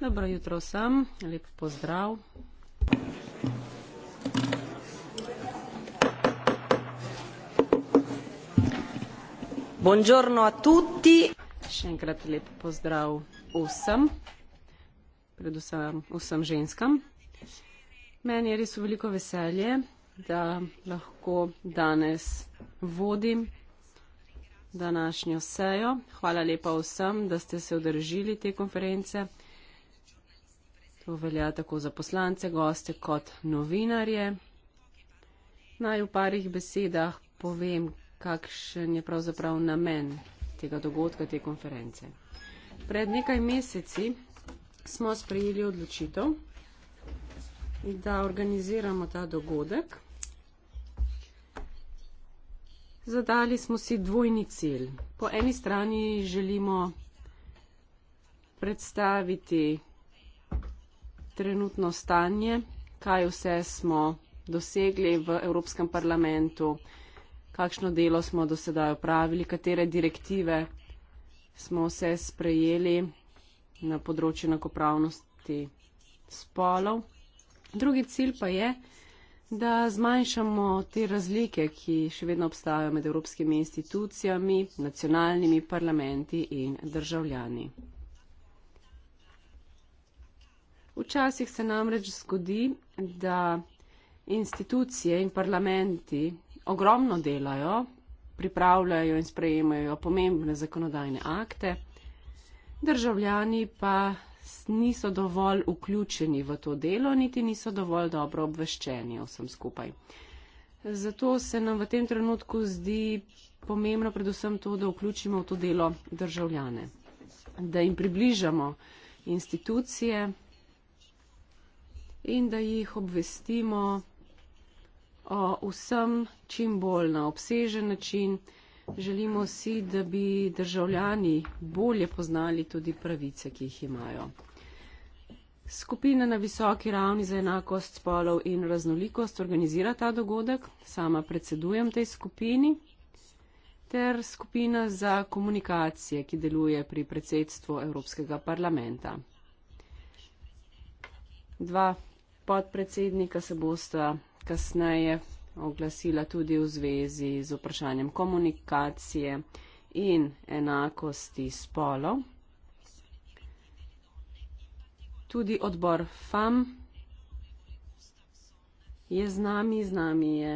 dobro jutro vsem lep pozdrav še enkrat lep pozdrav vsem predvsem vsem ženskam meni je res v veliko veselje da lahko danes vodim današnjo sejo. Hvala lepa vsem, da ste se udržili te konference. To velja tako za poslance, goste kot novinarje. Naj v parih besedah povem, kakšen je pravzaprav namen tega dogodka, te konference. Pred nekaj meseci smo sprejeli odločitev, da organiziramo ta dogodek. Zadali smo si dvojni cilj. Po eni strani želimo predstaviti trenutno stanje, kaj vse smo dosegli v Evropskem parlamentu, kakšno delo smo do sedaj upravili, katere direktive smo vse sprejeli na področju enakopravnosti spolov. Drugi cilj pa je, da zmanjšamo te razlike, ki še vedno obstajajo med evropskimi institucijami, nacionalnimi parlamenti in državljani. Včasih se namreč zgodi, da institucije in parlamenti ogromno delajo, pripravljajo in sprejemajo pomembne zakonodajne akte, državljani pa niso dovolj vključeni v to delo, niti niso dovolj dobro obveščeni o vsem skupaj. Zato se nam v tem trenutku zdi pomembno predvsem to, da vključimo v to delo državljane, da jim približamo institucije in da jih obvestimo o vsem čim bolj na obsežen način, Želimo si, da bi državljani bolje poznali tudi pravice, ki jih imajo. Skupina na visoki ravni za enakost spolov in raznolikost organizira ta dogodek, sama predsedujem tej skupini, ter skupina za komunikacije, ki deluje pri predsedstvu Evropskega parlamenta. Dva podpredsednika se bosta kasneje oglasila tudi v zvezi z vprašanjem komunikacije in enakosti spolov. Tudi odbor FAM je z nami, z nami je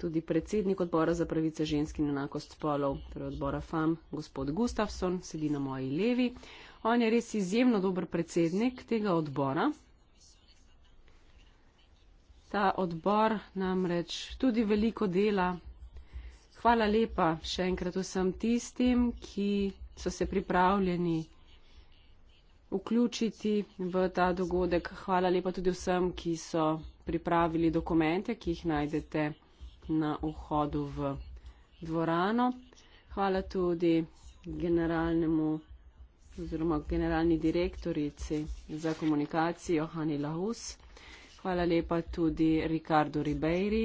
tudi predsednik odbora za pravice žensk in enakost spolov, torej odbora FAM, gospod Gustafsson, sedi na moji levi. On je res izjemno dober predsednik tega odbora ta odbor namreč tudi veliko dela. Hvala lepa še enkrat vsem tistim, ki so se pripravljeni vključiti v ta dogodek. Hvala lepa tudi vsem, ki so pripravili dokumente, ki jih najdete na vhodu v dvorano. Hvala tudi generalnemu oziroma generalni direktorici za komunikacijo Hani Lahus. Hvala lepa tudi Ricardo Ribeiri,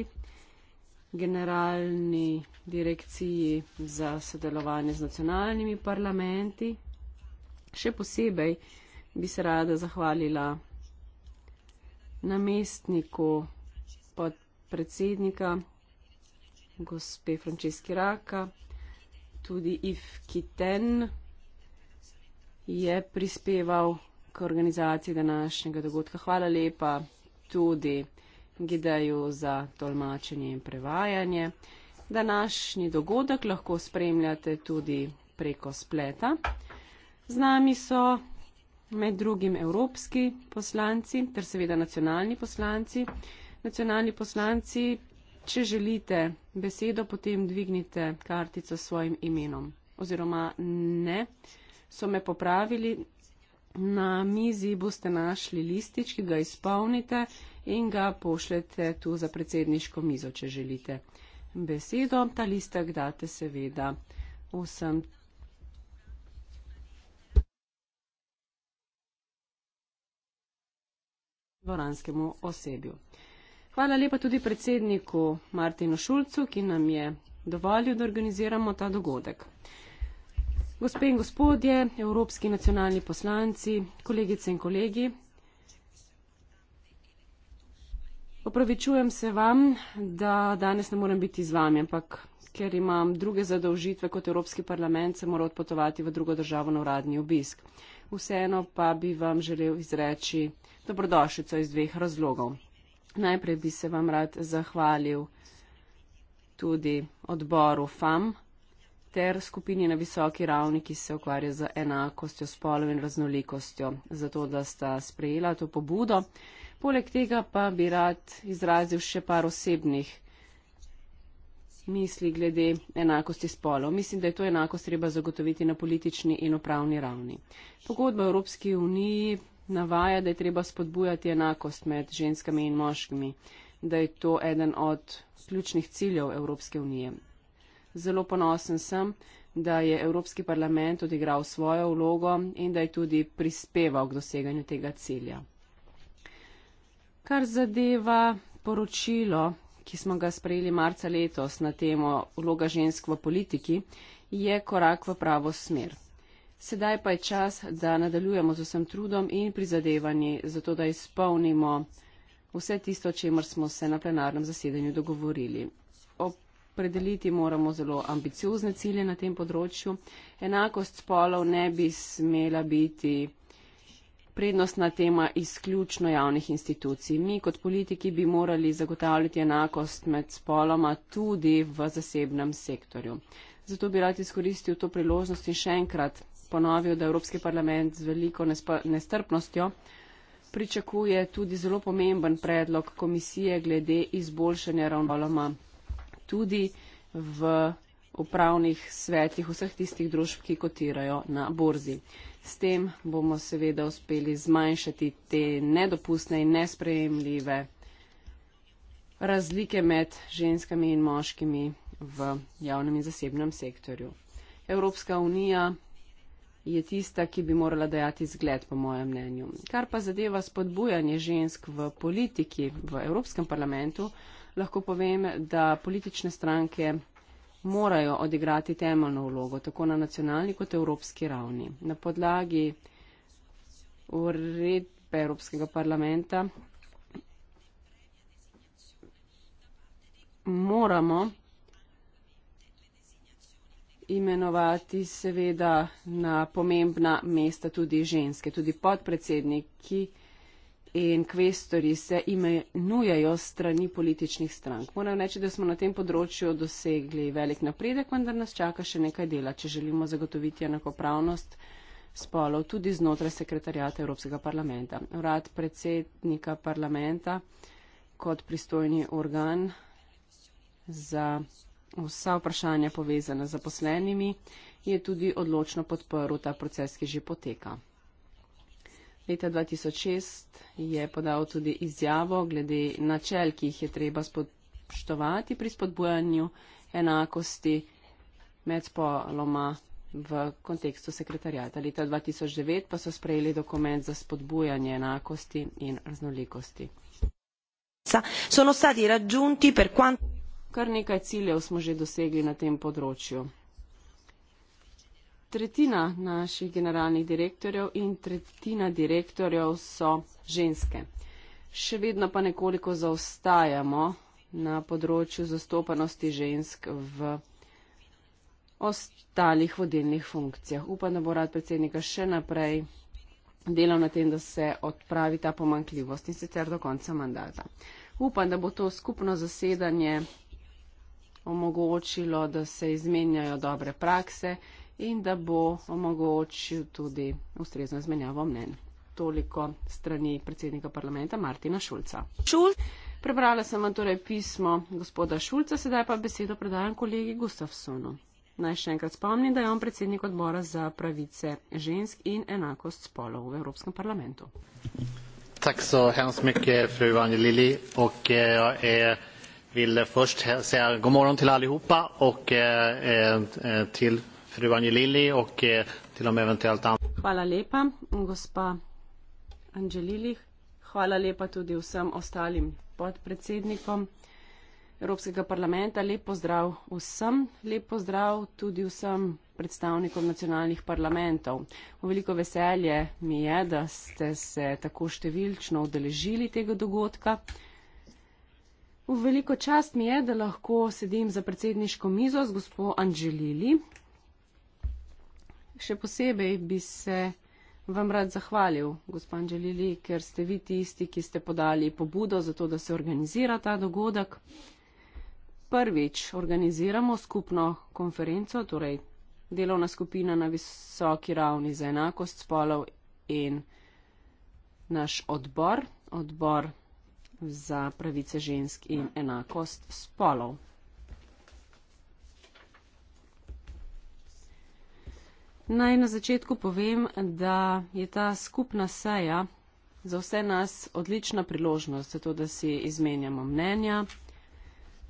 generalni direkciji za sodelovanje z nacionalnimi parlamenti. Še posebej bi se rada zahvalila namestniku podpredsednika gospe Franceski Raka, tudi If Kiten je prispeval k organizaciji današnjega dogodka. Hvala lepa tudi Gideju za tolmačenje in prevajanje. Današnji dogodek lahko spremljate tudi preko spleta. Z nami so med drugim evropski poslanci ter seveda nacionalni poslanci. Nacionalni poslanci, če želite besedo, potem dvignite kartico s svojim imenom. Oziroma ne, so me popravili, Na mizi boste našli listič, ki ga izpolnite in ga pošljete tu za predsedniško mizo, če želite besedo. Ta listek date seveda vsem. dvoranskemu osebju. Hvala lepa tudi predsedniku Martinu Šulcu, ki nam je dovolil, da organiziramo ta dogodek. Gospe in gospodje, evropski nacionalni poslanci, kolegice in kolegi, opravičujem se vam, da danes ne morem biti z vami, ampak ker imam druge zadolžitve kot Evropski parlament, sem moral odpotovati v drugo državo na uradni obisk. Vseeno pa bi vam želel izreči dobrodošljico iz dveh razlogov. Najprej bi se vam rad zahvalil tudi odboru FAM ter skupini na visoki ravni, ki se ukvarja z enakostjo spolov in raznolikostjo, zato da sta sprejela to pobudo. Poleg tega pa bi rad izrazil še par osebnih misli glede enakosti spolov. Mislim, da je to enakost treba zagotoviti na politični in upravni ravni. Pogodba Evropski uniji navaja, da je treba spodbujati enakost med ženskami in moškimi, da je to eden od ključnih ciljev Evropske unije. Zelo ponosen sem, da je Evropski parlament odigral svojo vlogo in da je tudi prispeval k doseganju tega cilja. Kar zadeva poročilo, ki smo ga sprejeli marca letos na temo vloga žensk v politiki, je korak v pravo smer. Sedaj pa je čas, da nadaljujemo z vsem trudom in prizadevanji, zato da izpolnimo vse tisto, čemer smo se na plenarnem zasedanju dogovorili. Ob predeliti, moramo zelo ambiciozne cilje na tem področju. Enakost spolov ne bi smela biti prednostna tema izključno javnih institucij. Mi kot politiki bi morali zagotavljati enakost med spoloma tudi v zasebnem sektorju. Zato bi rad izkoristil to priložnost in še enkrat ponovil, da Evropski parlament z veliko nestrpnostjo pričakuje tudi zelo pomemben predlog komisije glede izboljšanja ravnoma tudi v upravnih svetih vseh tistih družb, ki kotirajo na borzi. S tem bomo seveda uspeli zmanjšati te nedopustne in nesprejemljive razlike med ženskami in moškimi v javnem in zasebnem sektorju. Evropska unija je tista, ki bi morala dajati zgled, po mojem mnenju. Kar pa zadeva spodbujanje žensk v politiki v Evropskem parlamentu, lahko povem, da politične stranke morajo odigrati temeljno vlogo, tako na nacionalni kot evropski ravni. Na podlagi uredbe Evropskega parlamenta moramo imenovati seveda na pomembna mesta tudi ženske, tudi podpredsedniki in kvestori se imenujejo strani političnih strank. Moram reči, da smo na tem področju dosegli velik napredek, vendar nas čaka še nekaj dela, če želimo zagotoviti enakopravnost spolov tudi znotraj sekretarjata Evropskega parlamenta. Urad predsednika parlamenta kot pristojni organ za vsa vprašanja povezana z zaposlenimi je tudi odločno podporil ta proces, ki že poteka. Leta 2006 je podal tudi izjavo glede načel, ki jih je treba spoštovati pri spodbujanju enakosti med spoloma v kontekstu sekretarjata. Leta 2009 pa so sprejeli dokument za spodbujanje enakosti in raznolikosti. Kar nekaj ciljev smo že dosegli na tem področju tretjina naših generalnih direktorjev in tretjina direktorjev so ženske. Še vedno pa nekoliko zaostajamo na področju zastopanosti žensk v ostalih vodilnih funkcijah. Upam, da bo rad predsednika še naprej delal na tem, da se odpravi ta pomankljivost in sicer do konca mandata. Upam, da bo to skupno zasedanje omogočilo, da se izmenjajo dobre prakse in da bo omogočil tudi ustrezno izmenjavo mnen. Toliko strani predsednika parlamenta Martina Šulca. Šul. Prebrala sem vam torej pismo gospoda Šulca, sedaj pa besedo predajam kolegi Gustafsonu. Naj še enkrat spomnim, da je on predsednik odbora za pravice žensk in enakost spolov v Evropskem parlamentu. Tak so hans mykje, fru Anja Lili, ok, eh, ja, e, vil først se, god morgen til alihopa, ok, e, eh, e, eh, til fru Angelili och eh, till och med eventuellt andra. Evropskega parlamenta, lep pozdrav vsem, lep pozdrav tudi vsem predstavnikom nacionalnih parlamentov. V veliko veselje mi je, da ste se tako številčno udeležili tega dogodka. V veliko čast mi je, da lahko sedim za predsedniško mizo z gospod Anželili, še posebej bi se vam rad zahvalil, gospod Želili, ker ste vi tisti, ki ste podali pobudo za to, da se organizira ta dogodek. Prvič organiziramo skupno konferenco, torej delovna skupina na visoki ravni za enakost spolov in naš odbor, odbor za pravice žensk in enakost spolov. Naj na začetku povem, da je ta skupna seja za vse nas odlična priložnost, zato da si izmenjamo mnenja,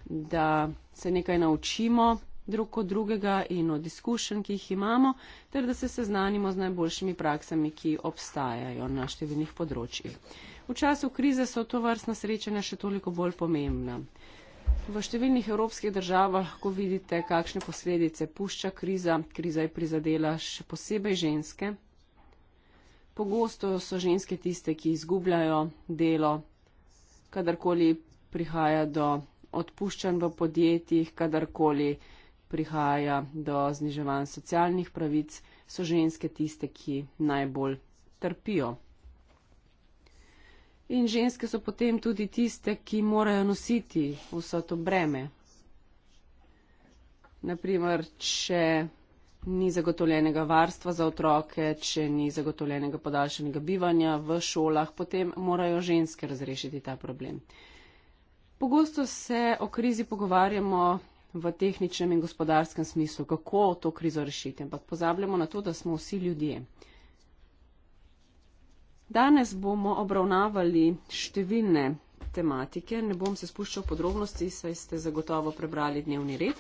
da se nekaj naučimo drug od drugega in od izkušenj, ki jih imamo, ter da se seznanimo z najboljšimi praksami, ki obstajajo na številnih področjih. V času krize so to vrstna srečanja še toliko bolj pomembna. V številnih evropskih državah lahko vidite, kakšne posledice pušča kriza. Kriza je prizadela še posebej ženske. Pogosto so ženske tiste, ki izgubljajo delo, kadarkoli prihaja do odpuščanj v podjetjih, kadarkoli prihaja do zniževanj socialnih pravic, so ženske tiste, ki najbolj trpijo in ženske so potem tudi tiste, ki morajo nositi vso to breme. Naprimer, če ni zagotovljenega varstva za otroke, če ni zagotovljenega podaljšanega bivanja v šolah, potem morajo ženske razrešiti ta problem. Pogosto se o krizi pogovarjamo v tehničnem in gospodarskem smislu, kako to krizo rešiti, ampak pozabljamo na to, da smo vsi ljudje. Danes bomo obravnavali številne tematike, ne bom se spuščal podrobnosti, saj ste zagotovo prebrali dnevni red.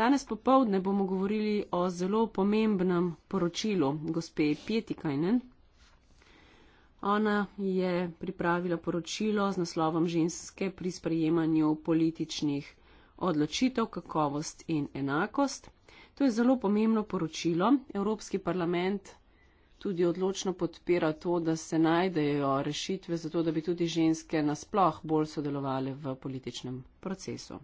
Danes popovdne bomo govorili o zelo pomembnem poročilu gospe Pietikajnen. Ona je pripravila poročilo z naslovom Ženske pri sprejemanju političnih odločitev, kakovost in enakost. To je zelo pomembno poročilo. Evropski parlament tudi odločno podpira to, da se najdejo rešitve za to, da bi tudi ženske nasploh bolj sodelovali v političnem procesu.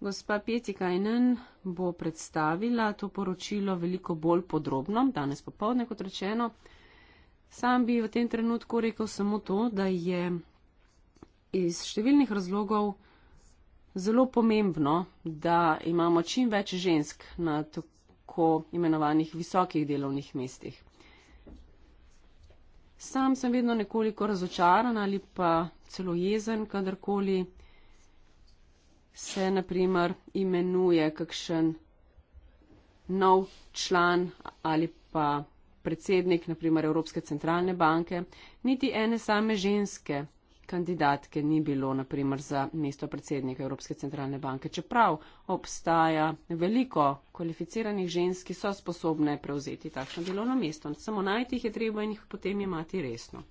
Gospa Pietikajnen bo predstavila to poročilo veliko bolj podrobno, danes popovdne kot rečeno. Sam bi v tem trenutku rekel samo to, da je iz številnih razlogov zelo pomembno, da imamo čim več žensk na tako tako imenovanih visokih delovnih mestih. Sam sem vedno nekoliko razočaran ali pa celo jezen, kadarkoli se naprimer imenuje kakšen nov član ali pa predsednik naprimer Evropske centralne banke, niti ene same ženske kandidatke ni bilo, naprimer za mesto predsednika Evropske centralne banke. Čeprav obstaja veliko kvalificiranih žensk, ki so sposobne prevzeti takšno delovno mesto. Samo najti jih je treba in jih potem imati resno.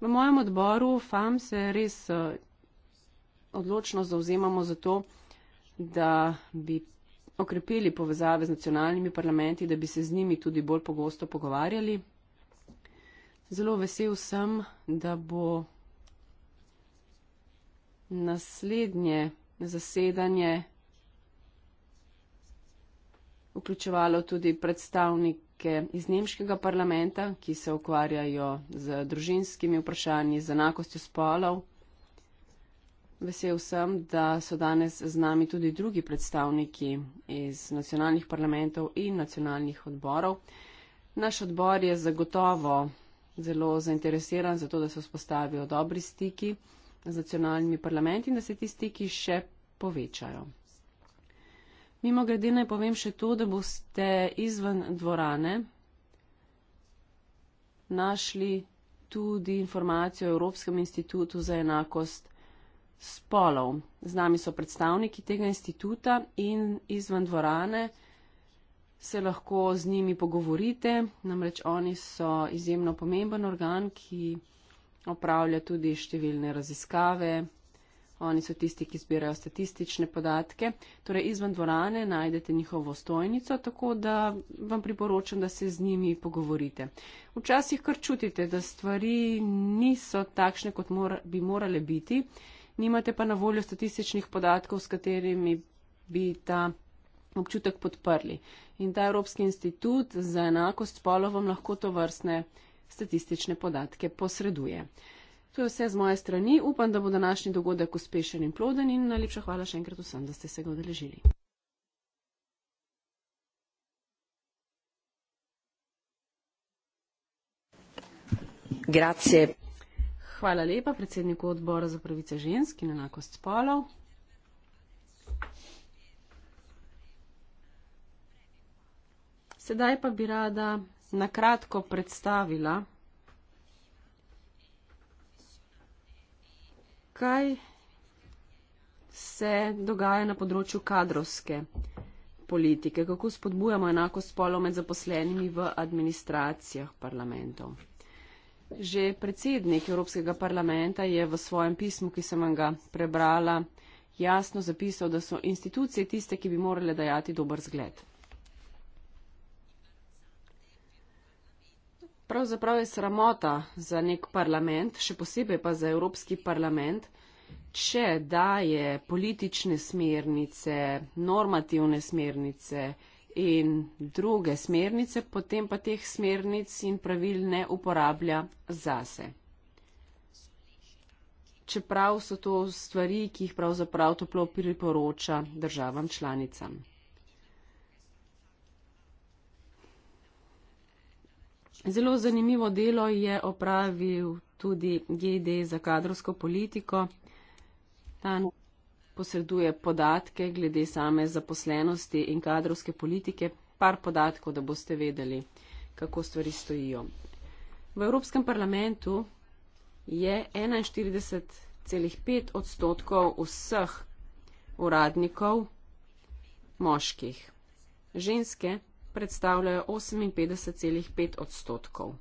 V mojem odboru FAM se res eh, odločno zauzemamo za to, da bi okrepili povezave z nacionalnimi parlamenti, da bi se z njimi tudi bolj pogosto pogovarjali. Zelo vesel sem, da bo naslednje zasedanje vključevalo tudi predstavnike iz nemškega parlamenta, ki se ukvarjajo z družinskimi vprašanji, z enakostjo spolov. Vesel sem, da so danes z nami tudi drugi predstavniki iz nacionalnih parlamentov in nacionalnih odborov. Naš odbor je zagotovo zelo zainteresiran za to, da se vzpostavijo dobri stiki z nacionalnimi parlamenti in da se ti stiki še povečajo. Mimo grede naj povem še to, da boste izven dvorane našli tudi informacijo o Evropskem institutu za enakost spolov. Z nami so predstavniki tega instituta in izven dvorane se lahko z njimi pogovorite, namreč oni so izjemno pomemben organ, ki opravlja tudi številne raziskave. Oni so tisti, ki zbirajo statistične podatke. Torej, izven dvorane najdete njihovo stojnico, tako da vam priporočam, da se z njimi pogovorite. Včasih kar čutite, da stvari niso takšne, kot mora, bi morale biti, nimate pa na voljo statističnih podatkov, s katerimi bi ta občutek podprli. In ta Evropski institut za enakost spolov vam lahko to vrstne statistične podatke posreduje. To je vse z moje strani. Upam, da bo današnji dogodek uspešen in ploden in najlepša hvala še enkrat vsem, da ste se ga odeležili. Grazie. Hvala lepa predsedniku odbora za pravice žensk in enakost spolov. Sedaj pa bi rada na kratko predstavila, kaj se dogaja na področju kadrovske politike, kako spodbujamo enako spolo med zaposlenimi v administracijah parlamentov. Že predsednik Evropskega parlamenta je v svojem pismu, ki sem vam ga prebrala, jasno zapisal, da so institucije tiste, ki bi morale dajati dober zgled. pravzaprav je sramota za nek parlament, še posebej pa za Evropski parlament, če daje politične smernice, normativne smernice in druge smernice, potem pa teh smernic in pravil ne uporablja zase. Čeprav so to stvari, ki jih pravzaprav toplo priporoča državam članicam. Zelo zanimivo delo je opravil tudi GD za kadrovsko politiko. Tam posreduje podatke glede same zaposlenosti in kadrovske politike. Par podatkov, da boste vedeli, kako stvari stojijo. V Evropskem parlamentu je 41,5 odstotkov vseh uradnikov moških. Ženske predstavljajo 58,5 odstotkov.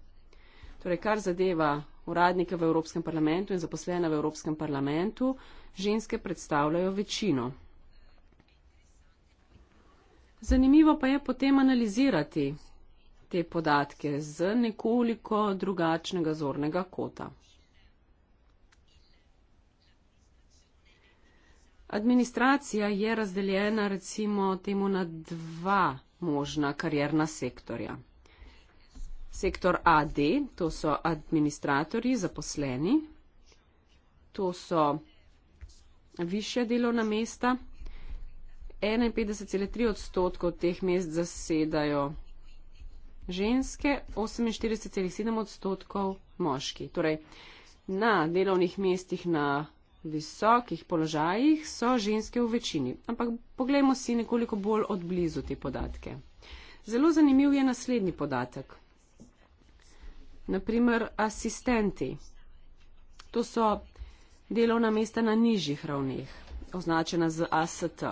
Torej, kar zadeva uradnike v Evropskem parlamentu in zaposlene v Evropskem parlamentu, ženske predstavljajo večino. Zanimivo pa je potem analizirati te podatke z nekoliko drugačnega zornega kota. Administracija je razdeljena recimo temu na dva možna karjerna sektorja. Sektor AD, to so administratorji, zaposleni, to so više delovna mesta. 51,3 odstotkov teh mest zasedajo ženske, 48,7 odstotkov moški. Torej, na delovnih mestih na visokih položajih so ženske v večini. Ampak poglejmo si nekoliko bolj odblizu te podatke. Zelo zanimiv je naslednji podatek. Naprimer, asistenti. To so delovna mesta na nižjih ravneh, označena z AST.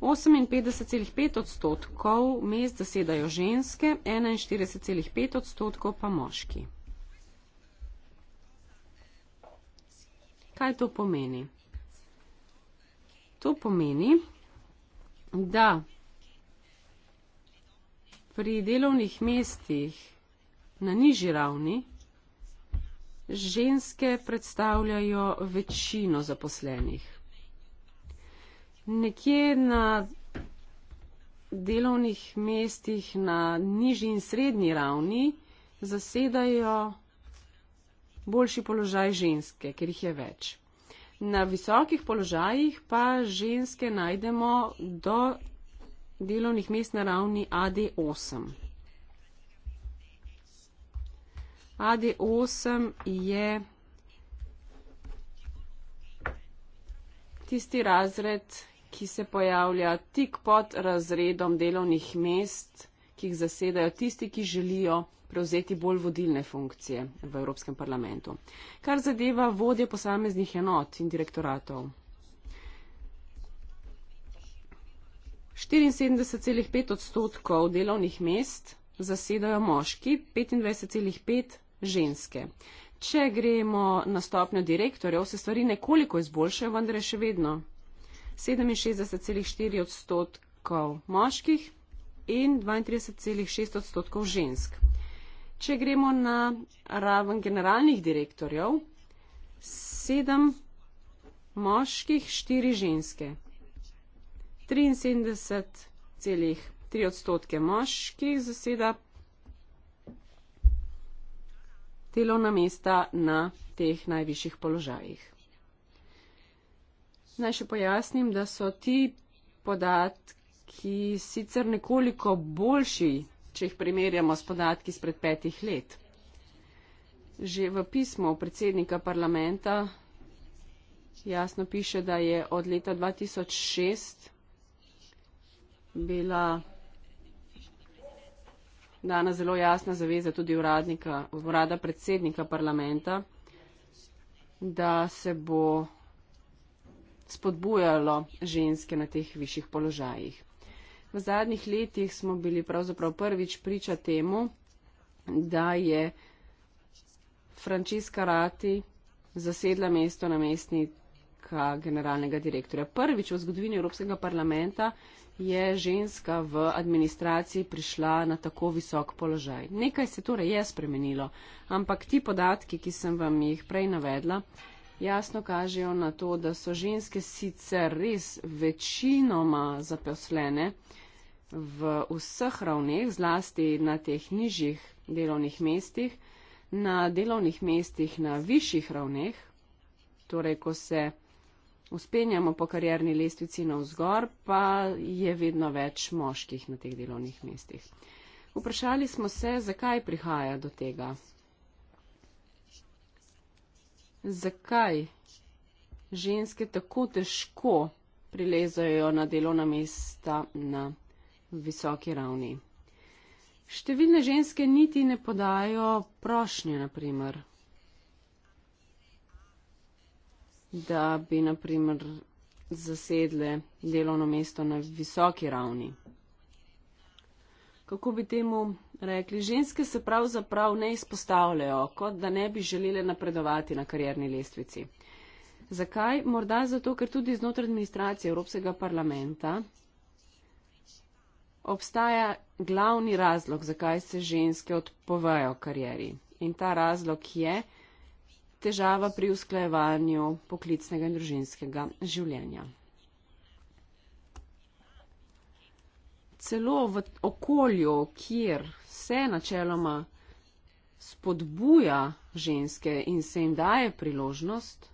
58,5 odstotkov mest zasedajo ženske, 41,5 odstotkov pa moški. Kaj to pomeni? To pomeni, da pri delovnih mestih na nižji ravni ženske predstavljajo večino zaposlenih. Nekje na delovnih mestih na nižji in srednji ravni zasedajo boljši položaj ženske, ker jih je več. Na visokih položajih pa ženske najdemo do delovnih mest na ravni AD8. AD8 je tisti razred, ki se pojavlja tik pod razredom delovnih mest, ki jih zasedajo tisti, ki želijo prevzeti bolj vodilne funkcije v Evropskem parlamentu. Kar zadeva vodje posameznih enot in direktoratov. 74,5 odstotkov delovnih mest zasedajo moški, 25,5 ženske. Če gremo na stopnjo direktorjev, se stvari nekoliko izboljšajo, vendar je še vedno 67,4 odstotkov moških in 32,6 odstotkov žensk. Če gremo na raven generalnih direktorjev, sedem moških, štiri ženske. 73,3 odstotke moških zaseda delovna mesta na teh najvišjih položajih. Naj še pojasnim, da so ti podatki sicer nekoliko boljši če jih primerjamo s podatki spred petih let. Že v pismu predsednika parlamenta jasno piše, da je od leta 2006 bila dana zelo jasna zaveza tudi uradnika, urada predsednika parlamenta, da se bo spodbujalo ženske na teh višjih položajih. V zadnjih letih smo bili pravzaprav prvič priča temu, da je Frančiska Rati zasedla mesto namestnika generalnega direktorja. Prvič v zgodovini Evropskega parlamenta je ženska v administraciji prišla na tako visok položaj. Nekaj se torej je spremenilo, ampak ti podatki, ki sem vam jih prej navedla, jasno kažejo na to, da so ženske sicer res večinoma zaposlene, v vseh ravneh, zlasti na teh nižjih delovnih mestih, na delovnih mestih na višjih ravneh, torej ko se uspenjamo po karjerni lestvici navzgor, pa je vedno več moških na teh delovnih mestih. Vprašali smo se, zakaj prihaja do tega. Zakaj ženske tako težko prilezajo na delovna mesta na visoki ravni. Številne ženske niti ne podajo prošnje, naprimer, da bi naprimer, zasedle delovno mesto na visoki ravni. Kako bi temu rekli? Ženske se pravzaprav ne izpostavljajo, kot da ne bi želele napredovati na karjerni lestvici. Zakaj? Morda zato, ker tudi znotraj administracije Evropskega parlamenta obstaja glavni razlog, zakaj se ženske odpovajo karieri. In ta razlog je težava pri usklajevanju poklicnega in družinskega življenja. Celo v okolju, kjer se načeloma spodbuja ženske in se jim daje priložnost,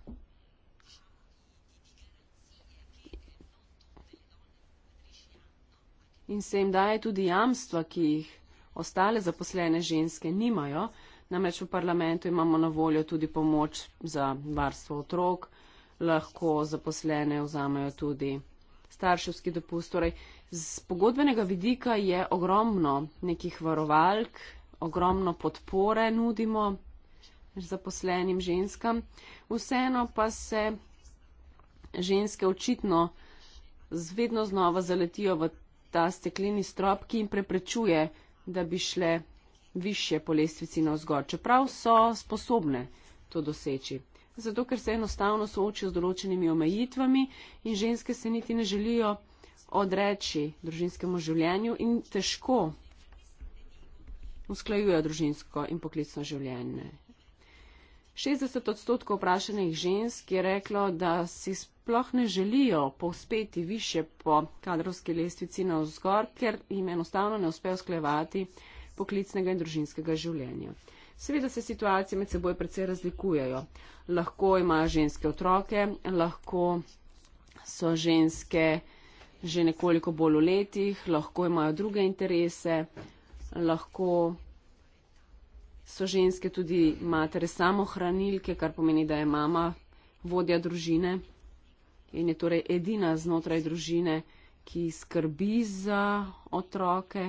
in se jim daje tudi jamstva, ki jih ostale zaposlene ženske nimajo. Namreč v parlamentu imamo na voljo tudi pomoč za varstvo otrok, lahko zaposlene vzamejo tudi starševski dopust. Torej, z pogodbenega vidika je ogromno nekih varovalk, ogromno podpore nudimo zaposlenim ženskam. Vseeno pa se ženske očitno z vedno znova zaletijo v ta stekleni strop, ki jim preprečuje, da bi šle više po lestvici navzgor, čeprav so sposobne to doseči. Zato, ker se enostavno soočijo z določenimi omejitvami in ženske se niti ne želijo odreči družinskemu življenju in težko usklajujejo družinsko in poklicno življenje. 60 odstotkov vprašanih žensk je reklo, da si sploh ne želijo povspeti više po kadrovski lestvici na vzgor, ker jim enostavno ne uspejo sklevati poklicnega in družinskega življenja. Seveda se situacije med seboj precej razlikujejo. Lahko imajo ženske otroke, lahko so ženske že nekoliko bolj v letih, lahko imajo druge interese, lahko so ženske tudi matere samohranilke, kar pomeni, da je mama vodja družine in je torej edina znotraj družine, ki skrbi za otroke.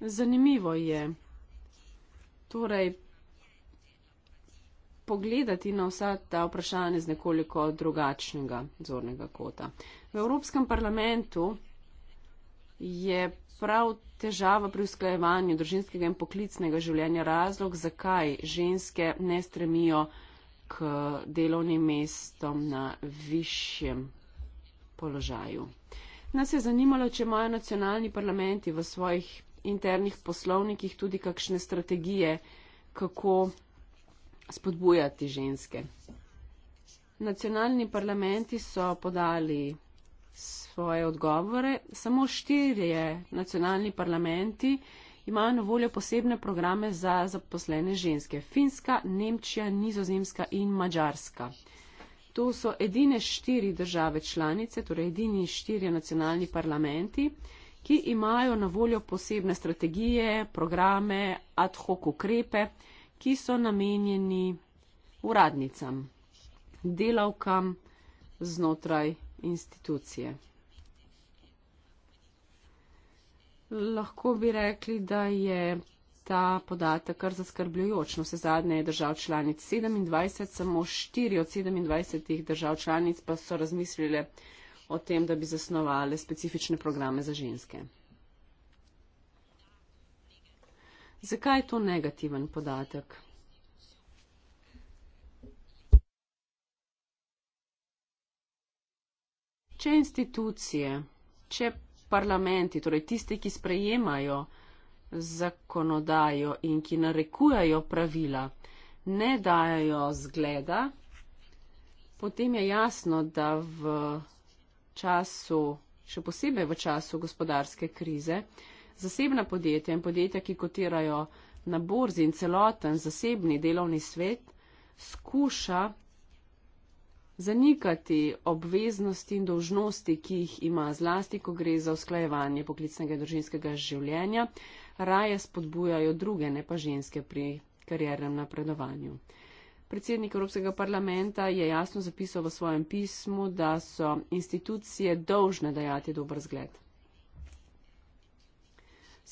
Zanimivo je. Torej, pogledati na vsa ta vprašanja z nekoliko drugačnega zornega kota. V Evropskem parlamentu je prav težava pri usklajevanju družinskega in poklicnega življenja razlog, zakaj ženske ne stremijo k delovnim mestom na višjem položaju. Nas je zanimalo, če imajo nacionalni parlamenti v svojih internih poslovnikih tudi kakšne strategije, kako spodbujati ženske. Nacionalni parlamenti so podali svoje odgovore. Samo štirje nacionalni parlamenti imajo na voljo posebne programe za zaposlene ženske. Finska, Nemčija, Nizozemska in Mačarska. To so edine štiri države članice, torej edini štiri nacionalni parlamenti, ki imajo na voljo posebne strategije, programe, ad hoc ukrepe, ki so namenjeni uradnicam, delavkam znotraj institucije. Lahko bi rekli, da je ta podatek kar zaskrbljujoč. No, vse zadnje je držav članic 27, samo 4 od 27 držav članic pa so razmislile o tem, da bi zasnovali specifične programe za ženske. Zakaj je to negativen podatek? Če institucije, če parlamenti, torej tiste, ki sprejemajo zakonodajo in ki narekujajo pravila, ne dajajo zgleda, potem je jasno, da v času, še posebej v času gospodarske krize, zasebna podjetja in podjetja, ki kotirajo na borzi in celoten zasebni delovni svet, skuša zanikati obveznosti in dožnosti, ki jih ima zlasti, ko gre za usklajevanje poklicnega in družinskega življenja, raje spodbujajo druge, ne pa ženske pri kariernem napredovanju. Predsednik Evropskega parlamenta je jasno zapisal v svojem pismu, da so institucije dolžne dajati dober zgled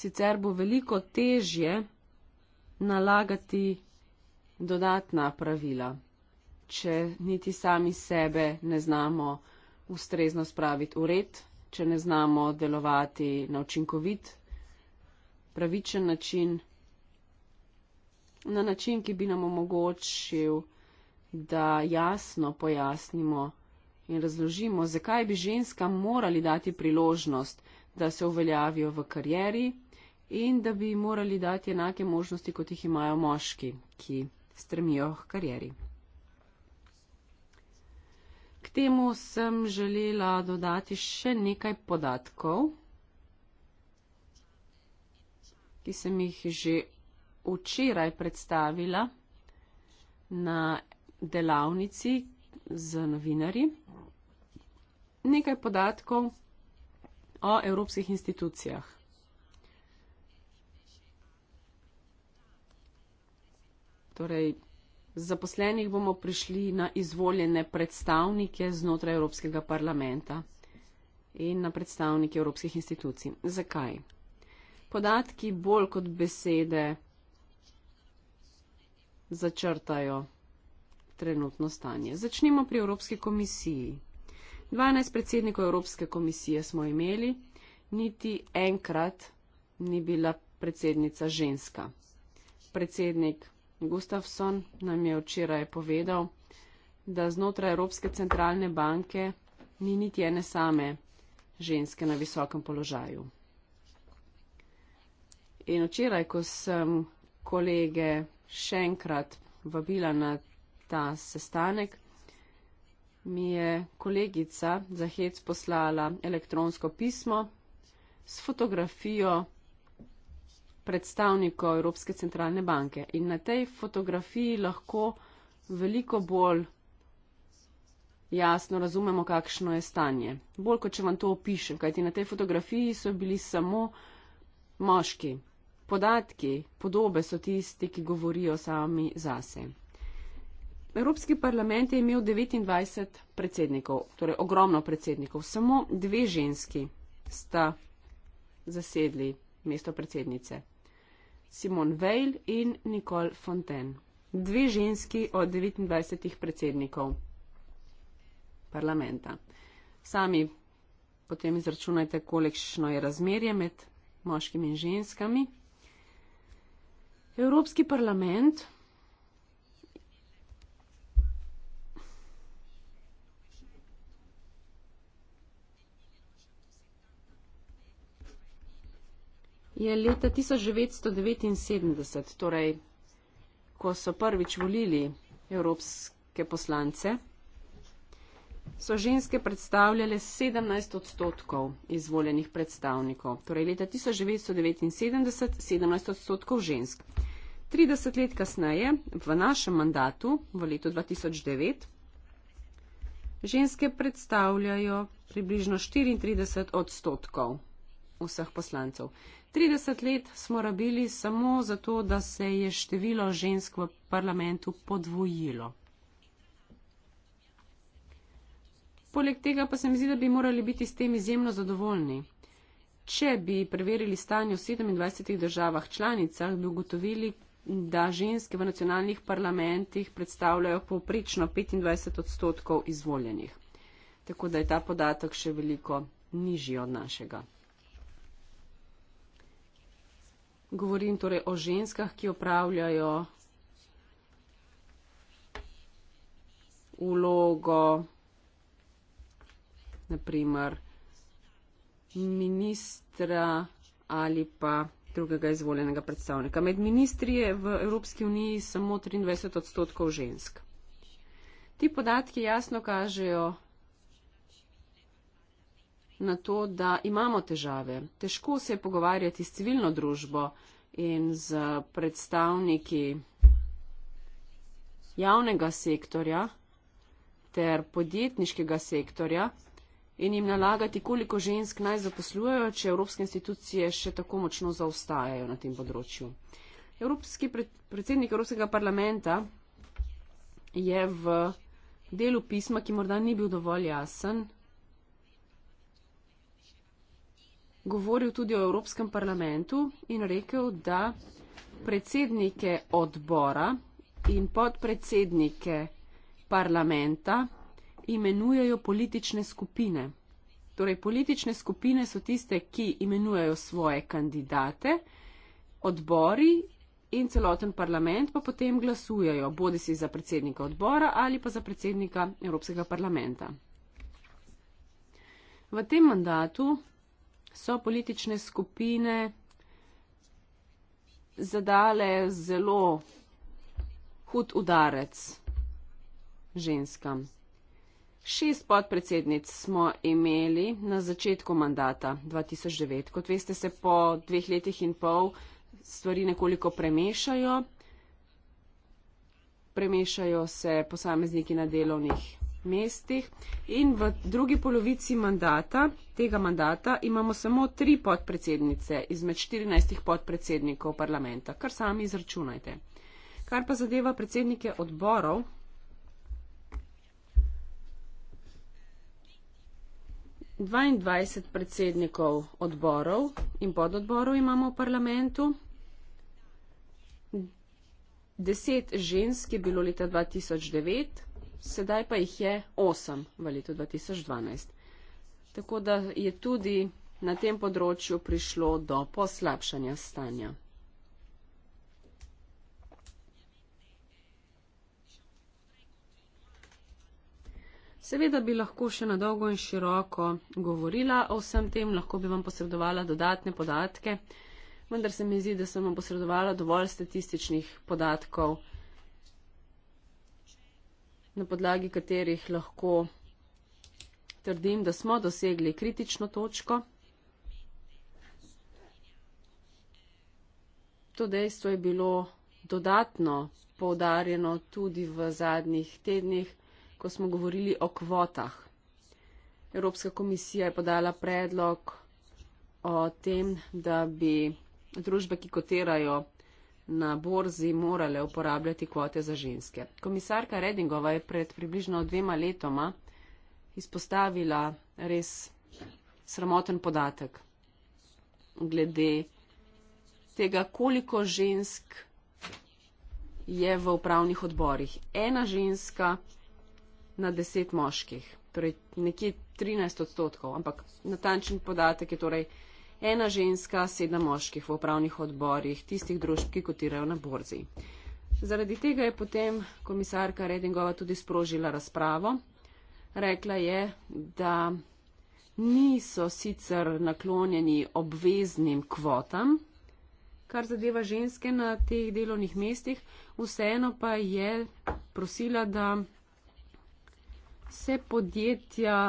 sicer bo veliko težje nalagati dodatna pravila, če niti sami sebe ne znamo ustrezno spraviti v red, če ne znamo delovati na učinkovit, pravičen način, na način, ki bi nam omogočil, da jasno pojasnimo in razložimo, zakaj bi ženska morali dati priložnost da se uveljavijo v karieri in da bi morali dati enake možnosti, kot jih imajo moški, ki strmijo k karieri. K temu sem želela dodati še nekaj podatkov, ki sem jih že včeraj predstavila na delavnici z novinarji. Nekaj podatkov, o evropskih institucijah. Torej, zaposlenih bomo prišli na izvoljene predstavnike znotraj Evropskega parlamenta in na predstavnike evropskih institucij. Zakaj? Podatki bolj kot besede začrtajo trenutno stanje. Začnimo pri Evropski komisiji. 12 predsednikov Evropske komisije smo imeli, niti enkrat ni bila predsednica ženska. Predsednik Gustafsson nam je včeraj povedal, da znotraj Evropske centralne banke ni niti ene same ženske na visokem položaju. In včeraj, ko sem kolege še enkrat vabila na ta sestanek, mi je kolegica za hec poslala elektronsko pismo s fotografijo predstavnikov Evropske centralne banke. In na tej fotografiji lahko veliko bolj jasno razumemo, kakšno je stanje. Bolj kot če vam to opišem, kajti na tej fotografiji so bili samo moški. Podatki, podobe so tisti, ki govorijo sami zase. Evropski parlament je imel 29 predsednikov, torej ogromno predsednikov. Samo dve ženski sta zasedli mesto predsednice. Simon Veil in Nicole Fontaine. Dve ženski od 29 predsednikov parlamenta. Sami potem izračunajte, kolikšno je razmerje med moškimi in ženskami. Evropski parlament je leta 1979, torej ko so prvič volili evropske poslance, so ženske predstavljale 17 odstotkov izvoljenih predstavnikov. Torej leta 1979 17 odstotkov žensk. 30 let kasneje, v našem mandatu, v letu 2009, ženske predstavljajo približno 34 odstotkov vseh poslancev. 30 let smo rabili samo zato, da se je število žensk v parlamentu podvojilo. Poleg tega pa se mi zdi, da bi morali biti s tem izjemno zadovoljni. Če bi preverili stanje v 27 državah članicah, bi ugotovili, da ženske v nacionalnih parlamentih predstavljajo povprečno 25 odstotkov izvoljenih. Tako da je ta podatek še veliko nižji od našega. govorim torej o ženskah, ki opravljajo vlogo naprimer ministra ali pa drugega izvoljenega predstavnika. Med ministri je v Evropski uniji samo 23 odstotkov žensk. Ti podatki jasno kažejo, na to, da imamo težave. Težko se je pogovarjati s civilno družbo in z predstavniki javnega sektorja ter podjetniškega sektorja in jim nalagati, koliko žensk naj zaposlujejo, če evropske institucije še tako močno zaostajajo na tem področju. Evropski predsednik Evropskega parlamenta je v delu pisma, ki morda ni bil dovolj jasen, govoril tudi o Evropskem parlamentu in rekel, da predsednike odbora in podpredsednike parlamenta imenujejo politične skupine. Torej, politične skupine so tiste, ki imenujejo svoje kandidate, odbori in celoten parlament pa potem glasujejo, bodi si za predsednika odbora ali pa za predsednika Evropskega parlamenta. V tem mandatu so politične skupine zadale zelo hud udarec ženskam. Šest podpredsednic smo imeli na začetku mandata 2009. Kot veste, se po dveh letih in pol stvari nekoliko premešajo. Premešajo se posamezniki na delovnih mestih in v drugi polovici mandata, tega mandata imamo samo tri podpredsednice izmed 14 podpredsednikov parlamenta, kar sami izračunajte. Kar pa zadeva predsednike odborov, dvajset predsednikov odborov in pododborov imamo v parlamentu, deset žensk je bilo leta dva tisoč devet, sedaj pa jih je osem v letu 2012. Tako da je tudi na tem področju prišlo do poslabšanja stanja. Seveda bi lahko še na dolgo in široko govorila o vsem tem, lahko bi vam posredovala dodatne podatke, vendar se mi zdi, da sem vam posredovala dovolj statističnih podatkov na podlagi katerih lahko trdim, da smo dosegli kritično točko. To dejstvo je bilo dodatno poudarjeno tudi v zadnjih tednih, ko smo govorili o kvotah. Evropska komisija je podala predlog o tem, da bi družbe, ki kotirajo na borzi morale uporabljati kvote za ženske. Komisarka Redingova je pred približno dvema letoma izpostavila res sramoten podatek glede tega, koliko žensk je v upravnih odborih. Ena ženska na deset moških, torej nekje 13 odstotkov, ampak natančen podatek je torej ena ženska, sedem moških v upravnih odborih tistih družb, ki kotirajo na borzi. Zaradi tega je potem komisarka Redingova tudi sprožila razpravo. Rekla je, da niso sicer naklonjeni obveznim kvotam, kar zadeva ženske na teh delovnih mestih, vseeno pa je prosila, da se podjetja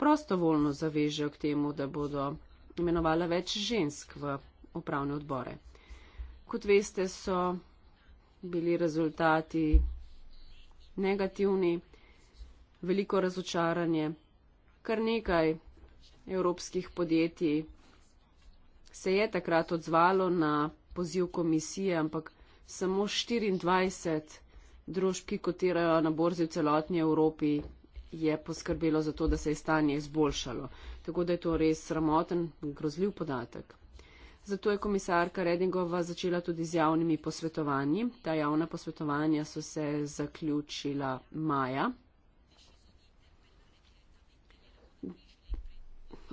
prostovoljno zavežejo k temu, da bodo imenovala več žensk v upravne odbore. Kot veste, so bili rezultati negativni, veliko razočaranje, kar nekaj evropskih podjetij se je takrat odzvalo na poziv komisije, ampak samo 24 družb, ki kotirajo na borzi v celotni Evropi, je poskrbelo za to, da se je stanje izboljšalo tako da je to res sramoten, grozljiv podatek. Zato je komisarka Redingova začela tudi z javnimi posvetovanji. Ta javna posvetovanja so se zaključila maja.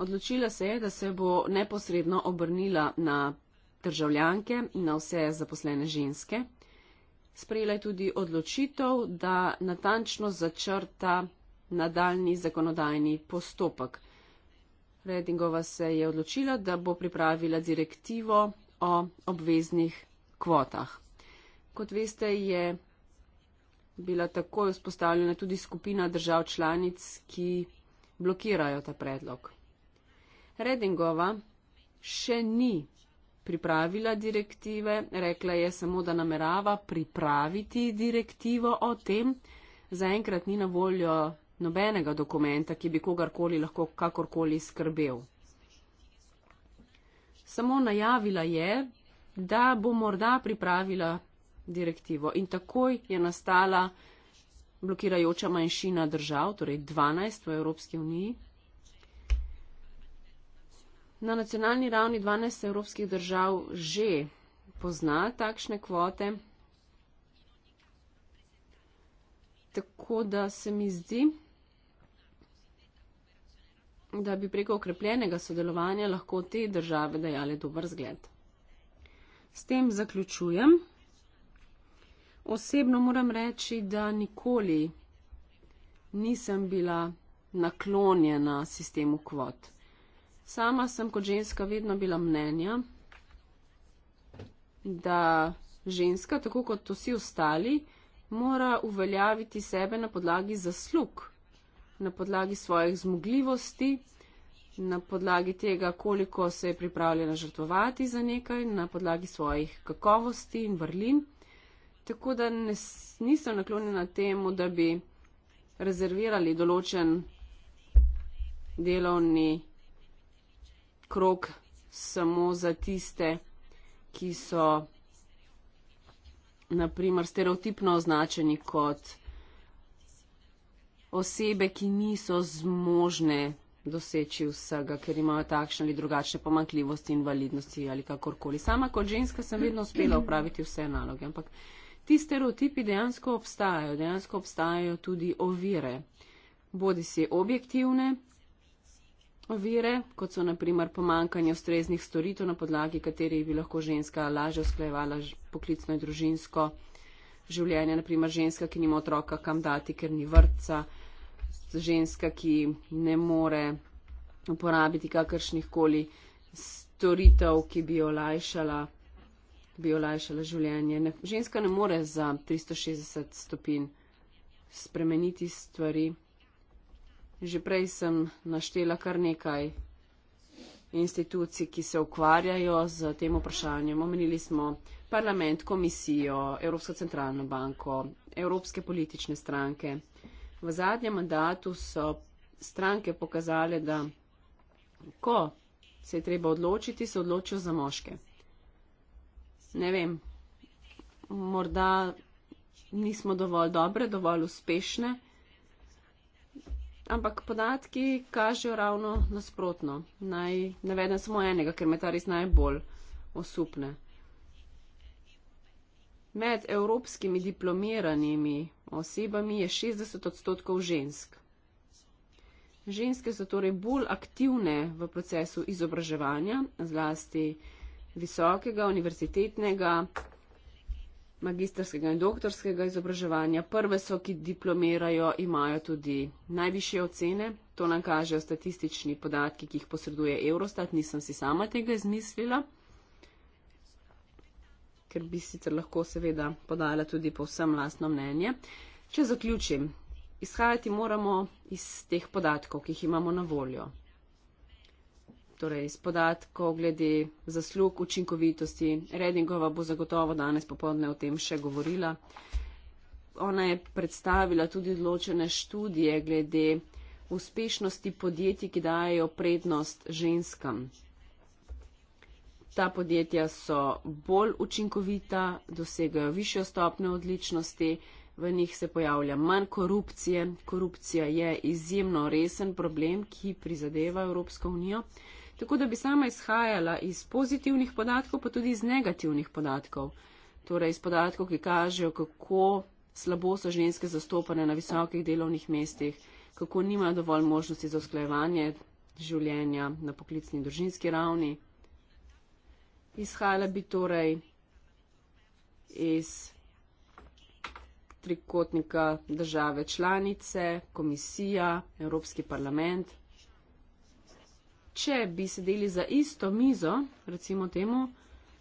Odločila se je, da se bo neposredno obrnila na državljanke in na vse zaposlene ženske. Sprejela je tudi odločitev, da natančno začrta nadaljni zakonodajni postopek. Redingova se je odločila, da bo pripravila direktivo o obveznih kvotah. Kot veste, je bila takoj vzpostavljena tudi skupina držav članic, ki blokirajo ta predlog. Redingova še ni pripravila direktive, rekla je samo, da namerava pripraviti direktivo o tem. Zaenkrat ni na voljo nobenega dokumenta, ki bi kogarkoli lahko kakorkoli skrbel. Samo najavila je, da bo morda pripravila direktivo in takoj je nastala blokirajoča manjšina držav, torej 12 v Evropski uniji. Na nacionalni ravni 12 evropskih držav že pozna takšne kvote. Tako da se mi zdi, da bi preko okrepljenega sodelovanja lahko te države dajale dober zgled. S tem zaključujem. Osebno moram reči, da nikoli nisem bila naklonjena sistemu kvot. Sama sem kot ženska vedno bila mnenja, da ženska, tako kot vsi ostali, mora uveljaviti sebe na podlagi zaslug na podlagi svojih zmogljivosti, na podlagi tega, koliko se je pripravljena žrtvovati za nekaj, na podlagi svojih kakovosti in vrlin. Tako da nisem naklonjena temu, da bi rezervirali določen delovni krok samo za tiste, ki so naprimer stereotipno označeni kot osebe, ki niso zmožne doseči vsega, ker imajo takšne ali drugačne pomankljivosti, invalidnosti ali kakorkoli. Sama kot ženska sem vedno uspela upraviti vse naloge, ampak ti stereotipi dejansko obstajajo, dejansko obstajajo tudi ovire, bodi si objektivne ovire, kot so naprimer pomankanje ustreznih storitev, na podlagi katerih bi lahko ženska lažje usklajevala poklicno in družinsko življenje, naprimer ženska, ki nima otroka kam dati, ker ni vrtca, ženska, ki ne more uporabiti kakršnih koli storitev, ki bi olajšala, bi olajšala življenje. Ne, ženska ne more za 360 stopinj spremeniti stvari. Že prej sem naštela kar nekaj institucij, ki se ukvarjajo z tem vprašanjem. Omenili smo parlament, komisijo, Evropsko centralno banko, evropske politične stranke. V zadnjem mandatu so stranke pokazale, da ko se je treba odločiti, se odločijo za moške. Ne vem, morda nismo dovolj dobre, dovolj uspešne, ampak podatki kažejo ravno nasprotno. Naj navedem samo enega, ker me ta res najbolj osupne. Med evropskimi diplomiranimi osebami je 60 odstotkov žensk. Ženske so torej bolj aktivne v procesu izobraževanja, zlasti visokega, univerzitetnega, magistrskega in doktorskega izobraževanja. Prve so, ki diplomirajo, imajo tudi najviše ocene. To nam kažejo statistični podatki, ki jih posreduje Eurostat. Nisem si sama tega izmislila ker bi sicer lahko seveda podala tudi povsem lastno mnenje. Če zaključim, izhajati moramo iz teh podatkov, ki jih imamo na voljo. Torej, iz podatkov glede zaslug učinkovitosti. Redingova bo zagotovo danes popolne o tem še govorila. Ona je predstavila tudi odločene študije glede uspešnosti podjetij, ki dajo prednost ženskam. Ta podjetja so bolj učinkovita, dosegajo višjo stopnjo odličnosti, v njih se pojavlja manj korupcije. Korupcija je izjemno resen problem, ki prizadeva Evropsko unijo. Tako da bi sama izhajala iz pozitivnih podatkov, pa tudi iz negativnih podatkov. Torej iz podatkov, ki kažejo, kako slabo so ženske zastopane na visokih delovnih mestih, kako nimajo dovolj možnosti za usklajevanje življenja na poklicni in družinski ravni, izhajala bi torej iz trikotnika države članice, komisija, Evropski parlament. Če bi sedeli za isto mizo, recimo temu,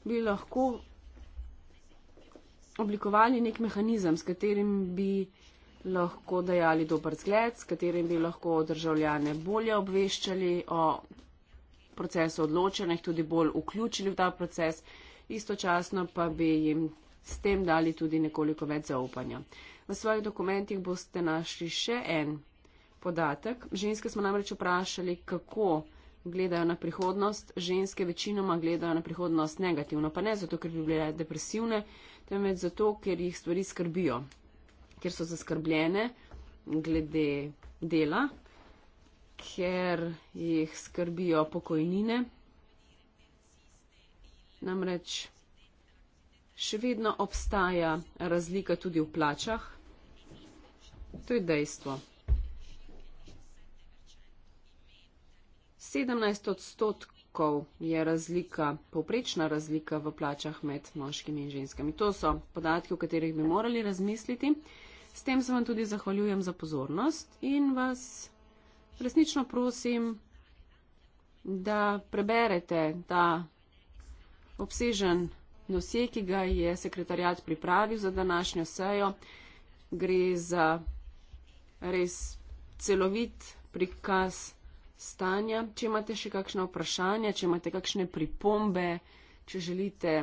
bi lahko oblikovali nek mehanizem, s katerim bi lahko dajali dober zgled, s katerim bi lahko državljane bolje obveščali o procesu odločanja, jih tudi bolj vključili v ta proces, istočasno pa bi jim s tem dali tudi nekoliko več zaupanja. V svojih dokumentih boste našli še en podatek. Ženske smo namreč vprašali, kako gledajo na prihodnost. Ženske večinoma gledajo na prihodnost negativno, pa ne zato, ker bi bile depresivne, temveč zato, ker jih stvari skrbijo, ker so zaskrbljene glede dela, ker jih skrbijo pokojnine. Namreč še vedno obstaja razlika tudi v plačah. To je dejstvo. 17 odstotkov je razlika, povprečna razlika v plačah med moškimi in ženskami. To so podatki, o katerih bi morali razmisliti. S tem se vam tudi zahvaljujem za pozornost in vas resnično prosim, da preberete ta obsežen dosje, ki ga je sekretarjat pripravil za današnjo sejo. Gre za res celovit prikaz stanja. Če imate še kakšne vprašanja, če imate kakšne pripombe, če želite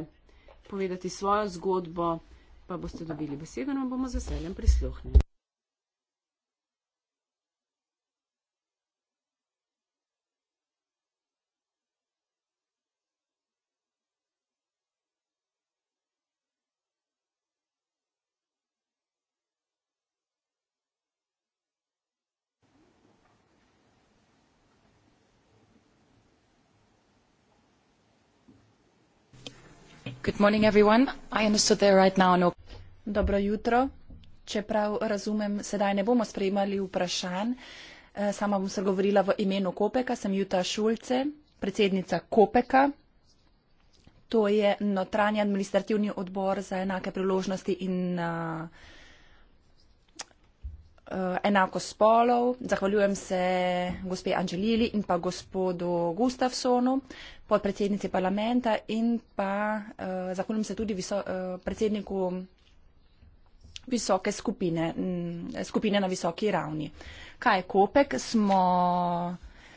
povedati svojo zgodbo, pa boste dobili besedo in bomo z veseljem prisluhnili. Good morning, everyone. I understood there right now no- Dobro jutro. Čeprav razumem, sedaj ne bomo sprejemali vprašanj, eh, sama bom se govorila v imenu Kopeka, sem Jutta Šulce, predsednica Kopeka. To je notranji administrativni odbor za enake priložnosti in uh, Eh, enako spolov. Zahvaljujem se gospe Angelili in pa gospodu Gustafsonu, podpredsednici parlamenta in pa uh, zahvaljujem se tudi viso, uh, predsedniku visoke skupine, mm, skupine na visoki ravni. Kaj je Kopek? Smo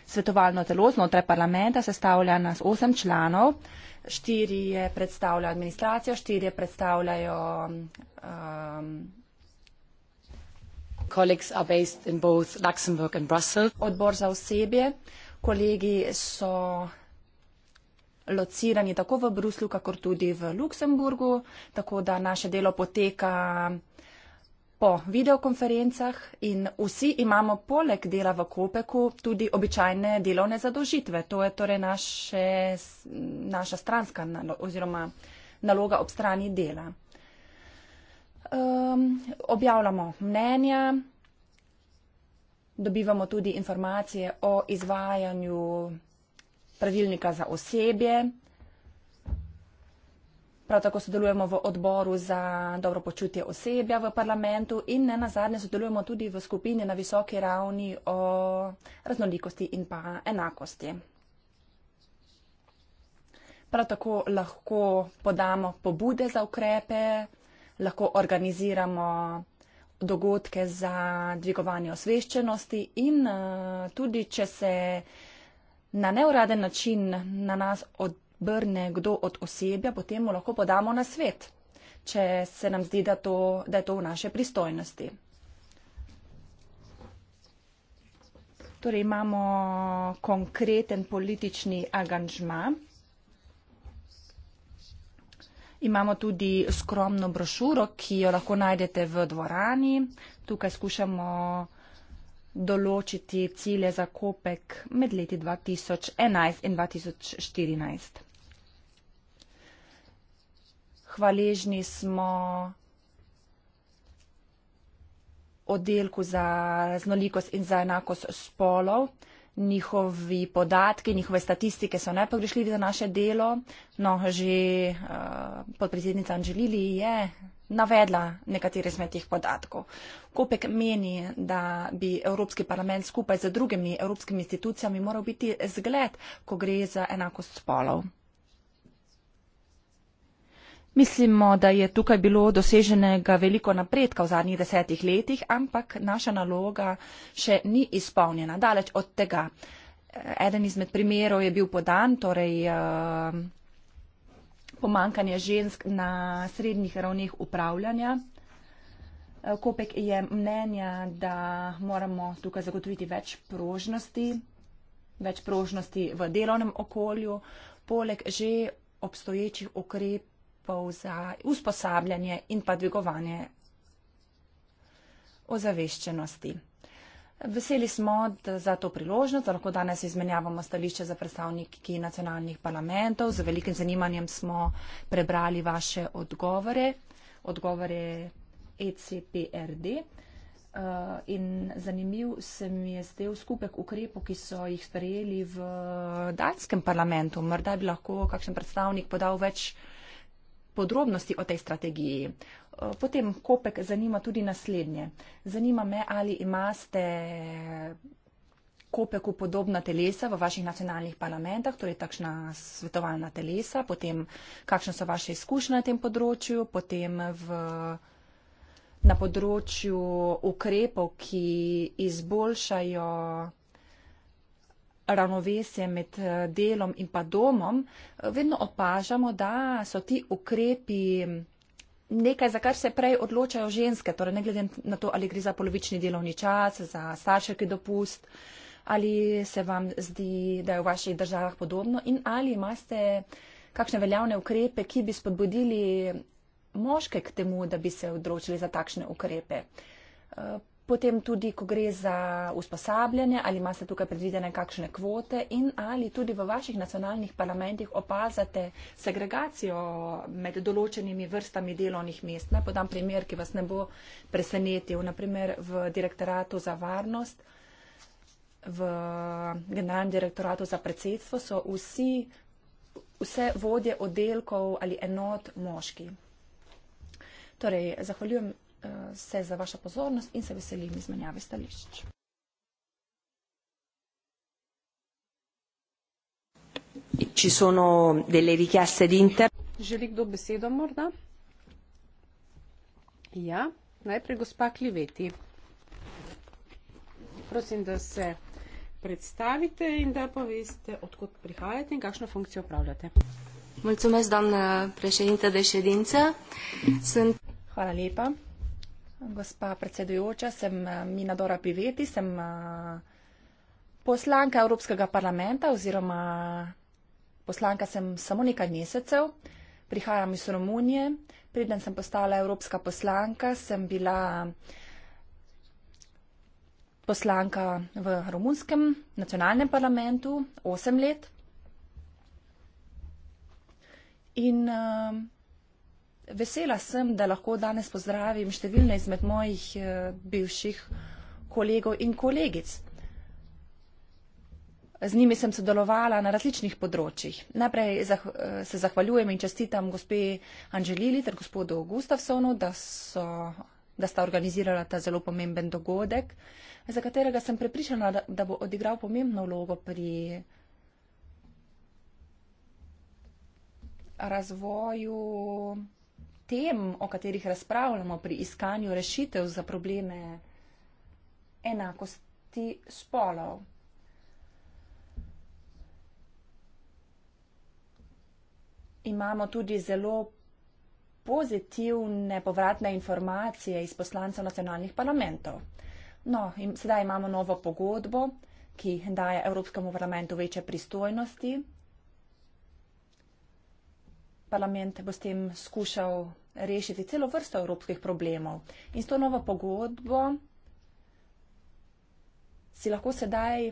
svetovalno telo znotraj parlamenta, sestavlja nas osem članov, štiri predstavlja administracijo, štiri predstavljajo um, Odbor za osebje, kolegi so locirani tako v Bruslu, kakor tudi v Luksemburgu, tako da naše delo poteka po videokonferencah in vsi imamo poleg dela v Kopeku tudi običajne delovne zadožitve. To je torej naše, naša stranska nalo, oziroma naloga ob strani dela um, objavljamo mnenja, dobivamo tudi informacije o izvajanju pravilnika za osebje. Prav tako sodelujemo v odboru za dobro počutje osebja v parlamentu in ne nazadnje sodelujemo tudi v skupini na visoki ravni o raznolikosti in pa enakosti. Prav tako lahko podamo pobude za ukrepe, lahko organiziramo dogodke za dvigovanje osveščenosti in eh, tudi, če se na neuraden način na nas obrne kdo od osebja, potem mu lahko podamo na svet, če se nam zdi, da, to, da je to v naše pristojnosti. Torej imamo konkreten politični aganžma. Imamo tudi skromno brošuro, ki jo lahko najdete v dvorani. Tukaj skušamo določiti cilje za kopek med leti 2011 in 2014. Hvaležni smo oddelku za raznolikost in za enakost spolov njihovi podatki, njihove statistike so nepogrešljivi za naše delo. No, že uh, podpredsednica Anželili je navedla nekatere izmed teh podatkov. Kopek meni, da bi Evropski parlament skupaj z drugimi evropskimi institucijami moral biti zgled, ko gre za enakost spolov. Mislimo, da je tukaj bilo doseženega veliko napredka v zadnjih desetih letih, ampak naša naloga še ni izpolnjena. Daleč od tega. Eden izmed primerov je bil podan, torej eh, pomankanje žensk na srednjih ravneh upravljanja. Eh, Kopek je mnenja, da moramo tukaj zagotoviti več prožnosti, več prožnosti v delovnem okolju, poleg že obstoječih ukrepov ukrepov za usposabljanje in pa dvigovanje ozaveščenosti. Veseli smo da za to priložnost, da lahko danes izmenjavamo stališče za predstavniki nacionalnih parlamentov. Z velikim zanimanjem smo prebrali vaše odgovore, odgovore ECPRD. Uh, in zanimiv se mi je zdel skupek ukrepov, ki so jih sprejeli v danskem parlamentu. Morda bi lahko kakšen predstavnik podal več podrobnosti o tej strategiji. Eh, potem kopek zanima tudi naslednje. Zanima me, ali imate kopeku podobna telesa v vaših nacionalnih parlamentah, torej takšna svetovalna telesa, potem kakšne so vaše izkušnje na tem področju, potem v, na področju ukrepov, ki izboljšajo ravnovesje med eh, delom in pa domom, eh, vedno opažamo, da so ti ukrepi mm, nekaj, za kar se prej odločajo ženske, torej ne glede na to, ali gre za polovični delovni čas, za starševki dopust, ali se vam zdi, da je v vaših državah podobno in ali imate kakšne veljavne ukrepe, ki bi spodbudili moške k temu, da bi se odločili za takšne ukrepe. Eh, potem tudi, ko gre za usposabljanje, ali imate tukaj predvidene kakšne kvote in ali tudi v vaših nacionalnih parlamentih opazate segregacijo med določenimi vrstami delovnih mest. Naj podam primer, ki vas ne bo presenetil, naprimer v direktoratu za varnost, v generalnem direktoratu za predsedstvo so vsi, vse vodje oddelkov ali enot moški. Torej, zahvaljujem se za vašo pozornost in se veselim izmenjave stališč. Ci sono delle richieste di inter... Želi kdo besedo morda? Ja, najprej gospa Kliveti. Prosim, da se predstavite in da poveste, odkot prihajate in kakšno funkcijo upravljate. Mulțumesc, doamnă președintă de ședință. Sunt... Hvala lepa, Gospa predsedujoča, sem eh, Mina Dora Piveti, sem eh, poslanka Evropskega parlamenta oziroma poslanka sem samo nekaj mesecev. Prihajam iz Romunije. Preden sem postala evropska poslanka, sem bila poslanka v romunskem nacionalnem parlamentu 8 let. In uh, Vesela sem, da lahko danes pozdravim številne izmed mojih eh, bivših kolegov in kolegic. Z njimi sem sodelovala na različnih področjih. Najprej eh, se zahvaljujem in čestitam gospe Anželili ter gospodu Gustavsonu, da, so, da sta organizirala ta zelo pomemben dogodek, za katerega sem prepričana, da bo odigral pomembno vlogo pri razvoju tem, o katerih razpravljamo pri iskanju rešitev za probleme enakosti spolov. Imamo tudi zelo pozitivne povratne informacije iz poslancev nacionalnih parlamentov. No, in sedaj imamo novo pogodbo, ki daje Evropskemu parlamentu večje pristojnosti. Parlament bo s tem skušal rešiti celo vrsto evropskih problemov. In s to novo pogodbo si lahko sedaj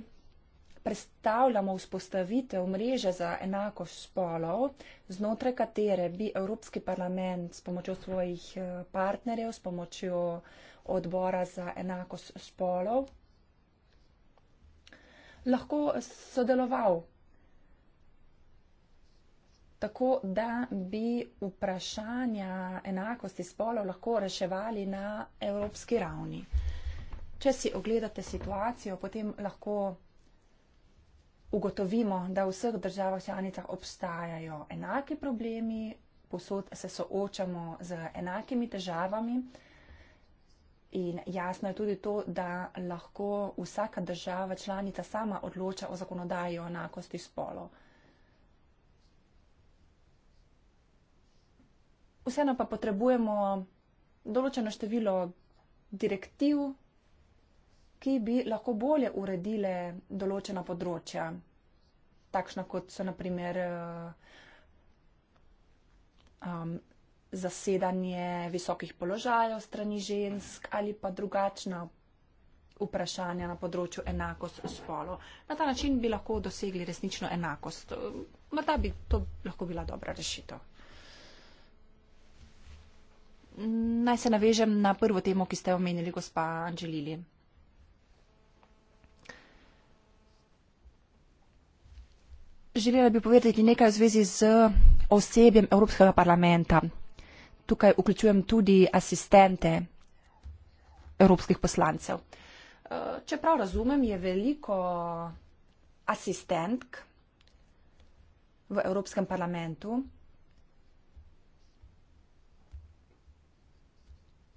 predstavljamo vzpostavitev mreže za enakost spolov, znotraj katere bi Evropski parlament s pomočjo svojih eh, partnerjev, s pomočjo odbora za enakost spolov lahko sodeloval Tako da bi vprašanja enakosti spolov lahko reševali na evropski ravni. Če si ogledate situacijo, potem lahko ugotovimo, da v vseh državah članicah obstajajo enaki problemi, posod se soočamo z enakimi težavami in jasno je tudi to, da lahko vsaka država članica sama odloča o zakonodaji o enakosti spolov. vseeno pa potrebujemo določeno število direktiv, ki bi lahko bolje uredile določena področja, takšna kot so naprimer eh, um, zasedanje visokih položajev strani žensk ali pa drugačna vprašanja na področju enakost spolo. Na ta način bi lahko dosegli resnično enakost. Morda bi to lahko bila dobra rešitev naj se navežem na prvo temo, ki ste omenili, gospa Anželili. Želela bi povedati nekaj v zvezi z osebjem Evropskega parlamenta. Tukaj vključujem tudi asistente evropskih poslancev. Eh, če prav razumem, je veliko asistentk v Evropskem parlamentu,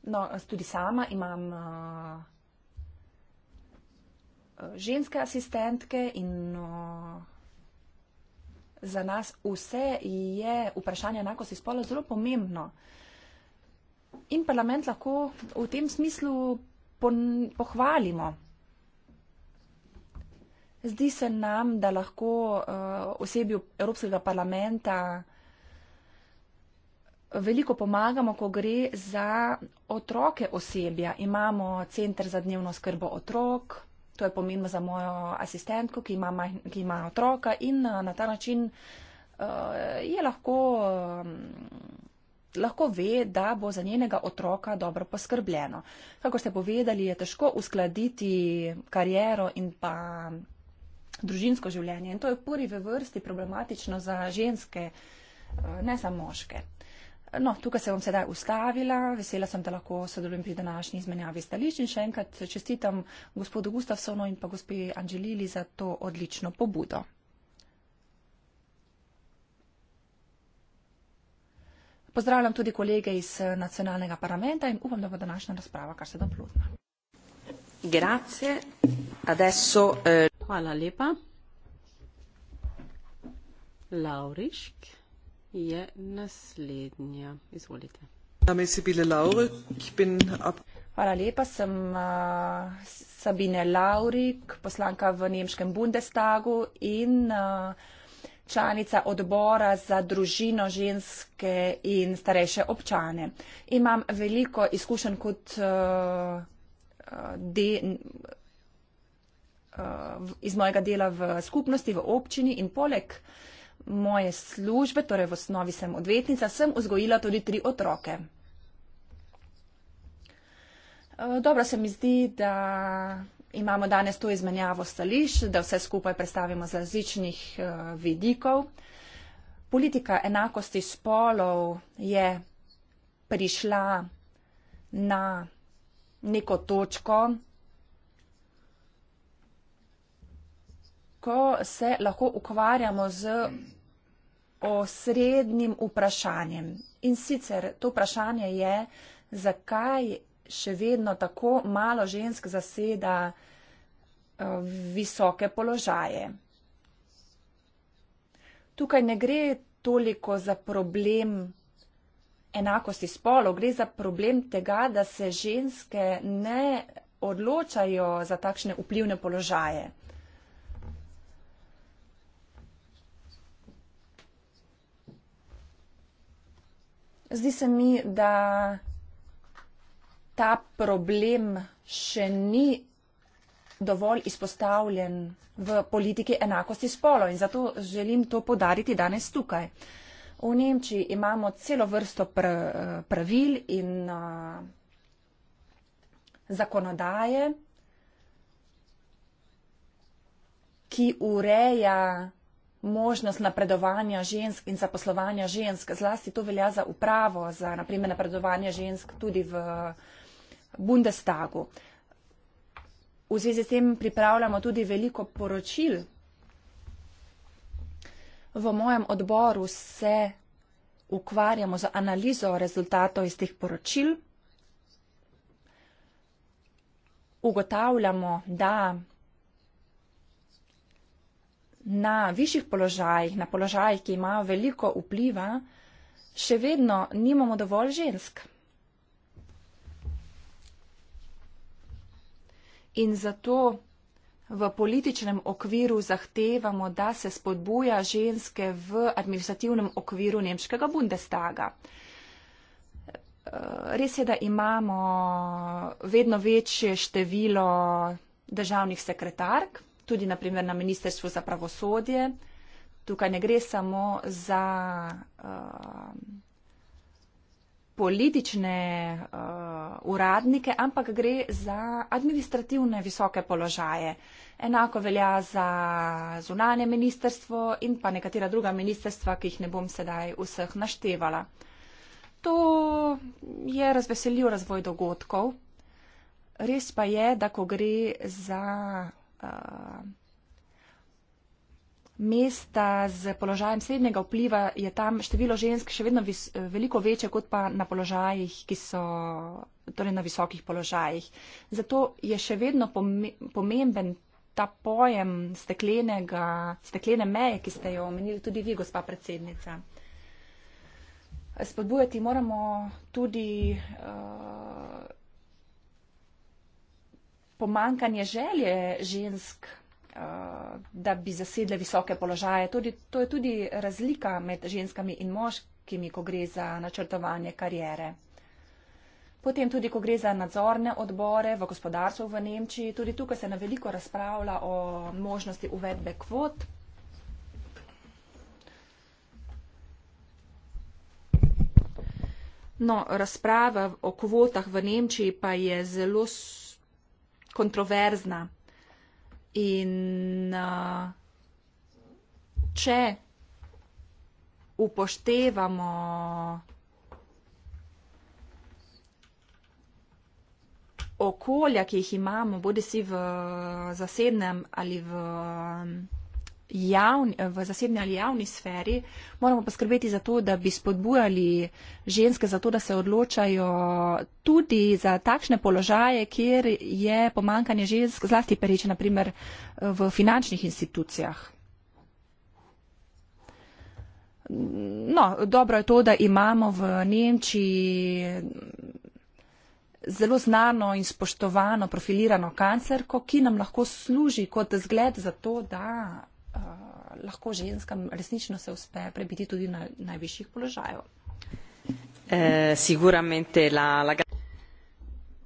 No, tudi sama imam uh, ženske asistentke in uh, za nas vse je vprašanje enakosti spola zelo pomembno. In parlament lahko v tem smislu pohvalimo. Zdi se nam, da lahko uh, osebju Evropskega parlamenta veliko pomagamo, ko gre za otroke osebja. Imamo centr za dnevno skrbo otrok. To je pomembno za mojo asistentko, ki ima, ki ima otroka in eh, na ta način uh, je lahko, um, lahko ve, da bo za njenega otroka dobro poskrbljeno. Kako ste povedali, je težko uskladiti kariero in pa družinsko življenje. In to je prvi v vrsti problematično za ženske, uh, ne samo moške. No, tukaj se bom sedaj ustavila. Vesela sem, da lahko sodelujem pri današnji izmenjavi stališč in še enkrat čestitam gospodu Gustavsonu in pa gospe Anželili za to odlično pobudo. Pozdravljam tudi kolege iz eh, nacionalnega parlamenta in upam, da bo današnja razprava kar se doplodna. Adesso, eh... Hvala lepa. Lauriš je naslednja. Izvolite. Name Sibile Laurik, bin ab. Hvala lepa, sem uh, Sabine Laurik, poslanka v Nemškem Bundestagu in uh, članica odbora za družino, ženske in starejše občane. Imam veliko izkušenj kot uh, de, uh, iz mojega dela v skupnosti, v občini in poleg moje službe, torej v osnovi sem odvetnica, sem vzgojila tudi tri otroke. E, dobro se mi zdi, da imamo danes to izmenjavo stališč, da vse skupaj predstavimo z različnih e, vidikov. Politika enakosti spolov je prišla na neko točko, ko se lahko ukvarjamo z osrednjim vprašanjem. In sicer to vprašanje je, zakaj še vedno tako malo žensk zaseda eh, visoke položaje. Tukaj ne gre toliko za problem enakosti spolov, gre za problem tega, da se ženske ne odločajo za takšne vplivne položaje. Zdi se mi, da ta problem še ni dovolj izpostavljen v politiki enakosti spolo in zato želim to podariti danes tukaj. V Nemčiji imamo celo vrsto pr pravil in uh, zakonodaje, ki ureja možnost napredovanja žensk in zaposlovanja žensk. Zlasti to velja za upravo, za naprimer napredovanje žensk tudi v Bundestagu. V zvezi s tem pripravljamo tudi veliko poročil. V mojem odboru se ukvarjamo z analizo rezultatov iz teh poročil. Ugotavljamo, da na višjih položajih, na položajih, ki imajo veliko vpliva, še vedno nimamo dovolj žensk. In zato v političnem okviru zahtevamo, da se spodbuja ženske v administrativnem okviru Nemškega Bundestaga. Res je, da imamo vedno večje število državnih sekretark, tudi naprimer na Ministrstvu za pravosodje. Tukaj ne gre samo za uh, politične uh, uradnike, ampak gre za administrativne visoke položaje. Enako velja za zunanje ministerstvo in pa nekatera druga ministerstva, ki jih ne bom sedaj vseh naštevala. To je razveseljiv razvoj dogodkov. Res pa je, da ko gre za Eh, mesta z položajem srednjega vpliva, je tam število žensk še vedno vis, veliko večje kot pa na položajih, ki so torej na visokih položajih. Zato je še vedno pomemben ta pojem steklene meje, ki ste jo omenili tudi vi, gospa predsednica. Spodbujati moramo tudi uh, pomankanje želje žensk, eh, da bi zasedle visoke položaje. Tudi, to je tudi razlika med ženskami in moškimi, ko gre za načrtovanje karijere. Potem tudi, ko gre za nadzorne odbore v gospodarstvu v Nemčiji, tudi tukaj se na veliko razpravlja o možnosti uvedbe kvot. No, razprava o kvotah v Nemčiji pa je zelo kontroverzna. In uh, če upoštevamo okolja, ki jih imamo, bodi si v zasebnem ali v um, javni, eh, v zasebni ali javni sferi, moramo poskrbeti za to, da bi spodbujali ženske za to, da se odločajo tudi za takšne položaje, kjer je pomankanje žensk zlasti pereče, naprimer eh, v finančnih institucijah. No, dobro je to, da imamo v Nemčiji zelo znano in spoštovano profilirano kancerko, ki nam lahko služi kot zgled za to, da lahko ženskam resnično se uspe prebiti tudi na najvišjih položajev. Eh,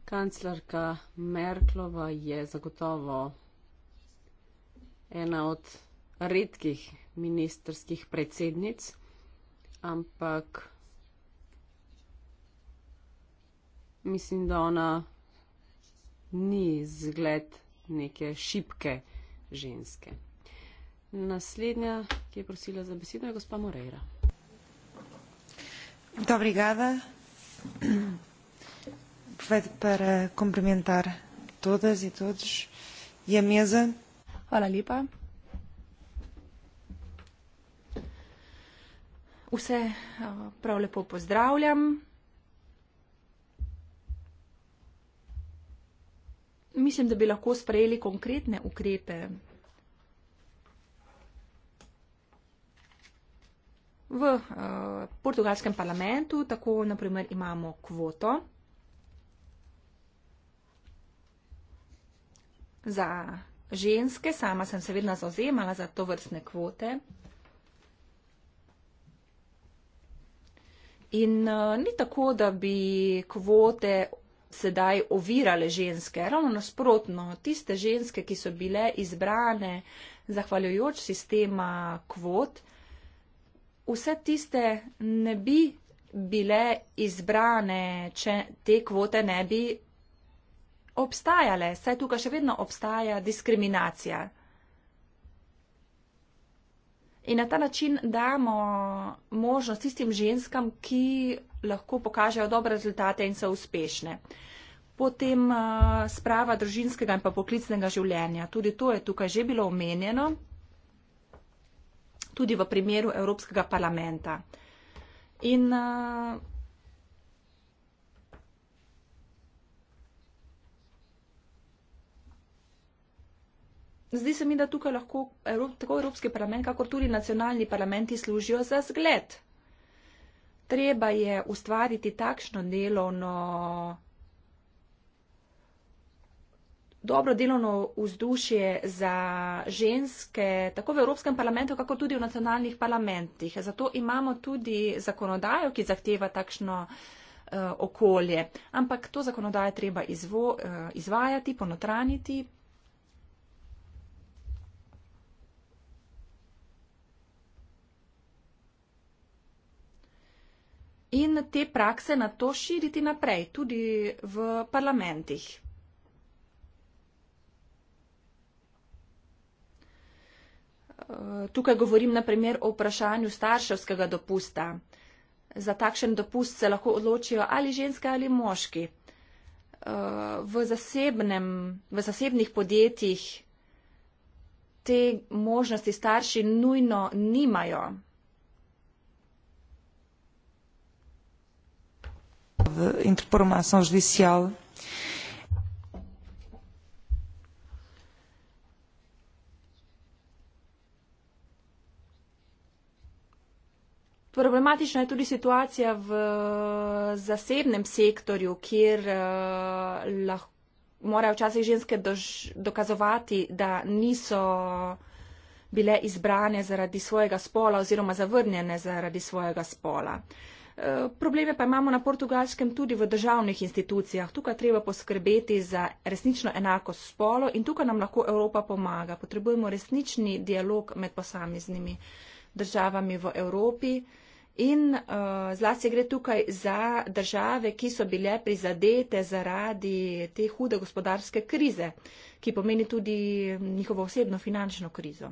Kanclerka Merklova je zagotovo ena od redkih ministerskih predsednic, ampak mislim, da ona ni zgled neke šipke ženske. Naslednja, ki je prosila za besedo, je gospa Moreira. Obrigada. Pede para cumprimentar todas e todos e a mesa. Hvala lepa. Vse prav lepo pozdravljam. Mislim, da bi lahko sprejeli konkretne ukrepe V uh, portugalskem parlamentu tako naprimer imamo kvoto za ženske. Sama sem se vedno zauzemala za to vrstne kvote. In uh, ni tako, da bi kvote sedaj ovirale ženske. Ravno nasprotno, tiste ženske, ki so bile izbrane zahvaljujoč sistema kvot, uh, vse tiste ne bi bile izbrane, če te kvote ne bi obstajale. Saj tukaj še vedno obstaja diskriminacija. In na ta način damo možnost tistim ženskam, ki lahko pokažejo dobre rezultate in so uspešne. Potem eh, sprava družinskega in pa poklicnega življenja. Tudi to je tukaj že bilo omenjeno tudi v primeru Evropskega parlamenta. In uh, zdi se mi, da tukaj lahko Evrop, tako Evropski parlament, kakor tudi nacionalni parlamenti služijo za zgled. Treba je ustvariti takšno delovno dobro delovno vzdušje za ženske tako v Evropskem parlamentu, kako tudi v nacionalnih parlamentih. Zato imamo tudi zakonodajo, ki zahteva takšno eh, okolje. Ampak to zakonodajo treba izvo, eh, izvajati, ponotraniti. In te prakse na to širiti naprej, tudi v parlamentih. Eh, tukaj govorim naprimer o vprašanju starševskega dopusta. Za takšen dopust se lahko odločijo ali ženske ali moški. Eh, v, zasebnem, v zasebnih podjetjih te možnosti starši nujno nimajo. V interpormasa oživljal. problematična je tudi situacija v eh, zasebnem sektorju, kjer uh, lahko, morajo včasih ženske dož, dokazovati, da niso bile izbrane zaradi svojega spola oziroma zavrnjene zaradi svojega spola. Eh, probleme pa imamo na portugalskem tudi v državnih institucijah. Tukaj treba poskrbeti za resnično enakost spolo in tukaj nam lahko Evropa pomaga. Potrebujemo resnični dialog med posameznimi državami v Evropi. In uh, zlasti gre tukaj za države, ki so bile prizadete zaradi te hude gospodarske krize, ki pomeni tudi njihovo osebno finančno krizo.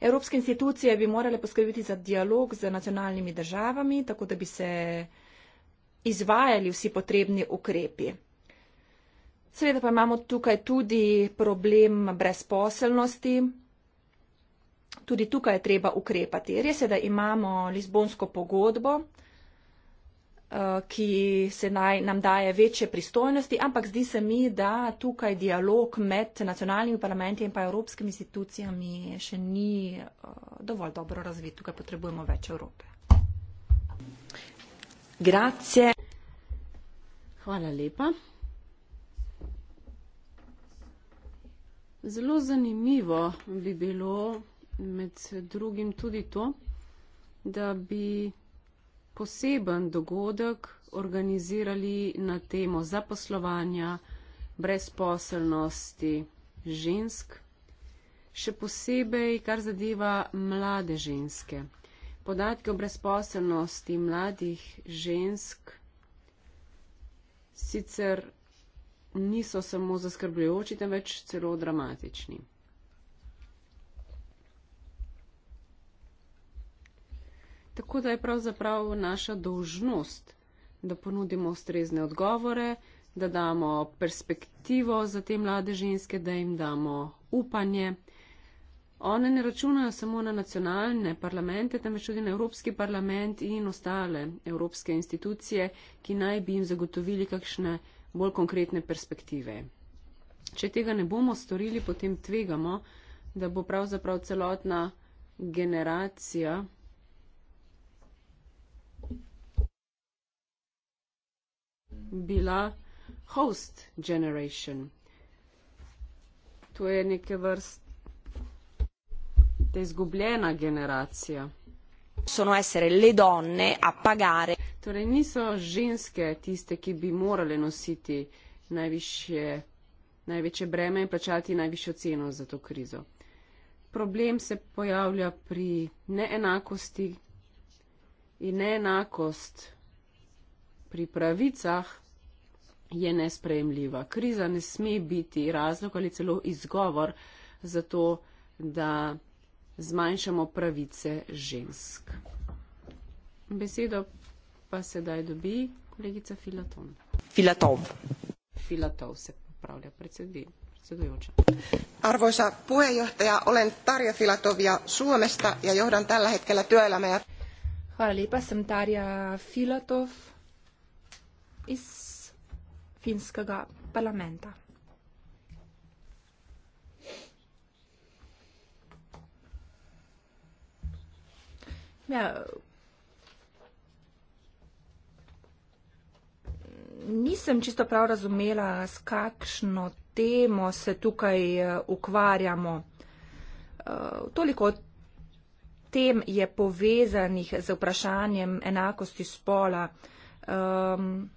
Evropske institucije bi morale poskrbeti za dialog z nacionalnimi državami, tako da bi se izvajali vsi potrebni ukrepi. Seveda pa imamo tukaj tudi problem brezposelnosti. Tudi tukaj je treba ukrepati. Res je, da imamo Lizbonsko pogodbo, eh, ki se naj, nam daje večje pristojnosti, ampak zdi se mi, da tukaj dialog med nacionalnimi parlamenti in pa evropskimi institucijami še ni eh, dovolj dobro razvit. Tukaj potrebujemo več Evrope. Grazie. Hvala lepa. Zelo zanimivo bi bilo med drugim tudi to, da bi poseben dogodek organizirali na temo zaposlovanja, brezposelnosti žensk, še posebej kar zadeva mlade ženske podatki o brezposelnosti mladih žensk sicer niso samo zaskrbljujoči, temveč celo dramatični. Tako da je pravzaprav naša dolžnost, da ponudimo ustrezne odgovore, da damo perspektivo za te mlade ženske, da jim damo upanje. One ne računajo samo na nacionalne parlamente, temveč tudi na Evropski parlament in ostale evropske institucije, ki naj bi jim zagotovili kakšne bolj konkretne perspektive. Če tega ne bomo storili, potem tvegamo, da bo pravzaprav celotna generacija. Bila host generation. To je neke vrst cosiddetta izgubljena generacija. Sono essere le donne a pagare. Torej niso ženske tiste, ki bi morale nositi najvišje, največje breme in plačati najvišjo ceno za to krizo. Problem se pojavlja pri neenakosti in neenakost pri pravicah je nesprejemljiva. Kriza ne sme biti razlog ali celo izgovor za to, da zmanjšamo pravice žensk. Besedo pa sedaj dobi kolegica Filaton. Filatov. Filatov se popravlja predsedi. Arvoisa puheenjohtaja, olen Tarja Filatovia Suomesta ja johdan tällä hetkellä työelämää. Ja- Hvala lepa, sem Tarja Filatov iz finskega parlamenta. Ja. Nisem čisto prav razumela, s kakšno temo se tukaj eh, ukvarjamo. Eh, toliko tem je povezanih z vprašanjem enakosti spola. Um,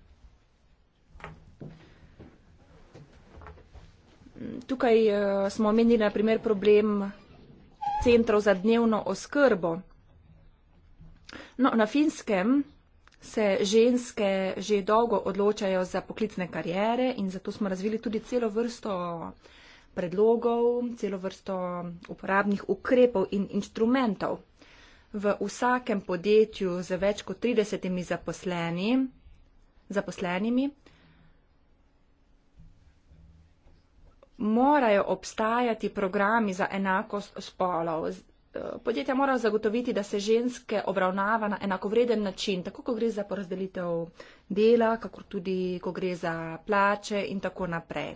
tukaj eh, smo omenili na primer problem centrov za dnevno oskrbo. No, na finskem se ženske že dolgo odločajo za poklicne karijere in zato smo razvili tudi celo vrsto predlogov, celo vrsto uporabnih ukrepov in inštrumentov. V vsakem podjetju z več kot 30 zaposleni, zaposlenimi morajo obstajati programi za enakost spolov podjetja morajo zagotoviti, da se ženske obravnava na enakovreden način, tako ko gre za porazdelitev dela, kako tudi ko gre za plače in tako naprej.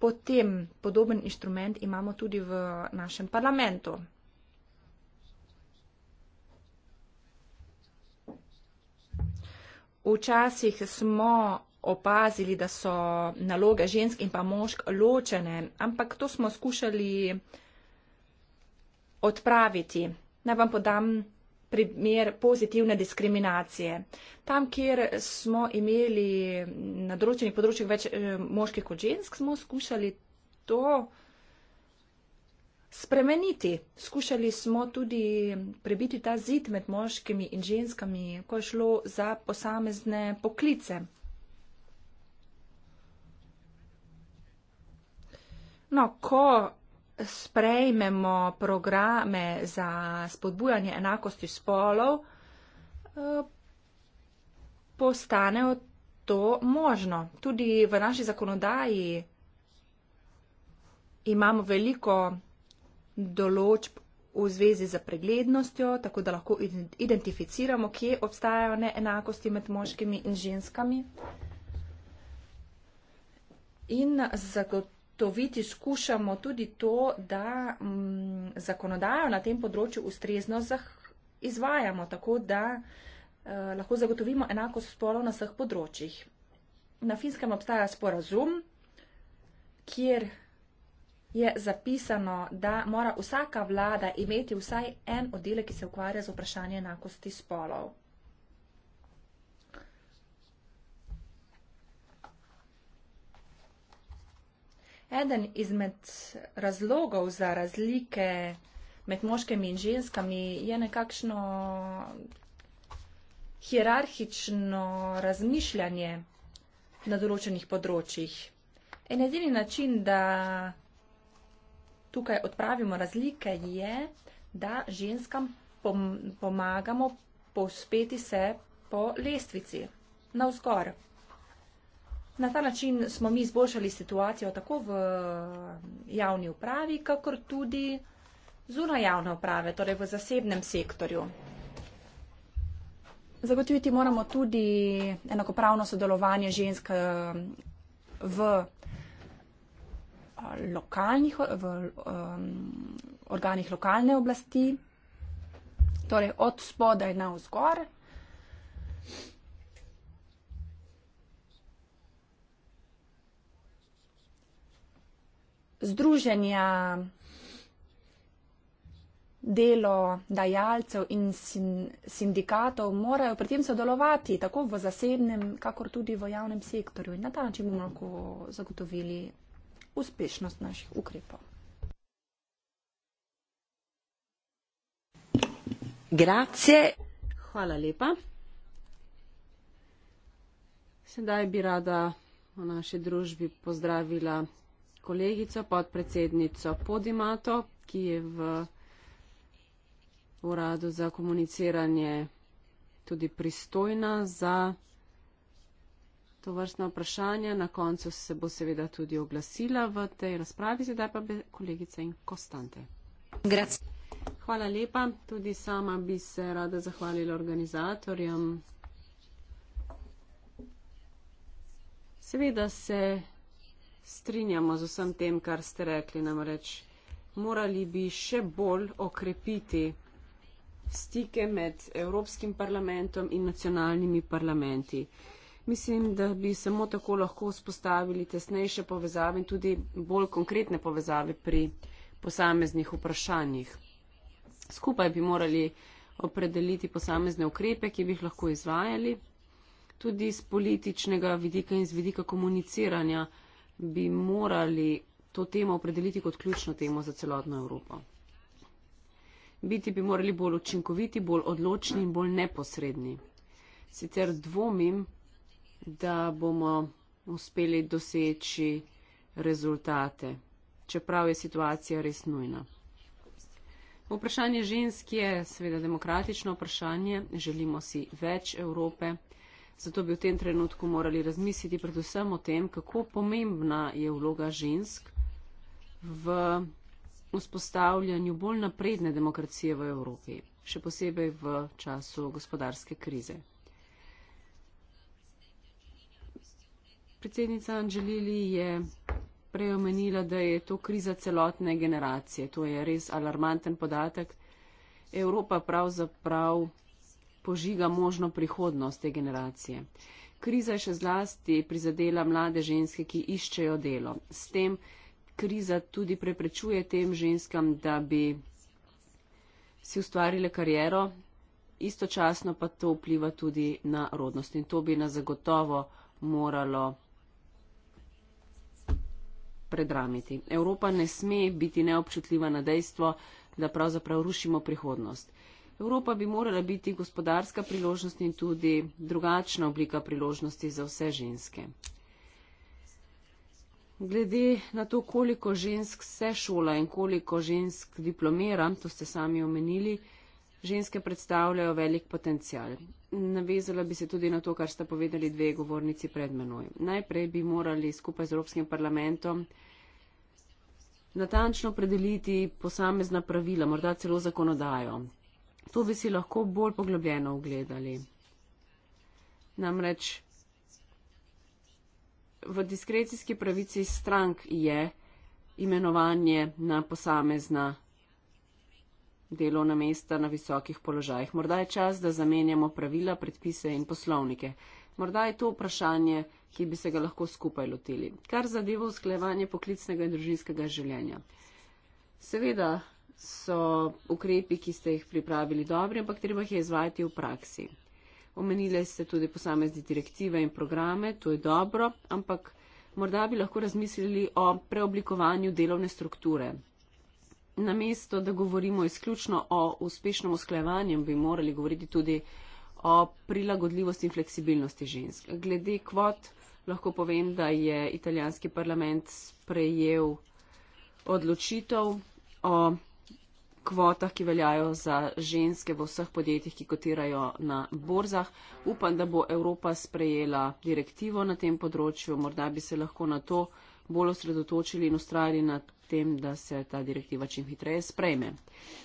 Potem podoben inštrument imamo tudi v našem parlamentu. Včasih smo opazili, da so naloge žensk in pa mošk ločene, ampak to smo skušali uh, odpraviti. Naj vam podam primer pozitivne diskriminacije. Tam, kjer smo imeli na določenih področjih več eh, moških kot žensk, smo skušali to spremeniti. Skušali smo tudi prebiti ta zid med moškimi in ženskami, ko je šlo za posamezne poklice. No, ko sprejmemo programe za spodbujanje enakosti spolov, eh, postane to možno. Tudi v naši zakonodaji imamo veliko določb v zvezi z preglednostjo, tako da lahko identificiramo, kje obstajajo neenakosti med moškimi in ženskami. In zagotovo zagotoviti skušamo tudi to, da m, mm, zakonodajo na tem področju ustrezno zah, izvajamo, tako da e, lahko zagotovimo enako spolov na vseh področjih. Na finskem obstaja sporazum, kjer je zapisano, da mora vsaka vlada imeti vsaj en oddelek, ki se ukvarja z vprašanjem enakosti spolov. Eden izmed razlogov za razlike med moškimi in ženskami je nekakšno hierarhično razmišljanje na določenih področjih. En edini način, da tukaj odpravimo razlike, je, da ženskam pomagamo povzpeti se po lestvici navzgor. Na ta način smo mi izboljšali situacijo tako v eh, javni upravi, kakor tudi zunaj javne uprave, torej v zasebnem sektorju. Zagotoviti moramo tudi enakopravno sodelovanje žensk eh, v eh, lokalnih, v um, organih lokalne oblasti, torej od spodaj na vzgor. združenja delo dajalcev in sin, sindikatov morajo pri tem sodelovati, tako v zasebnem, kakor tudi v javnem sektorju. In na ta način bomo lahko zagotovili uspešnost naših ukrepov. Grazie. Hvala lepa. Sedaj bi rada v naši družbi pozdravila kolegico, podpredsednico Podimato, ki je v uradu za komuniciranje tudi pristojna za to vrstno vprašanje. Na koncu se bo seveda tudi oglasila v tej razpravi, zdaj pa bi kolegice in konstante. Hvala lepa. Tudi sama bi se rada zahvalila organizatorjem. Seveda se strinjamo z vsem tem, kar ste rekli. Namreč morali bi še bolj okrepiti stike med Evropskim parlamentom in nacionalnimi parlamenti. Mislim, da bi samo tako lahko vzpostavili tesnejše povezave in tudi bolj konkretne povezave pri posameznih vprašanjih. Skupaj bi morali opredeliti posamezne ukrepe, ki bi jih lahko izvajali, tudi z političnega vidika in z vidika komuniciranja bi morali to temo opredeliti kot ključno temo za celotno Evropo. Biti bi morali bolj učinkoviti, bolj odločni in bolj neposredni. Sicer dvomim, da bomo uspeli doseči rezultate, čeprav je situacija res nujna. Vprašanje žensk je seveda demokratično vprašanje, želimo si več Evrope zato bi v tem trenutku morali razmisliti predvsem o tem, kako pomembna je vloga žensk v vzpostavljanju bolj napredne demokracije v Evropi, še posebej v času gospodarske krize. Predsednica Anželili je prej omenila, da je to kriza celotne generacije. To je res alarmanten podatek. Evropa pravzaprav. Prav požiga možno prihodnost te generacije. Kriza je še zlasti prizadela mlade ženske, ki iščejo delo. S tem kriza tudi preprečuje tem ženskam, da bi si ustvarile kariero, istočasno pa to vpliva tudi na rodnost in to bi nas zagotovo moralo predramiti. Evropa ne sme biti neobčutljiva na dejstvo, da pravzaprav rušimo prihodnost. Evropa bi morala biti gospodarska priložnost in tudi drugačna oblika priložnosti za vse ženske. Glede na to, koliko žensk se šola in koliko žensk diplomira, to ste sami omenili, ženske predstavljajo velik potencial. Navezala bi se tudi na to, kar sta povedali dve govornici pred menoj. Najprej bi morali skupaj z Evropskim parlamentom natančno predeliti posamezna pravila, morda celo zakonodajo, To bi si lahko bolj poglobljeno ogledali. Namreč v diskrecijski pravici strank je imenovanje na posamezna delovna mesta na visokih položajih. Morda je čas, da zamenjamo pravila, predpise in poslovnike. Morda je to vprašanje, ki bi se ga lahko skupaj lotili. Kar zadeva usklejevanje poklicnega in družinskega življenja. Seveda so ukrepi, ki ste jih pripravili dobri, ampak treba jih je izvajati v praksi. Omenili ste tudi posamezne direktive in programe, to je dobro, ampak morda bi lahko razmislili o preoblikovanju delovne strukture. Namesto, da govorimo izključno o uspešnem usklajevanju, bi morali govoriti tudi o prilagodljivosti in fleksibilnosti žensk. Glede kvot lahko povem, da je italijanski parlament sprejel odločitev o kvotah, ki veljajo za ženske v vseh podjetjih, ki kotirajo na borzah. Upam, da bo Evropa sprejela direktivo na tem področju, morda bi se lahko na to bolj osredotočili in ustrajali na tem, da se ta direktiva čim hitreje sprejme.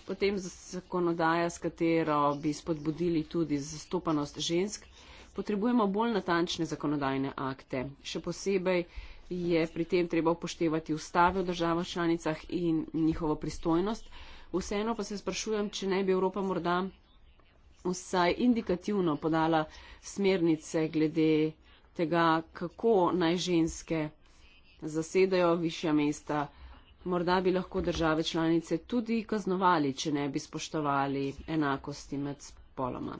Potem zakonodaja, s katero bi spodbudili tudi zastopanost žensk, potrebujemo bolj natančne zakonodajne akte. Še posebej je pri tem treba upoštevati ustave v državah članicah in njihovo pristojnost. Vseeno pa se sprašujem, če ne bi Evropa morda vsaj indikativno podala smernice glede tega, kako naj ženske zasedajo višja mesta. Morda bi lahko države članice tudi kaznovali, če ne bi spoštovali enakosti med spoloma.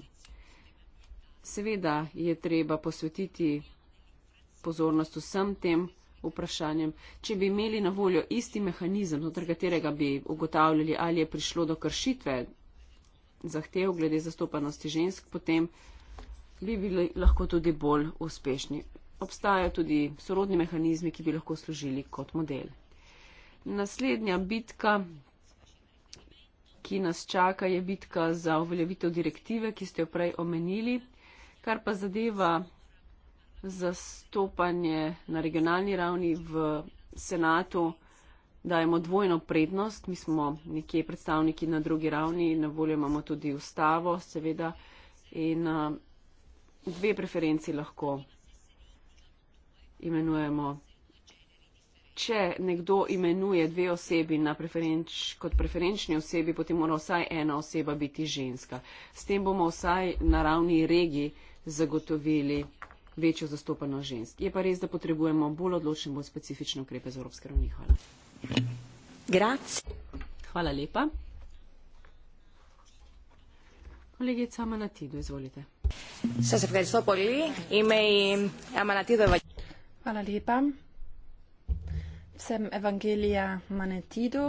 Seveda je treba posvetiti pozornost vsem tem vprašanjem. Če bi imeli na voljo isti mehanizem, znotraj katerega bi ugotavljali, ali je prišlo do kršitve zahtev glede zastopanosti žensk, potem bi bili lahko tudi bolj uspešni. Obstajajo tudi sorodni mehanizmi, ki bi lahko služili kot model. Naslednja bitka, ki nas čaka, je bitka za uveljavitev direktive, ki ste jo prej omenili, kar pa zadeva zastopanje na regionalni ravni v senatu dajemo dvojno prednost. Mi smo nekje predstavniki na drugi ravni, na voljo imamo tudi ustavo, seveda, in eh, dve preferenci lahko imenujemo. Če nekdo imenuje dve osebi preferenč, kot preferenčni osebi, potem mora vsaj ena oseba biti ženska. S tem bomo vsaj na ravni regi zagotovili večjo zastopanost žensk. Je pa res, da potrebujemo bolj odločne, bolj specifične ukrepe z Evropske ravni. Hvala. Grazie. Hvala lepa. Kolegica Manatido, izvolite. Hvala lepa. Sem Evangelija Manetido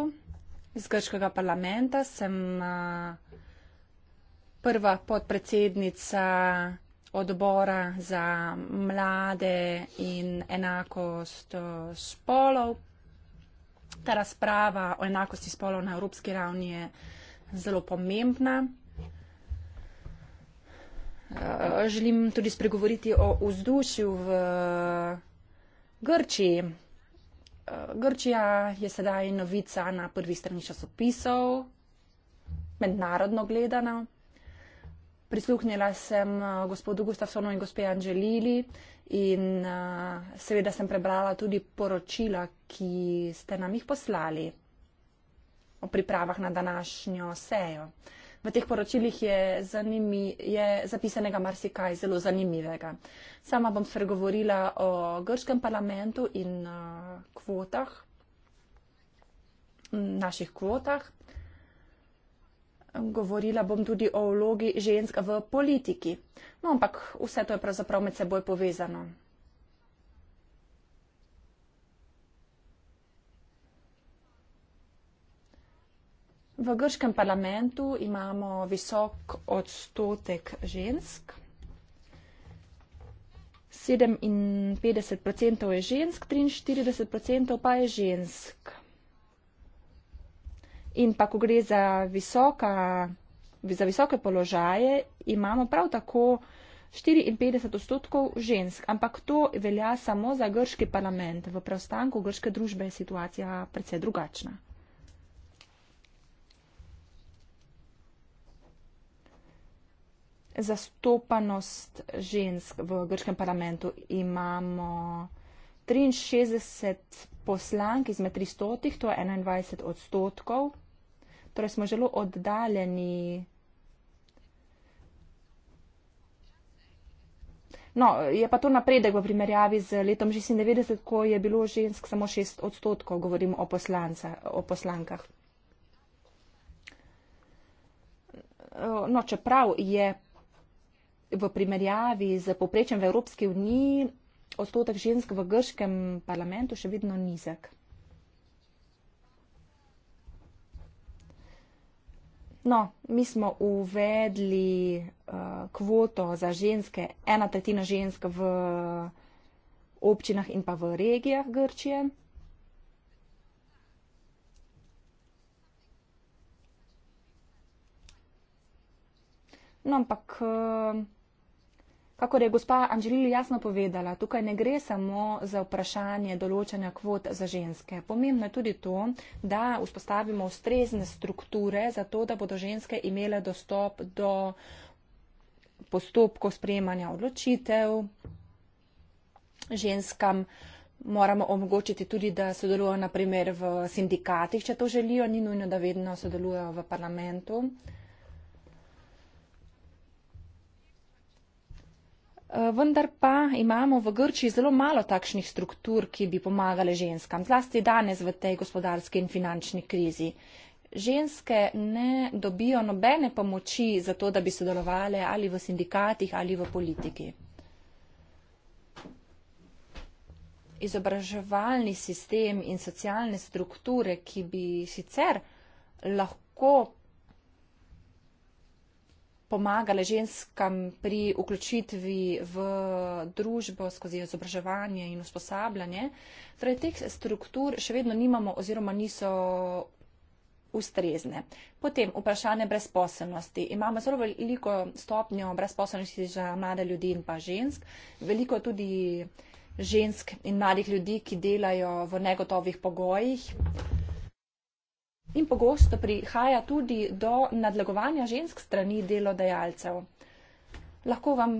iz Grškega parlamenta. Sem prva podpredsednica odbora za mlade in enakost eh, spolov. Ta razprava o enakosti spolov na evropski ravni je zelo pomembna. Eh, želim tudi spregovoriti o vzdušju v eh, Grčiji. Grčija je sedaj novica na prvi strani časopisov, mednarodno gledano. Prisluhnila sem eh, gospodu Gustafsonu in gospe Anželili in eh, seveda sem prebrala tudi poročila, ki ste nam jih poslali o pripravah na današnjo sejo. V teh poročilih je, zanimi, je zapisanega marsikaj zelo zanimivega. Sama bom spregovorila o grškem parlamentu in uh, kvotah, naših kvotah, govorila bom tudi o vlogi žensk v politiki. No, ampak vse to je pravzaprav med seboj povezano. V grškem parlamentu imamo visok odstotek žensk. 57% je žensk, 43% pa je žensk. In pa, ko gre za, visoka, za visoke položaje, imamo prav tako 54 odstotkov žensk, ampak to velja samo za grški parlament. V preostanku grške družbe je situacija predvsej drugačna. Zastopanost žensk v grškem parlamentu imamo 63 poslank izmed 300, to je 21 odstotkov torej smo zelo oddaljeni. No, je pa to napredek v primerjavi z letom 96, ko je bilo žensk samo 6 odstotkov, govorim o, poslanca, o poslankah. No, čeprav je v primerjavi z poprečjem v Evropski uniji odstotek žensk v grškem parlamentu še vedno nizek. No, mi smo uvedli uh, kvoto za ženske, ena tretjina žensk v občinah in pa v regijah Grčije. No, ampak. Uh, Kako je gospa Anželjili jasno povedala, tukaj ne gre samo za vprašanje določanja kvot za ženske. Pomembno je tudi to, da vzpostavimo ustrezne strukture za to, da bodo ženske imele dostop do postopkov sprejemanja odločitev. Ženskam moramo omogočiti tudi, da sodelujo naprimer v sindikatih, če to želijo, ni nujno, da vedno sodelujo v parlamentu. Eh, vendar pa imamo v Grčiji zelo malo takšnih struktur, ki bi pomagale ženskam, zlasti danes v tej gospodarski in finančni krizi. Ženske ne dobijo nobene pomoči za to, da bi sodelovali ali v sindikatih ali v politiki. Izobraževalni sistem in socialne strukture, ki bi sicer lahko pomagale ženskam pri vključitvi v družbo skozi izobraževanje in usposabljanje. Torej, teh struktur še vedno nimamo oziroma niso ustrezne. Potem vprašanje brezposelnosti. Imamo zelo veliko stopnjo brezposelnosti za mlade ljudi in pa žensk. Veliko tudi žensk in mladih ljudi, ki delajo v negotovih pogojih. In pogosto prihaja tudi do nadlegovanja žensk strani delodajalcev. Lahko vam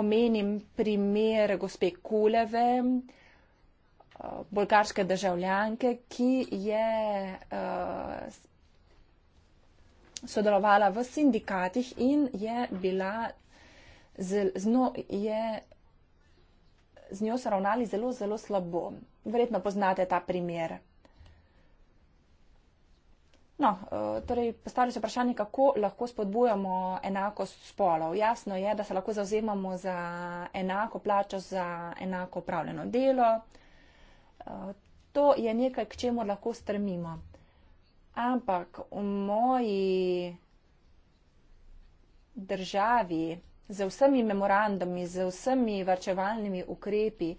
omenim primer gospe Kuleve, eh, bolgarske državljanke, ki je eh, sodelovala v sindikatih in je bila z, z, no, je, z njo se ravnali zelo, zelo slabo. Verjetno poznate ta primer. No, eh, torej postavljajo se vprašanje, kako lahko spodbujamo enakost spolov. Jasno je, da se lahko zauzemamo za enako plačo, za enako upravljeno delo. Eh, to je nekaj, k čemu lahko strmimo. Ampak v moji državi, z vsemi memorandumi, z vsemi varčevalnimi ukrepi,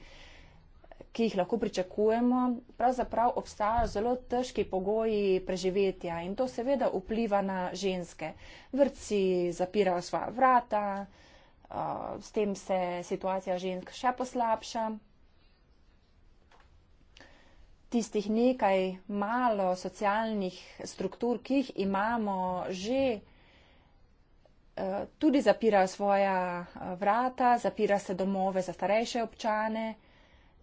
ki jih lahko pričakujemo, pravzaprav obstajajo zelo težki pogoji preživetja in to seveda vpliva na ženske. Vrci zapirajo svoja vrata, s tem se situacija žensk še poslabša. Tistih nekaj malo socialnih struktur, ki jih imamo že, tudi zapirajo svoja vrata, zapira se domove za starejše občane.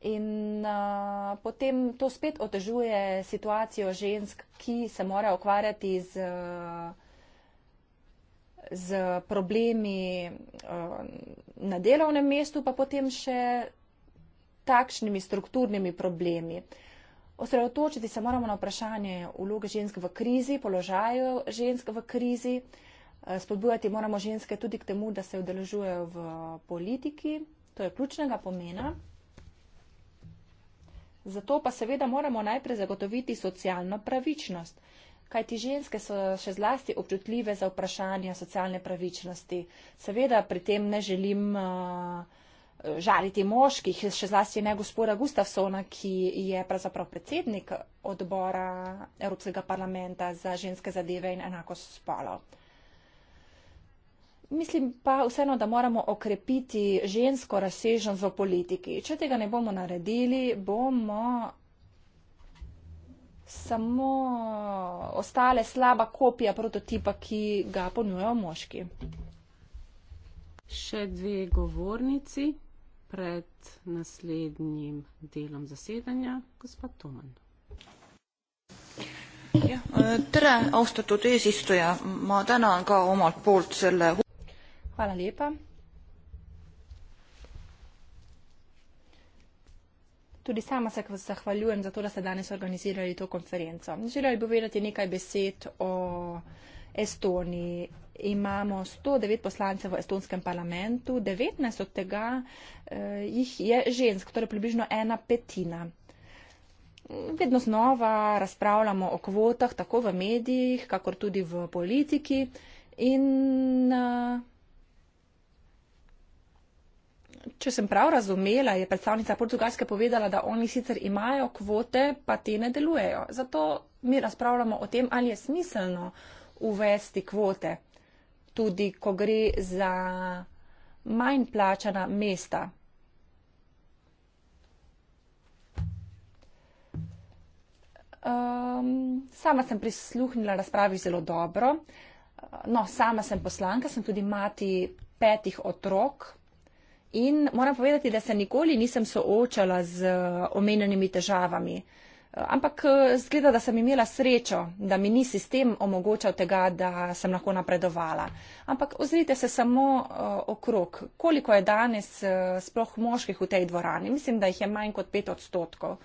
In uh, potem to spet otežuje situacijo žensk, ki se morajo ukvarjati z, z problemi uh, na delovnem mestu, pa potem še takšnimi strukturnimi problemi. Osredotočiti se moramo na vprašanje uloge žensk v krizi, položaju žensk v krizi. Spodbujati moramo ženske tudi k temu, da se udeležujejo v politiki. To je ključnega pomena. Ja. Zato pa seveda moramo najprej zagotoviti socialno pravičnost, kajti ženske so še zlasti občutljive za vprašanje socialne pravičnosti. Seveda pri tem ne želim uh, žaliti moških, še zlasti ne gospoda Gustafsona, ki je pravzaprav predsednik odbora Evropskega parlamenta za ženske zadeve in enako spolo. Uh, mislim pa vseeno, da moramo okrepiti žensko razsežnost v politiki. Če tega ne bomo naredili, bomo samo ostale slaba kopija prototipa, ki ga ponujajo moški. Še dve govornici pred naslednjim delom zasedanja, gospod Toman. Ja, tere, austatud eesistuja, ma tänan ka omalt poolt selle Hvala lepa. Tudi sama se zahvaljujem za to, da ste danes organizirali to konferenco. Želela bi povedati nekaj besed o Estoniji. Imamo 109 poslance v estonskem parlamentu, 19 od tega eh, jih je žensk, torej približno ena petina. Vedno znova razpravljamo o kvotah, tako v medijih, kakor tudi v politiki. In, eh, če sem prav razumela, je predstavnica Portugalske povedala, da oni sicer imajo kvote, pa te ne delujejo. Zato mi razpravljamo o tem, ali je smiselno uvesti kvote, tudi ko gre za manj plačana mesta. Um, sama sem prisluhnila razpravi zelo dobro. No, sama sem poslanka, sem tudi mati petih otrok, In moram povedati, da se nikoli nisem soočala z eh, omenjenimi težavami. Eh, ampak eh, zgleda, da sem imela srečo, da mi ni sistem omogočal tega, da sem lahko napredovala. Ampak ozrite se samo okrog, koliko je danes sploh moških v tej dvorani. Mislim, da jih je manj kot pet odstotkov.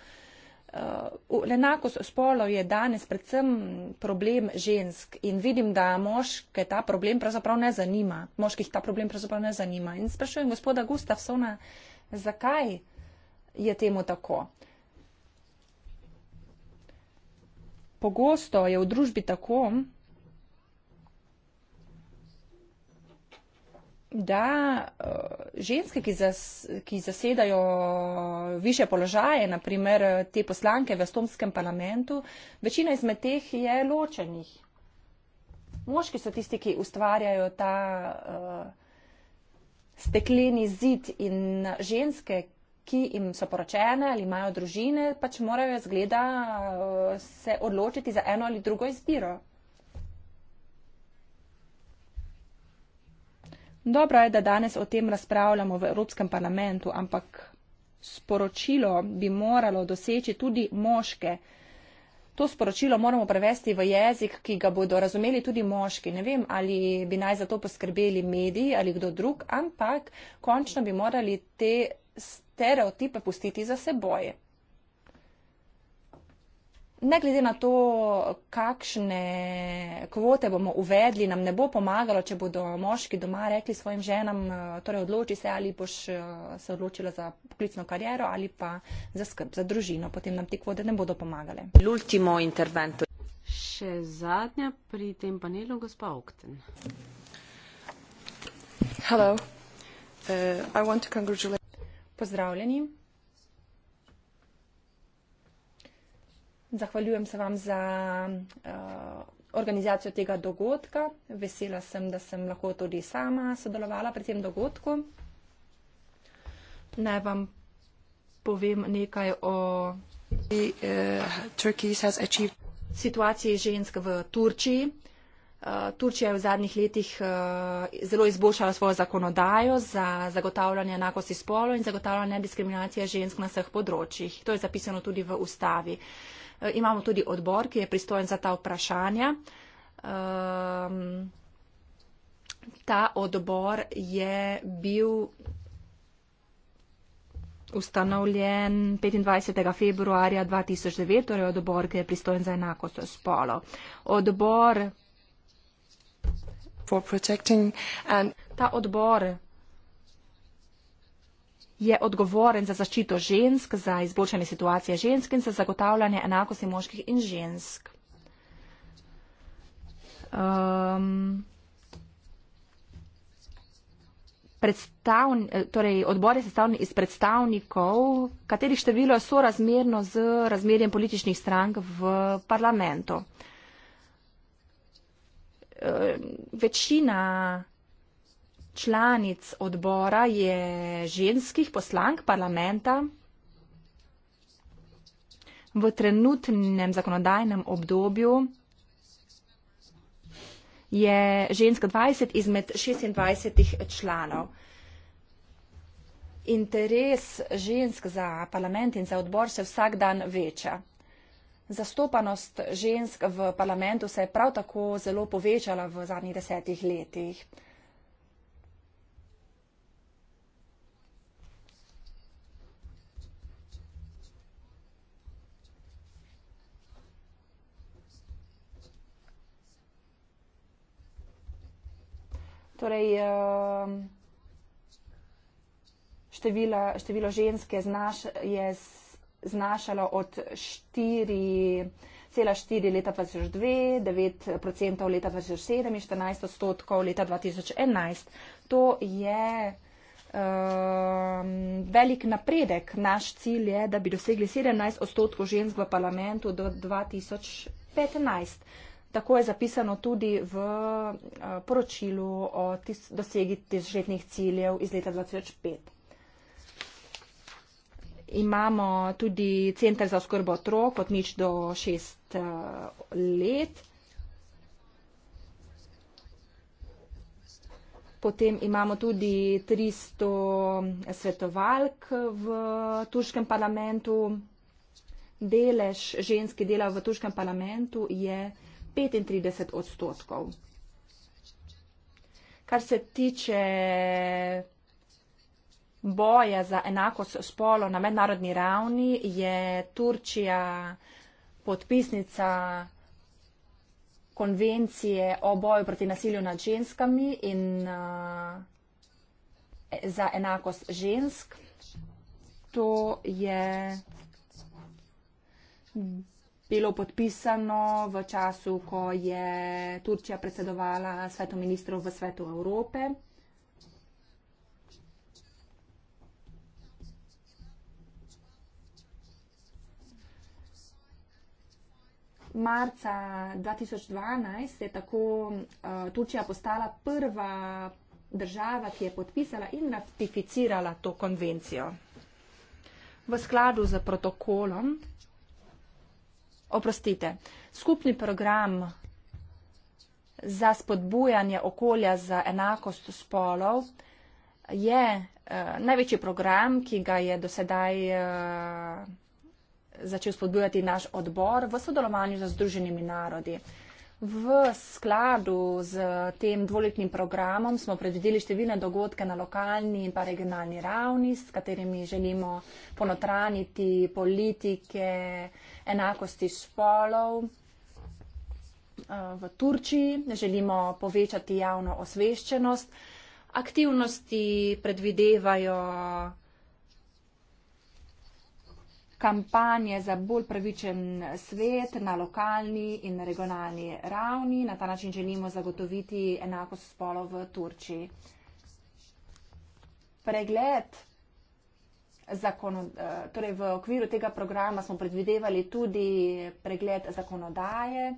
Uh, enakost spolov je danes predvsem problem žensk in vidim, da moške ta problem pravzaprav ne zanima. Moških ta problem pravzaprav ne zanima. In sprašujem gospoda Gustavsona, zakaj je temu tako? Pogosto je v družbi tako, da eh, ženske, ki, zas, ki zasedajo više položaje, naprimer eh, te poslanke v Estonskem parlamentu, večina izmed teh je ločenih. Moški so tisti, ki ustvarjajo ta uh, stekleni zid in ženske, ki jim so poročene ali imajo družine, pač morajo zgleda uh, se odločiti za eno ali drugo izbiro. Dobro je, da danes o tem razpravljamo v Evropskem parlamentu, ampak sporočilo bi moralo doseči tudi moške. To sporočilo moramo prevesti v jezik, ki ga bodo razumeli tudi moški. Ne vem, ali bi naj za to poskrbeli mediji ali kdo drug, ampak končno bi morali te stereotipe pustiti za seboj ne glede na to, kakšne kvote bomo uvedli, nam ne bo pomagalo, če bodo moški doma rekli svojim ženam, eh, torej odloči se, ali boš eh, se odločila za poklicno kariero ali pa za skrb za družino. Potem nam te kvote ne bodo pomagale. Še zadnja pri tem panelu, gospa Okten. Hello. Uh, I want to congratulate. Pozdravljeni. Zahvaljujem se vam za uh, organizacijo tega dogodka. Vesela sem, da sem lahko tudi sama sodelovala pri tem dogodku. Naj vam povem nekaj o eh, situaciji žensk v Turčiji. Eh, Turčija je v zadnjih letih zelo izboljšala svojo zakonodajo za zagotavljanje enakosti spolo in zagotavljanje diskriminacije žensk na vseh področjih. To je zapisano tudi v ustavi. Eh, imamo tudi odbor, ki je pristojen za ta vprašanja. Um, ta odbor je bil ustanovljen 25. februarja 2009, torej odbor, ki je pristojen za enakost spolo. Odbor, ta odbor je odgovoren za zaščito žensk, za izboljšanje situacije žensk in za zagotavljanje enakosti moških in žensk. Um, predstavn, torej odbor je sestavljen iz predstavnikov, katerih število je sorazmerno z razmerjem političnih strank v parlamentu. Um, večina članic odbora je ženskih poslank parlamenta v trenutnem zakonodajnem obdobju je ženska 20 izmed 26 članov. Interes žensk za parlament in za odbor se vsak dan veča. Zastopanost žensk v parlamentu se je prav tako zelo povečala v zadnjih desetih letih. torej, ehm, števila, število ženske znaš, je znašalo od 4. Cela 4 leta 2002, 9% leta 2007 in 14% odstotkov leta 2011. To je um, velik napredek. Naš cilj je, da bi dosegli 17% odstotkov žensk v parlamentu do 2015. Tako je zapisano tudi v eh, poročilu o tis, dosegi tisočletnih ciljev iz leta 2005. Imamo tudi centr za oskrbo otrok od nič do šest eh, let. Potem imamo tudi 300 eh, svetovalk v turškem parlamentu. Delež ženskih dela v turškem parlamentu je 35 odstotkov. Kar se tiče boja za enakost spolo na mednarodni ravni, je Turčija podpisnica konvencije o boju proti nasilju nad ženskami in uh, za enakost žensk. To je bilo podpisano v času, ko je Turčija predsedovala svetu ministrov v svetu Evrope. Marca 2012 je tako uh, Turčija postala prva država, ki je podpisala in ratificirala to konvencijo. V skladu z protokolom oprostite, skupni program za spodbujanje okolja za enakost spolov je eh, največji program, ki ga je dosedaj eh, začel spodbujati naš odbor v sodelovanju z Združenimi narodi. V skladu z tem dvoletnim programom smo predvideli številne dogodke na lokalni in pa regionalni ravni, s katerimi želimo ponotraniti politike, enakosti spolov. Eh, v Turčiji želimo povečati javno osveščenost. Aktivnosti predvidevajo kampanje za bolj pravičen svet na lokalni in regionalni ravni. Na ta način želimo zagotoviti enakost spolov v Turčiji. Pregled zakon, eh, torej v okviru tega programa smo predvidevali tudi pregled zakonodaje.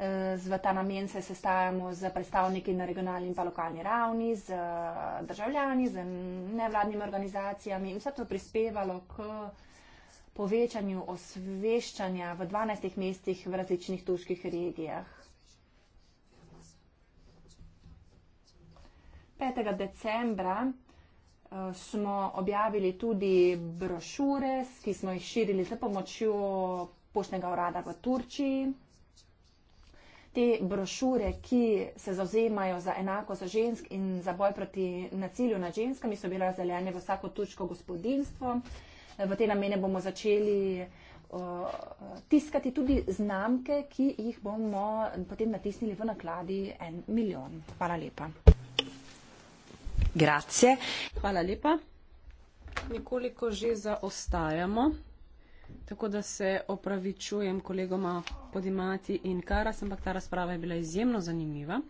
Eh, v ta namen se sestajamo z predstavniki na regionalni in pa lokalni ravni, z eh, državljani, z nevladnimi organizacijami in vse to prispevalo k povečanju osveščanja v 12 mestih v različnih tuških regijah. 5. decembra smo objavili tudi brošure, ki smo jih širili z pomočjo poštnega urada v Turčiji. Te brošure, ki se zauzemajo za enako za žensk in za boj proti nasilju nad ženskami, so bile razdeljene v vsako turško gospodinstvo. V te namene bomo začeli tiskati tudi znamke, ki jih bomo potem natisnili v nakladi en milijon. Hvala lepa. Grazie. Hvala lepa. Nekoliko že zaostajamo, tako da se opravičujem kolegoma Podimati in Karas, ampak ta razprava je bila izjemno zanimiva.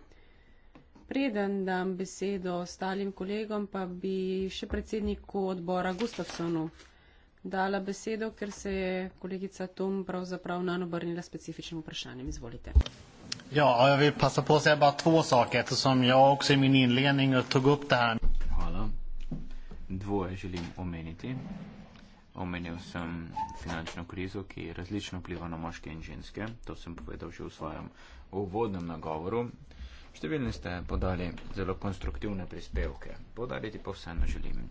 Preden dam besedo ostalim kolegom, pa bi še predsedniku odbora Gustafsonu dala besedo, ker se je kolegica Tom pravzaprav nanobrnila specifičnim vprašanjem. Izvolite. Ja, jag vill passa på att säga bara två saker eftersom jag också i min inledning tog upp det här. Hallå. Dvoje omeniti. Omenil sem finančno krizo, ki različno vpliva na moške in ženske. To sem povedal že v svojem uvodnem nagovoru. Številni ste podali zelo konstruktivne prispevke. Podariti pa vseeno želim,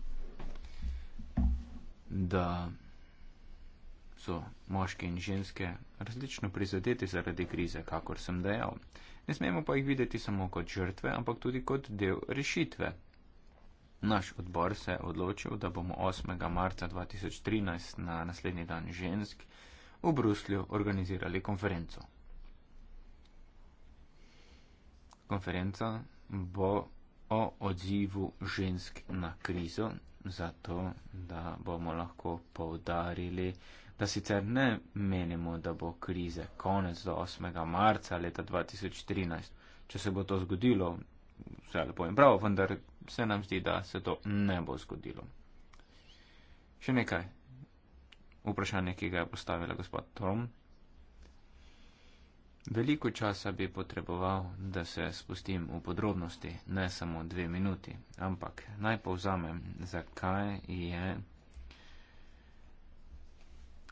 da so moški in ženske različno prizadeti zaradi krize, kakor sem dejal. Ne smemo pa jih videti samo kot žrtve, ampak tudi kot del rešitve. Naš odbor se je odločil, da bomo 8. marca 2013 na naslednji dan žensk v Bruslju organizirali konferenco. Konferenca bo o odzivu žensk na krizo, zato da bomo lahko povdarili da sicer ne menimo, da bo krize konec do 8. marca leta 2013. Če se bo to zgodilo, vse lepo in prav, vendar se nam zdi, da se to ne bo zgodilo. Še nekaj. Vprašanje, ki ga je postavila gospod Trom. Veliko časa bi potreboval, da se spustim v podrobnosti, ne samo dve minuti, ampak naj povzamem, zakaj je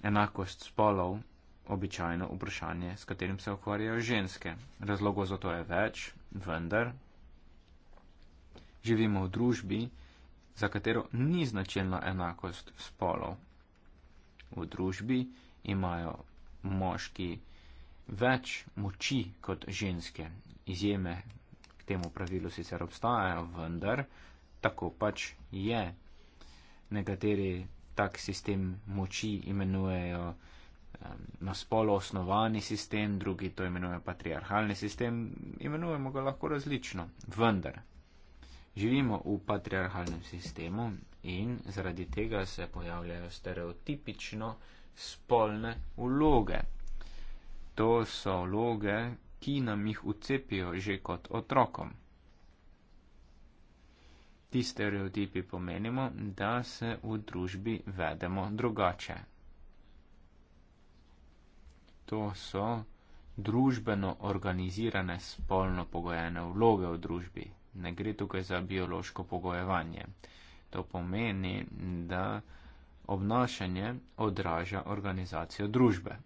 enakost spolov običajno vprašanje, s katerim se ukvarjajo ženske. Razlogov za to je več, vendar živimo v družbi, za katero ni značilna enakost spolov. V družbi imajo moški več moči kot ženske. Izjeme k temu pravilu sicer obstajajo, vendar tako pač je. Nekateri tak sistem moči imenujejo um, naspolo osnovani sistem, drugi to imenujejo patriarhalni sistem, imenujemo ga lahko različno. Vendar živimo v patriarhalnem sistemu in zaradi tega se pojavljajo stereotipično spolne vloge. To so vloge, ki nam jih ucepijo že kot otrokom. Ti stereotipi pomenimo, da se v družbi vedemo drugače. To so družbeno organizirane spolno pogojene vloge v družbi. Ne gre tukaj za biološko pogojevanje. To pomeni, da obnašanje odraža organizacijo družbe.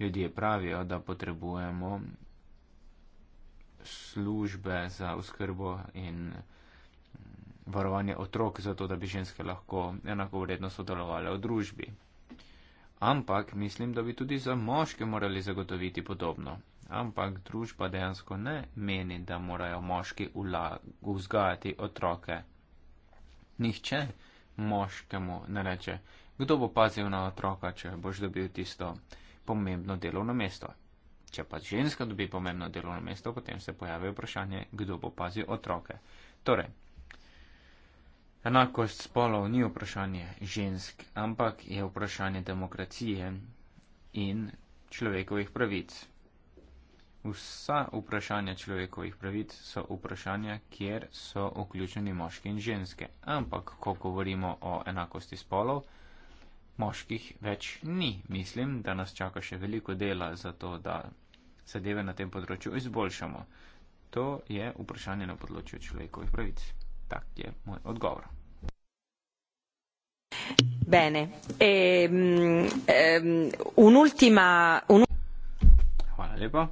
Ljudje pravijo, da potrebujemo službe za uskrbo in varovanje otrok, zato da bi ženske lahko enako vredno sodelovali v družbi. Ampak mislim, da bi tudi za moške morali zagotoviti podobno. Ampak družba dejansko ne meni, da morajo moški vzgajati otroke. Nihče moškemu ne reče, kdo bo pazil na otroka, če boš dobil tisto pomembno delovno mesto. Če pa ženska dobi pomembno delovno mesto, potem se pojavi vprašanje, kdo bo pazil otroke. Torej, Enakost spolov ni vprašanje žensk, ampak je vprašanje demokracije in človekovih pravic. Vsa vprašanja človekovih pravic so vprašanja, kjer so vključeni moški in ženske. Ampak, ko govorimo o enakosti spolov, moških več ni. Mislim, da nas čaka še veliko dela za to, da zadeve na tem področju izboljšamo. To je vprašanje na področju človekovih pravic. Tak je moj odgovor. Um, un... Hvala lepa.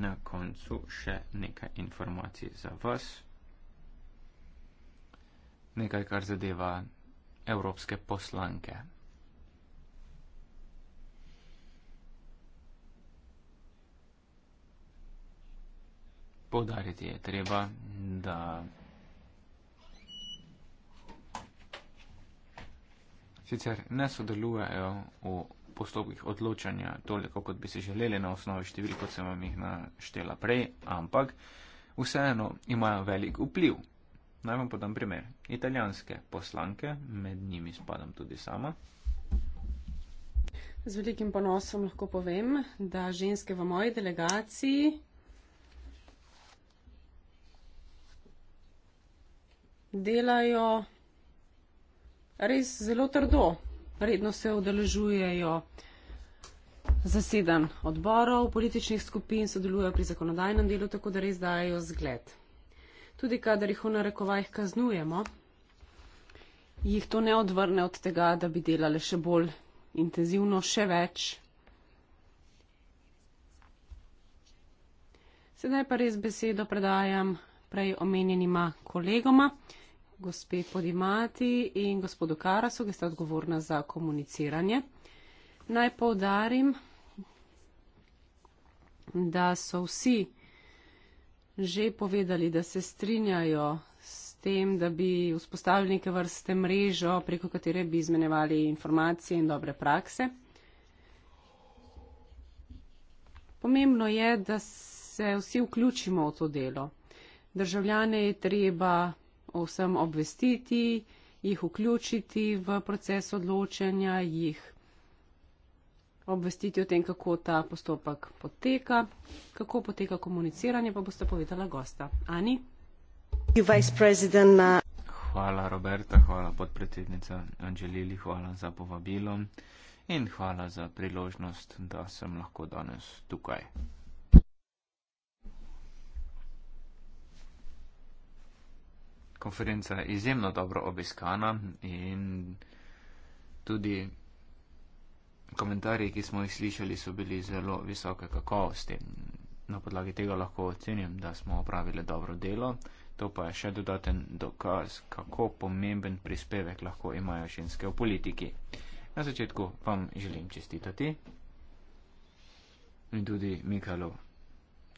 Na koncu še nekaj informacij za vas. Nekaj, kar zadeva evropske poslanke. Podariti je treba, da. sicer ne sodelujejo v postopkih odločanja toliko, kot bi si želeli na osnovi številk, kot sem vam jih naštela prej, ampak vseeno imajo velik vpliv. Naj vam podam primer. Italijanske poslanke, med njimi spadam tudi sama. Z velikim ponosom lahko povem, da ženske v moji delegaciji. Delajo res zelo trdo. Redno se udeležujejo zasedan odborov, političnih skupin, sodelujejo pri zakonodajnem delu, tako da res dajo zgled. Tudi kadar jih v narekovajih kaznujemo, jih to ne odvrne od tega, da bi delali še bolj intenzivno, še več. Sedaj pa res besedo predajam prej omenjenima kolegoma gospe Podimati in gospodu Karasu, ki sta odgovorna za komuniciranje. Naj povdarim, da so vsi že povedali, da se strinjajo s tem, da bi vzpostavili neke vrste mrežo, preko katere bi izmenjevali informacije in dobre prakse. Pomembno je, da se vsi vključimo v to delo. Državljane je treba o vsem obvestiti, jih vključiti v proces odločanja, jih obvestiti o tem, kako ta postopek poteka, kako poteka komuniciranje, pa boste povedala gosta. Ani? Hvala, Roberta, hvala, podpredsednica Anželili, hvala za povabilo in hvala za priložnost, da sem lahko danes tukaj. konferenca izjemno dobro obiskana in tudi komentarji, ki smo jih slišali, so bili zelo visoke kakovosti. Na podlagi tega lahko ocenim, da smo opravili dobro delo. To pa je še dodaten dokaz, kako pomemben prispevek lahko imajo ženske v politiki. Na začetku vam želim čestitati in tudi Mikalu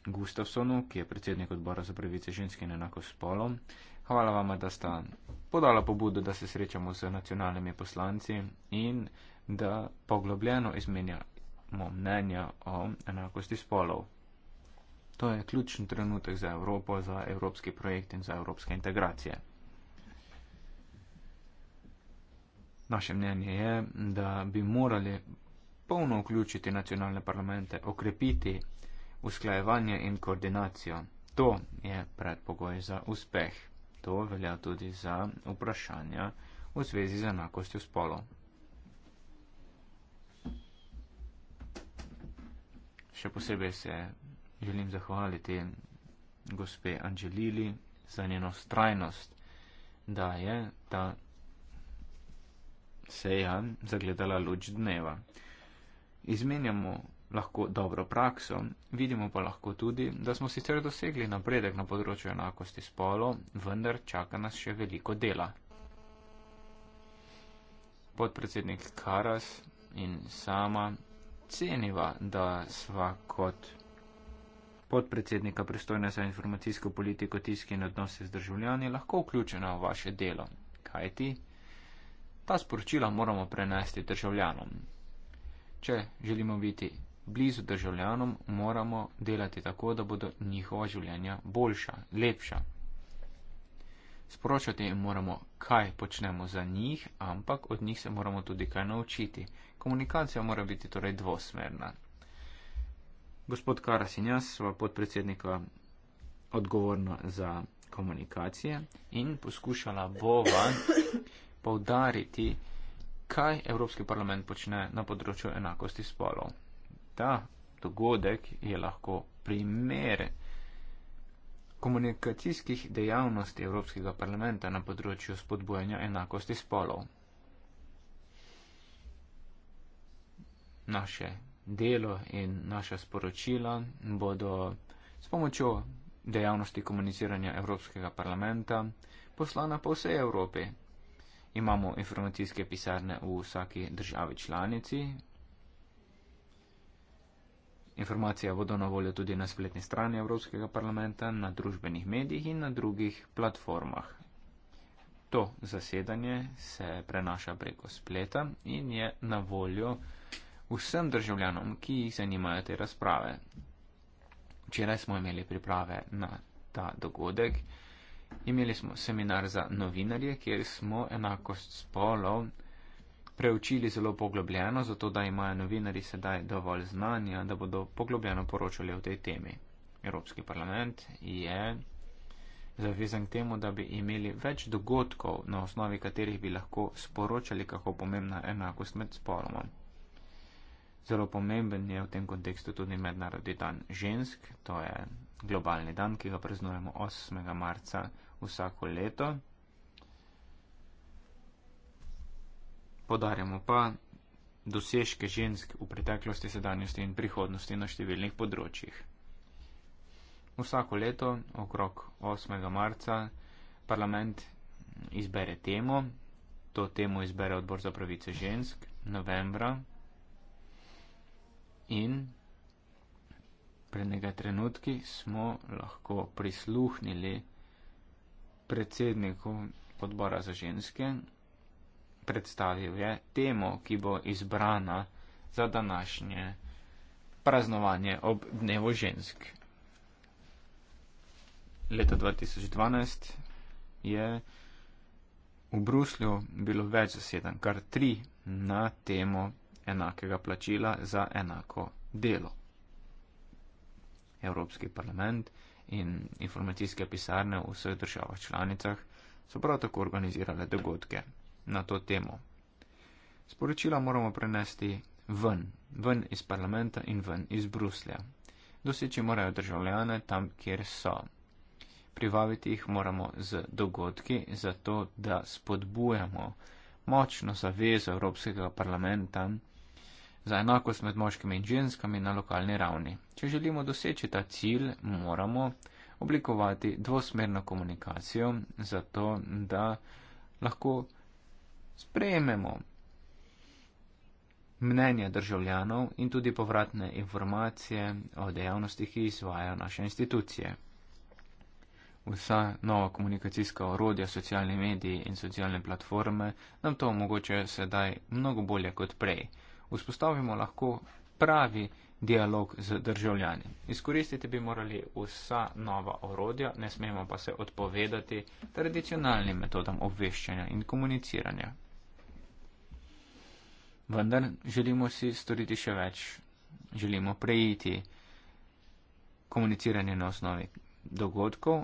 Gustafsonu, ki je predsednik odbora za pravice ženske in enako spolom, Hvala vama, da sta podala pobudo, da se srečamo z nacionalnimi poslanci in da poglobljeno izmenjamo mnenja o enakosti spolov. To je ključen trenutek za Evropo, za evropski projekt in za evropske integracije. Naše mnenje je, da bi morali polno vključiti nacionalne parlamente, okrepiti usklajevanje in koordinacijo. To je predpogoj za uspeh to velja tudi za vprašanja v zvezi z enakostjo spolov. Še posebej se želim zahvaliti gospe Anželili za njeno strajnost, da je ta seja zagledala luč dneva. Izmenjamo lahko dobro prakso, vidimo pa lahko tudi, da smo sicer dosegli napredek na področju enakosti spolo, vendar čaka nas še veliko dela. Podpredsednik Karas in sama ceniva, da sva kot podpredsednika pristojne za informacijsko politiko, tiski in odnose z državljani lahko vključena v vaše delo. Kaj ti? Ta sporočila moramo prenesti državljanom. Če želimo biti blizu državljanom moramo delati tako, da bodo njihova življenja boljša, lepša. Sporočati jim moramo, kaj počnemo za njih, ampak od njih se moramo tudi kaj naučiti. Komunikacija mora biti torej dvosmerna. Gospod Karas in jaz sva podpredsednika odgovorna za komunikacije in poskušala bova poudariti, kaj Evropski parlament počne na področju enakosti spolov ta dogodek je lahko primer komunikacijskih dejavnosti Evropskega parlamenta na področju spodbujanja enakosti spolov. Naše delo in naša sporočila bodo s pomočjo dejavnosti komuniciranja Evropskega parlamenta poslana po vsej Evropi. Imamo informacijske pisarne v vsaki državi članici, Informacije bodo na voljo tudi na spletni strani Evropskega parlamenta, na družbenih medijih in na drugih platformah. To zasedanje se prenaša preko spleta in je na voljo vsem državljanom, ki jih zanimajo te razprave. Včeraj smo imeli priprave na ta dogodek. Imeli smo seminar za novinarje, kjer smo enakost spolov preučili zelo poglobljeno, zato da imajo novinari sedaj dovolj znanja, da bodo poglobljeno poročali o tej temi. Evropski parlament je zavezan k temu, da bi imeli več dogodkov, na osnovi katerih bi lahko sporočali, kako pomembna je enakost med spoloma. Zelo pomemben je v tem kontekstu tudi mednarodni dan žensk, to je globalni dan, ki ga preznujemo 8. marca vsako leto. podarjamo pa dosežke žensk v preteklosti, sedanjosti in prihodnosti na številnih področjih. Vsako leto okrog 8. marca parlament izbere temo, to temo izbere odbor za pravice žensk novembra in pred nekaj trenutki smo lahko prisluhnili predsedniku odbora za ženske predstavil je temo, ki bo izbrana za današnje praznovanje ob dnevu žensk. Leta 2012 je v Bruslju bilo več zaseden, kar tri na temo enakega plačila za enako delo. Evropski parlament in informacijske pisarne v vseh državah članicah so prav tako organizirale dogodke na to temo. Sporočila moramo prenesti ven, ven iz parlamenta in ven iz Bruslja. Doseči morajo državljane tam, kjer so. Privaviti jih moramo z dogodki, zato da spodbujamo močno zavezo Evropskega parlamenta za enakost med moškimi in ženskami na lokalni ravni. Če želimo doseči ta cilj, moramo oblikovati dvosmerno komunikacijo, zato da lahko sprejmemo mnenja državljanov in tudi povratne informacije o dejavnostih, ki izvajajo naše institucije. Vsa nova komunikacijska orodja, socialni mediji in socialne platforme nam to omogočajo sedaj mnogo bolje kot prej. Vzpostavimo lahko pravi dialog z državljani. Izkoristiti bi morali vsa nova orodja, ne smemo pa se odpovedati tradicionalnim metodam obveščanja in komuniciranja vendar želimo si storiti še več, želimo prejiti komuniciranje na osnovi dogodkov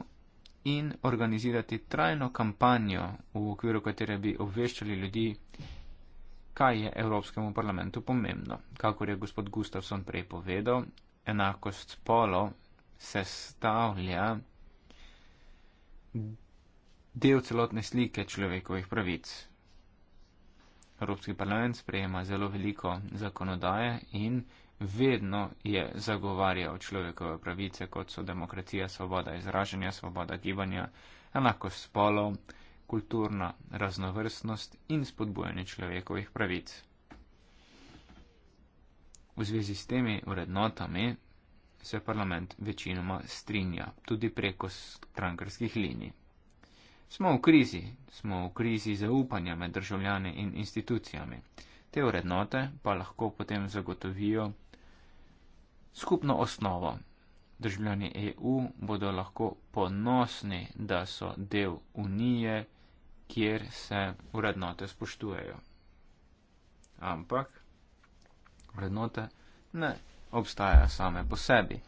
in organizirati trajno kampanjo, v okviru katere bi obveščali ljudi, kaj je Evropskemu parlamentu pomembno. Kakor je gospod Gustafsson prej povedal, enakost spolo se stavlja del celotne slike človekovih pravic. Evropski parlament sprejema zelo veliko zakonodaje in vedno je zagovarjal človekove pravice, kot so demokracija, svoboda izražanja, svoboda gibanja, enakost spolov, kulturna raznovrstnost in spodbujanje človekovih pravic. V zvezi s temi vrednotami se parlament večinoma strinja tudi preko strankarskih linij. Smo v krizi, smo v krizi zaupanja med državljani in institucijami. Te vrednote pa lahko potem zagotovijo skupno osnovo. Državljani EU bodo lahko ponosni, da so del unije, kjer se vrednote spoštujejo. Ampak vrednote ne obstajajo same po sebi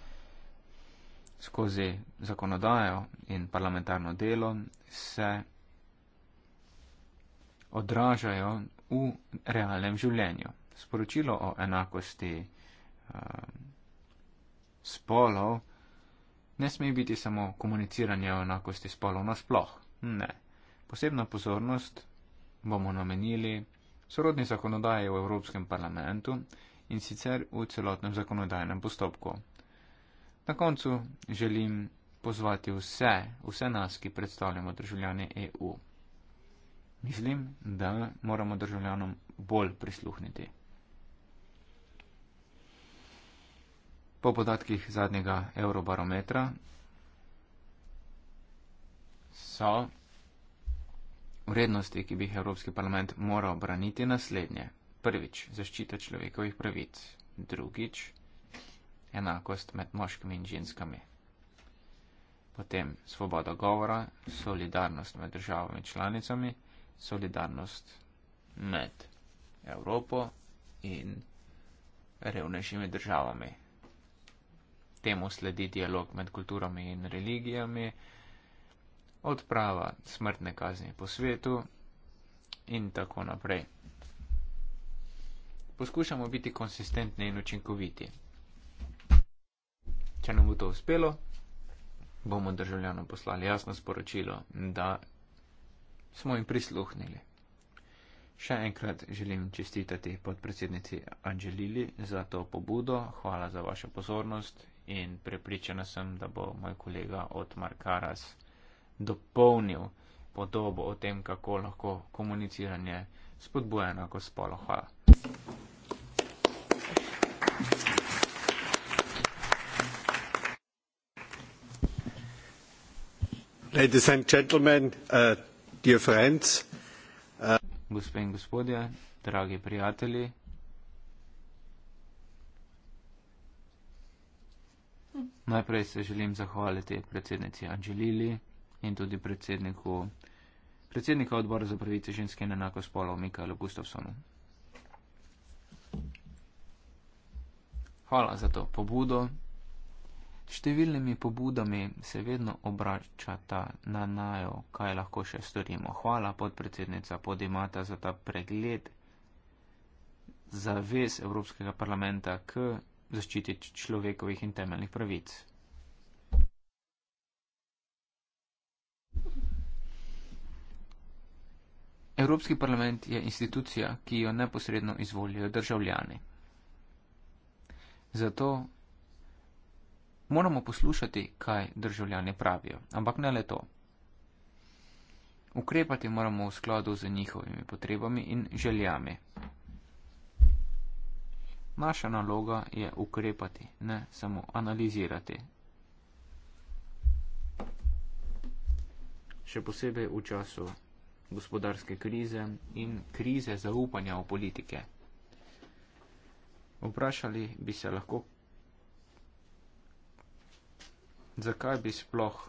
skozi zakonodajo in parlamentarno delo se odražajo v realnem življenju. Sporočilo o enakosti uh, spolov ne sme biti samo komuniciranje o enakosti spolov nasploh. Ne. Posebna pozornost bomo namenili sorodni zakonodaji v Evropskem parlamentu in sicer v celotnem zakonodajnem postopku. Na koncu želim pozvati vse, vse nas, ki predstavljamo državljane EU. Mislim, da moramo državljanom bolj prisluhniti. Po podatkih zadnjega eurobarometra so vrednosti, ki bi jih Evropski parlament moral braniti, naslednje. Prvič, zaščita človekovih pravic. Drugič, enakost med moškimi in ženskami. Potem svoboda govora, solidarnost med državami in članicami, solidarnost med Evropo in revnejšimi državami. Temu sledi dialog med kulturami in religijami, odprava smrtne kazni po svetu in tako naprej. Poskušamo biti konsistentni in učinkoviti. Če nam bo to uspelo, bomo državljanom poslali jasno sporočilo, da smo jim prisluhnili. Še enkrat želim čestitati podpredsednici Angelili za to pobudo. Hvala za vašo pozornost in prepričana sem, da bo moj kolega Otmar Karas dopolnil podobo o tem, kako lahko komuniciranje spodbuja enako spolo. Hvala. ladies and gentlemen, uh, dear friends, uh, in gospodje, dragi prijatelji. Najprej se želim zahvaliti predsednici Anželili in tudi predsedniku, predsednika odbora za pravice ženske in enako spolov Mikaelu Gustavsonu. Hvala za to pobudo številnimi pobudami se vedno obračata na najo, kaj lahko še storimo. Hvala podpredsednica Podimata za ta pregled zavez Evropskega parlamenta k zaščiti človekovih in temeljnih pravic. Evropski parlament je institucija, ki jo neposredno izvolijo državljani. Zato moramo poslušati, kaj državljani pravijo, ampak ne le to. Ukrepati moramo v skladu z njihovimi potrebami in željami. Naša naloga je ukrepati, ne samo analizirati. Še posebej v času gospodarske krize in krize zaupanja v politike. Vprašali bi se lahko, zakaj bi sploh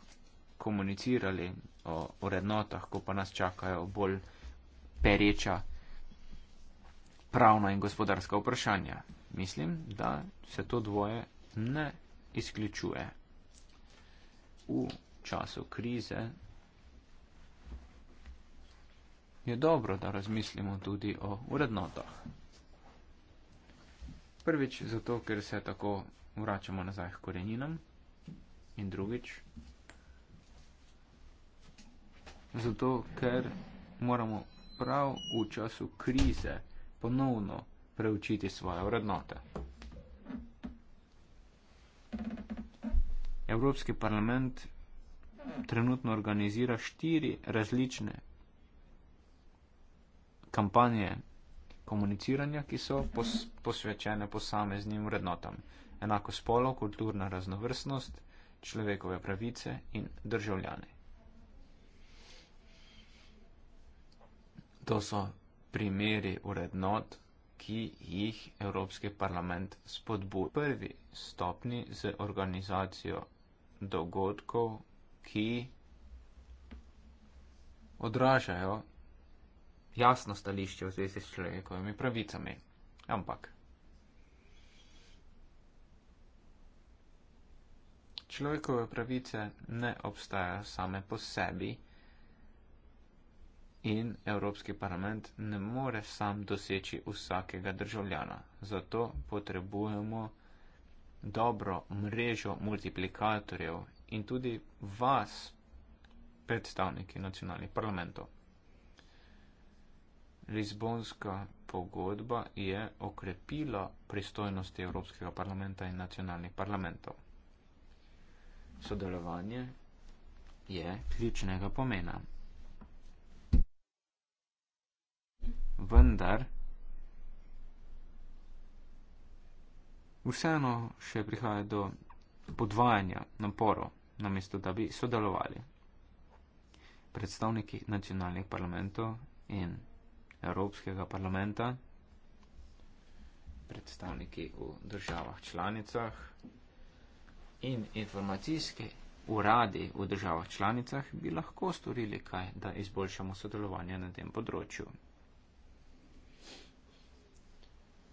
komunicirali o vrednotah, ko pa nas čakajo bolj pereča pravna in gospodarska vprašanja. Mislim, da se to dvoje ne izključuje. V času krize je dobro, da razmislimo tudi o vrednotah. Prvič zato, ker se tako vračamo nazaj k koreninam. In drugič, zato ker moramo prav v času krize ponovno preučiti svoje vrednote. Evropski parlament trenutno organizira štiri različne kampanje komuniciranja, ki so pos posvečene posameznim vrednotam. Enako spolo, kulturna raznovrstnost, človekove pravice in državljane. To so primeri urednot, ki jih Evropski parlament spodbuja. Prvi stopni z organizacijo dogodkov, ki odražajo jasno stališče v zvezi s človekovimi pravicami. Ampak človekove pravice ne obstajajo same po sebi in Evropski parlament ne more sam doseči vsakega državljana. Zato potrebujemo dobro mrežo multiplikatorjev in tudi vas, predstavniki nacionalnih parlamentov. Lizbonska pogodba je okrepila pristojnosti Evropskega parlamenta in nacionalnih parlamentov sodelovanje je ključnega pomena. Vendar vseeno še prihaja do podvajanja naporov, namesto da bi sodelovali predstavniki nacionalnih parlamentov in Evropskega parlamenta, predstavniki v državah članicah in informacijski uradi v državah članicah bi lahko storili kaj, da izboljšamo sodelovanje na tem področju.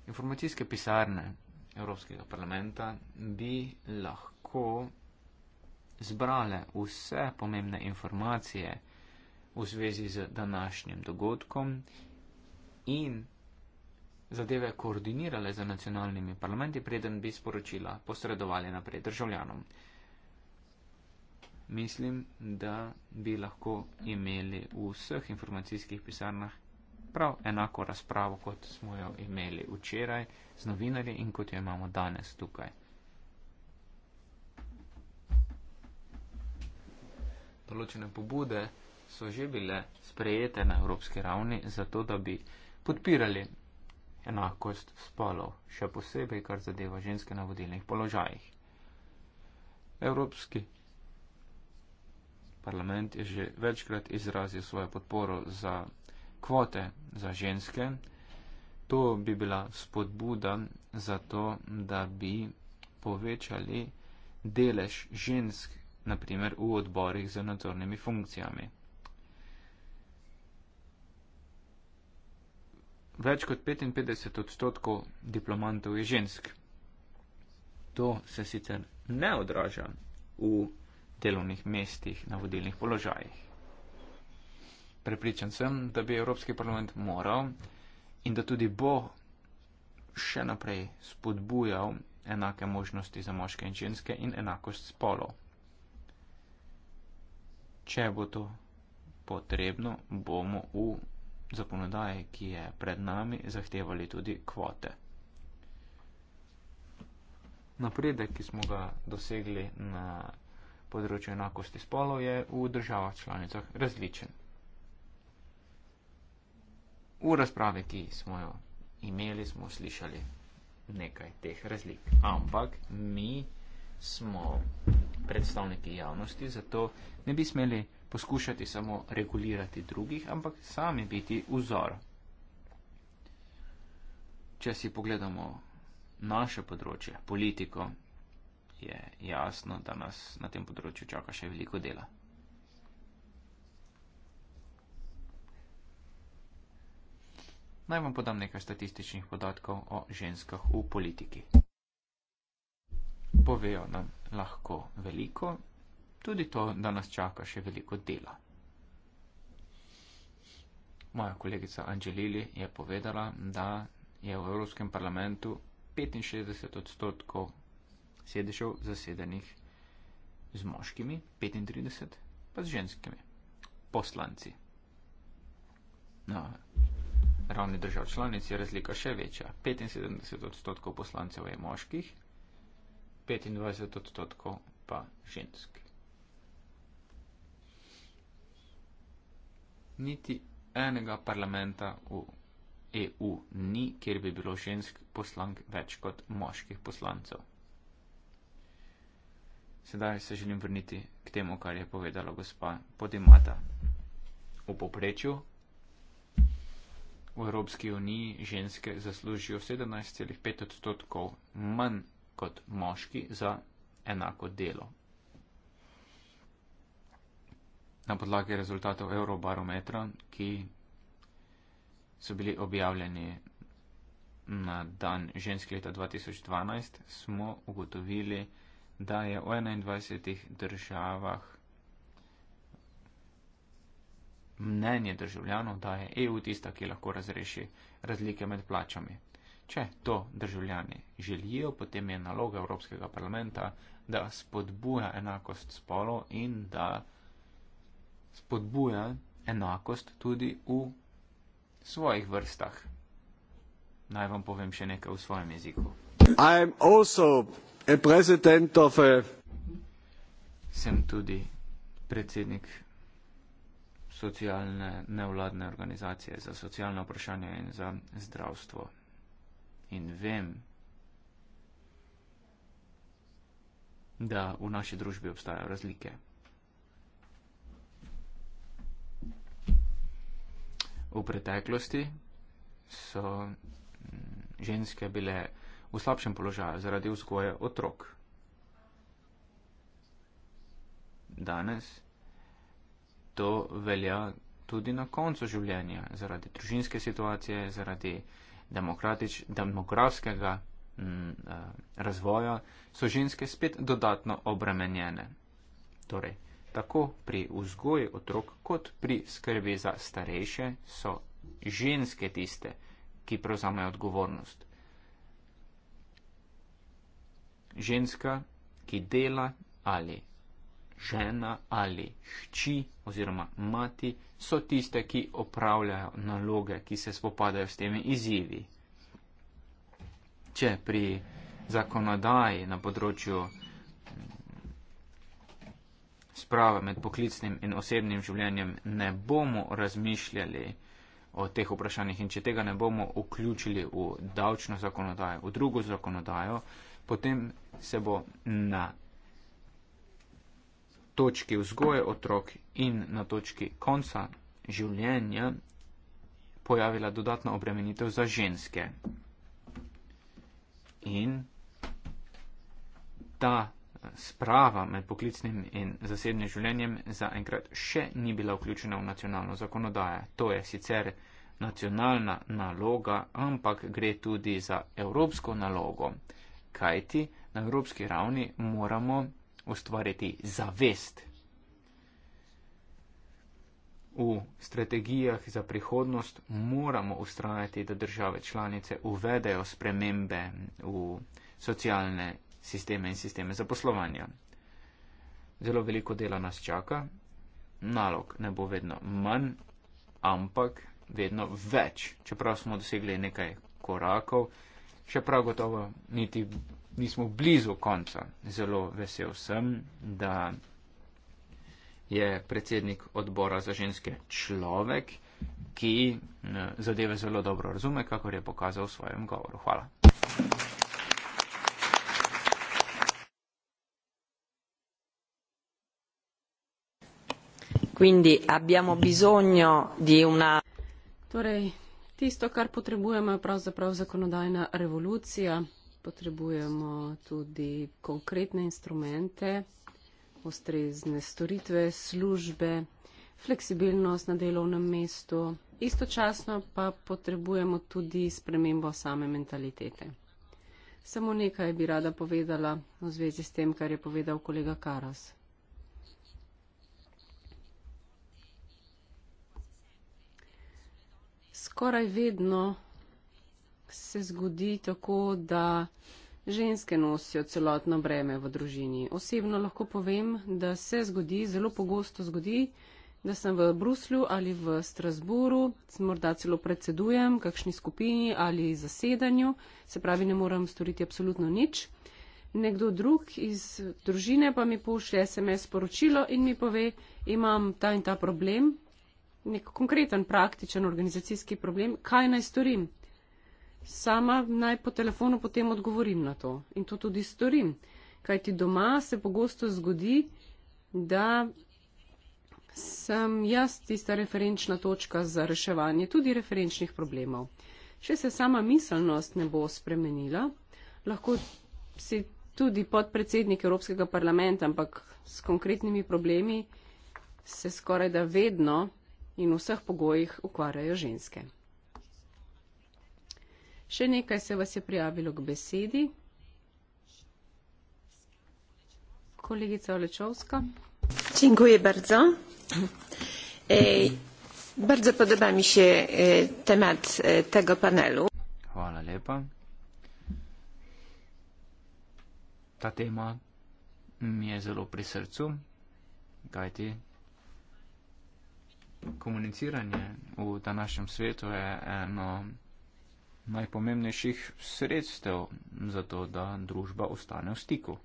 Informacijske pisarne Evropskega parlamenta bi lahko zbrale vse pomembne informacije v zvezi z današnjim dogodkom in zadeve koordinirale z nacionalnimi parlamenti, preden bi sporočila posredovali naprej državljanom. Mislim, da bi lahko imeli v vseh informacijskih pisarnah prav enako razpravo, kot smo jo imeli včeraj z novinarji in kot jo imamo danes tukaj. Določene pobude so že bile sprejete na evropski ravni, zato da bi podpirali enakost spolov, še posebej, kar zadeva ženske na vodilnih položajih. Evropski parlament je že večkrat izrazil svojo podporo za kvote za ženske. To bi bila spodbuda za to, da bi povečali delež žensk, naprimer v odborih z nadzornimi funkcijami. Več kot 55 odstotkov diplomantov je žensk. To se sicer ne odraža v delovnih mestih na vodilnih položajih. Prepričan sem, da bi Evropski parlament moral in da tudi bo še naprej spodbujal enake možnosti za moške in ženske in enakost spolov. Če bo to potrebno, bomo v zakonodaje, ki je pred nami, zahtevali tudi kvote. Napredek, ki smo ga dosegli na področju enakosti spolov, je v državah članicah različen. V razpravi, ki smo jo imeli, smo slišali nekaj teh razlik. Ampak mi smo predstavniki javnosti, zato ne bi smeli poskušati samo regulirati drugih, ampak sami biti vzor. Če si pogledamo naše področje, politiko, je jasno, da nas na tem področju čaka še veliko dela. Naj vam podam nekaj statističnih podatkov o ženskah v politiki. Povejo nam lahko veliko, Tudi to, da nas čaka še veliko dela. Moja kolegica Angelili je povedala, da je v Evropskem parlamentu 65 odstotkov sedežev zasedenih z moškimi, 35 pa z ženskimi, poslanci. Na ravni držav članic je razlika še večja. 75 odstotkov poslancev je moških, 25 odstotkov pa ženskih. niti enega parlamenta v EU ni, kjer bi bilo žensk poslank več kot moških poslancev. Sedaj se želim vrniti k temu, kar je povedala gospa Podimata. V poprečju v Evropski uniji ženske zaslužijo 17,5 odstotkov manj kot moški za enako delo na podlagi rezultatov Eurobarometra, ki so bili objavljeni na dan žensk leta 2012, smo ugotovili, da je v 21 državah mnenje državljanov, da je EU tista, ki lahko razreši razlike med plačami. Če to državljani želijo, potem je naloga Evropskega parlamenta, da spodbuja enakost spolov in da spodbuja enakost tudi v svojih vrstah. Naj vam povem še nekaj v svojem jeziku. Sem tudi predsednik socialne nevladne organizacije za socialno vprašanje in za zdravstvo. In vem, da v naši družbi obstajajo razlike. v preteklosti so mm, ženske bile v slabšem položaju zaradi vzgoje otrok. Danes to velja tudi na koncu življenja, zaradi družinske situacije, zaradi demografskega m, mm, eh, razvoja, so ženske spet dodatno obremenjene. Torej, tako pri vzgoji otrok kot pri skrbi za starejše, so ženske tiste, ki prevzamejo odgovornost. Ženska, ki dela ali žena ali hči oziroma mati, so tiste, ki opravljajo naloge, ki se spopadajo s temi izzivi. Če pri zakonodaji na področju sprave med poklicnim in osebnim življenjem ne bomo razmišljali o teh vprašanjih in če tega ne bomo vključili v davčno zakonodajo, v drugo zakonodajo, potem se bo na točki vzgoje otrok in na točki konca življenja pojavila dodatna obremenitev za ženske. In ta sprava med poklicnim in zasebnim življenjem zaenkrat še ni bila vključena v nacionalno zakonodajo. To je sicer nacionalna naloga, ampak gre tudi za evropsko nalogo, kajti na evropski ravni moramo ustvariti zavest. V strategijah za prihodnost moramo ustrajati, da države članice uvedejo spremembe v socialne sisteme in sisteme zaposlovanja. Zelo veliko dela nas čaka, nalog ne bo vedno manj, ampak vedno več, čeprav smo dosegli nekaj korakov, še prav gotovo niti nismo blizu konca. Zelo vesel sem, da je predsednik odbora za ženske človek, ki eh, zadeve zelo dobro razume, kako je pokazal v svojem govoru. Hvala. torej tisto kar potrebujemo je pravzaprav zakonodajna revolucija potrebujemo tudi konkretne instrumente ustrezne storitve službe fleksibilnost na delovnem mestu istočasno pa potrebujemo tudi spremembo same mentalitete samo nekaj bi rada povedala v zvezi s tem kar je povedal kolega karas skoraj vedno se zgodi tako, da ženske nosijo celotno breme v družini. Osebno lahko povem, da se zgodi, zelo pogosto zgodi, da sem v Bruslju ali v Strasburu, morda celo predsedujem kakšni skupini ali zasedanju, se pravi, ne moram storiti absolutno nič. Nekdo drug iz družine pa mi pošlje SMS sporočilo in mi pove, imam ta in ta problem, nek konkreten, praktičen organizacijski problem, kaj naj storim. Sama naj po telefonu potem odgovorim na to in to tudi storim. Kaj ti doma se pogosto zgodi, da sem jaz tista referenčna točka za reševanje tudi referenčnih problemov. Če se sama miselnost ne bo spremenila, lahko si tudi podpredsednik Evropskega parlamenta, ampak s konkretnimi problemi se skoraj da vedno in v vseh pogojih ukvarjajo ženske. Še nekaj se vas je prijavilo k besedi. Kolegica Olečovska. Dziękuję bardzo. E, bardzo podoba mi się e, temat e, tego panelu. Hvala lepa. Ta tema mi je zelo pri srcu, kajti komuniciranje v današnjem svetu je eno najpomembnejših sredstev za to, da družba ostane v stiku.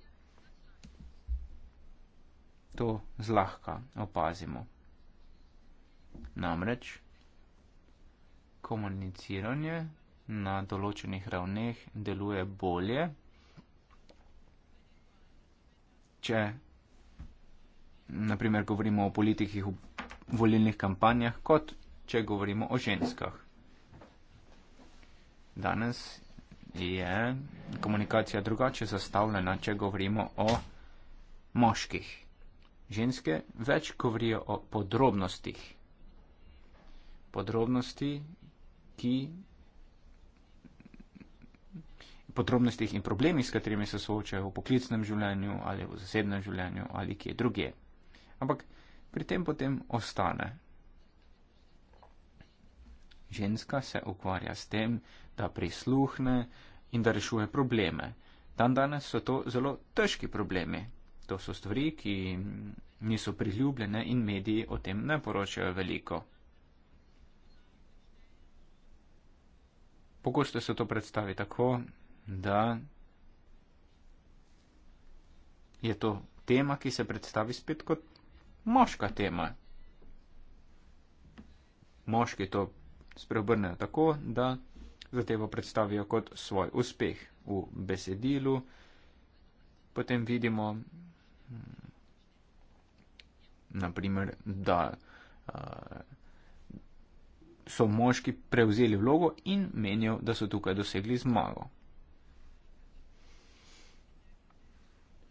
To zlahka opazimo. Namreč komuniciranje na določenih ravneh deluje bolje, če naprimer govorimo o politikih v volilnih kampanjah, kot če govorimo o ženskah. Danes je komunikacija drugače zastavljena, če govorimo o moških. Ženske več govorijo o podrobnostih. Podrobnosti, ki. Podrobnostih in problemih, s katerimi se soočajo v poklicnem življenju ali v zasebnem življenju ali kje drugje. Ampak pri tem potem ostane. Ženska se ukvarja s tem, da prisluhne in da rešuje probleme. Dan danes so to zelo težki problemi. To so stvari, ki niso priljubljene in mediji o tem ne poročajo veliko. Pogosto se to predstavi tako, da je to tema, ki se predstavi spet kot moška tema. Moški to spreobrnejo tako, da zatevo predstavijo kot svoj uspeh v besedilu. Potem vidimo, hm, naprimer, da uh, so moški prevzeli vlogo in menijo, da so tukaj dosegli zmago.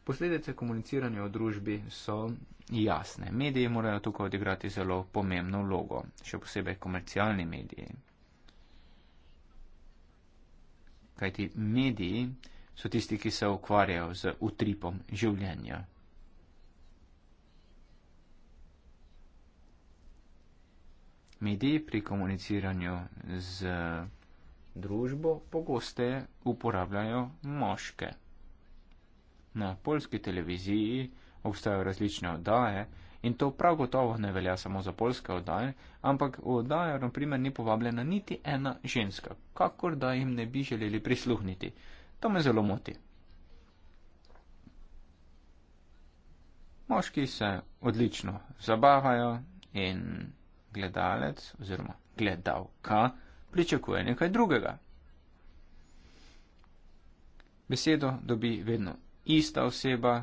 Posledice komuniciranja v družbi so jasne. Mediji morajo tukaj odigrati zelo pomembno vlogo, še posebej komercialni mediji. Kajti mediji so tisti, ki se ukvarjajo z utripom življenja. Mediji pri komuniciranju z družbo pogosteje uporabljajo moške. Na polski televiziji obstajajo različne oddaje in to prav gotovo ne velja samo za polske oddaje, ampak v oddajo, na primer, ni povabljena niti ena ženska, kakor da jim ne bi želeli prisluhniti. To me zelo moti. Moški se odlično zabavajo in gledalec oziroma gledalka pričakuje nekaj drugega. Besedo dobi vedno ista oseba,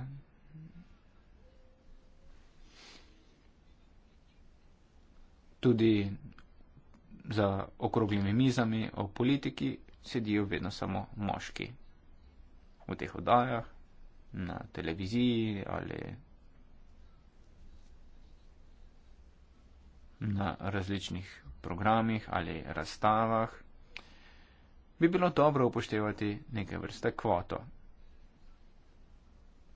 tudi za okroglimi mizami o politiki sedijo vedno samo moški. V teh oddajah, na televiziji ali na različnih programih ali razstavah bi bilo dobro upoštevati neke vrste kvoto.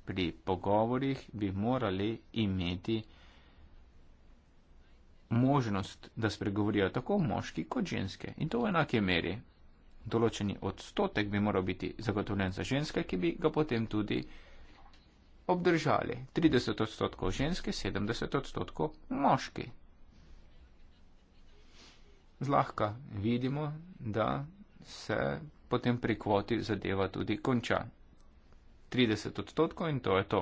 Pri pogovorih bi morali imeti možnost, da spregovorijo tako moški kot ženske. In to v enake meri. Določeni odstotek bi moral biti zagotovljen za ženske, ki bi ga potem tudi obdržali. 30 odstotkov ženske, 70 odstotkov moški. Zlahka vidimo, da se potem pri kvoti zadeva tudi konča. 30 odstotkov in to je to.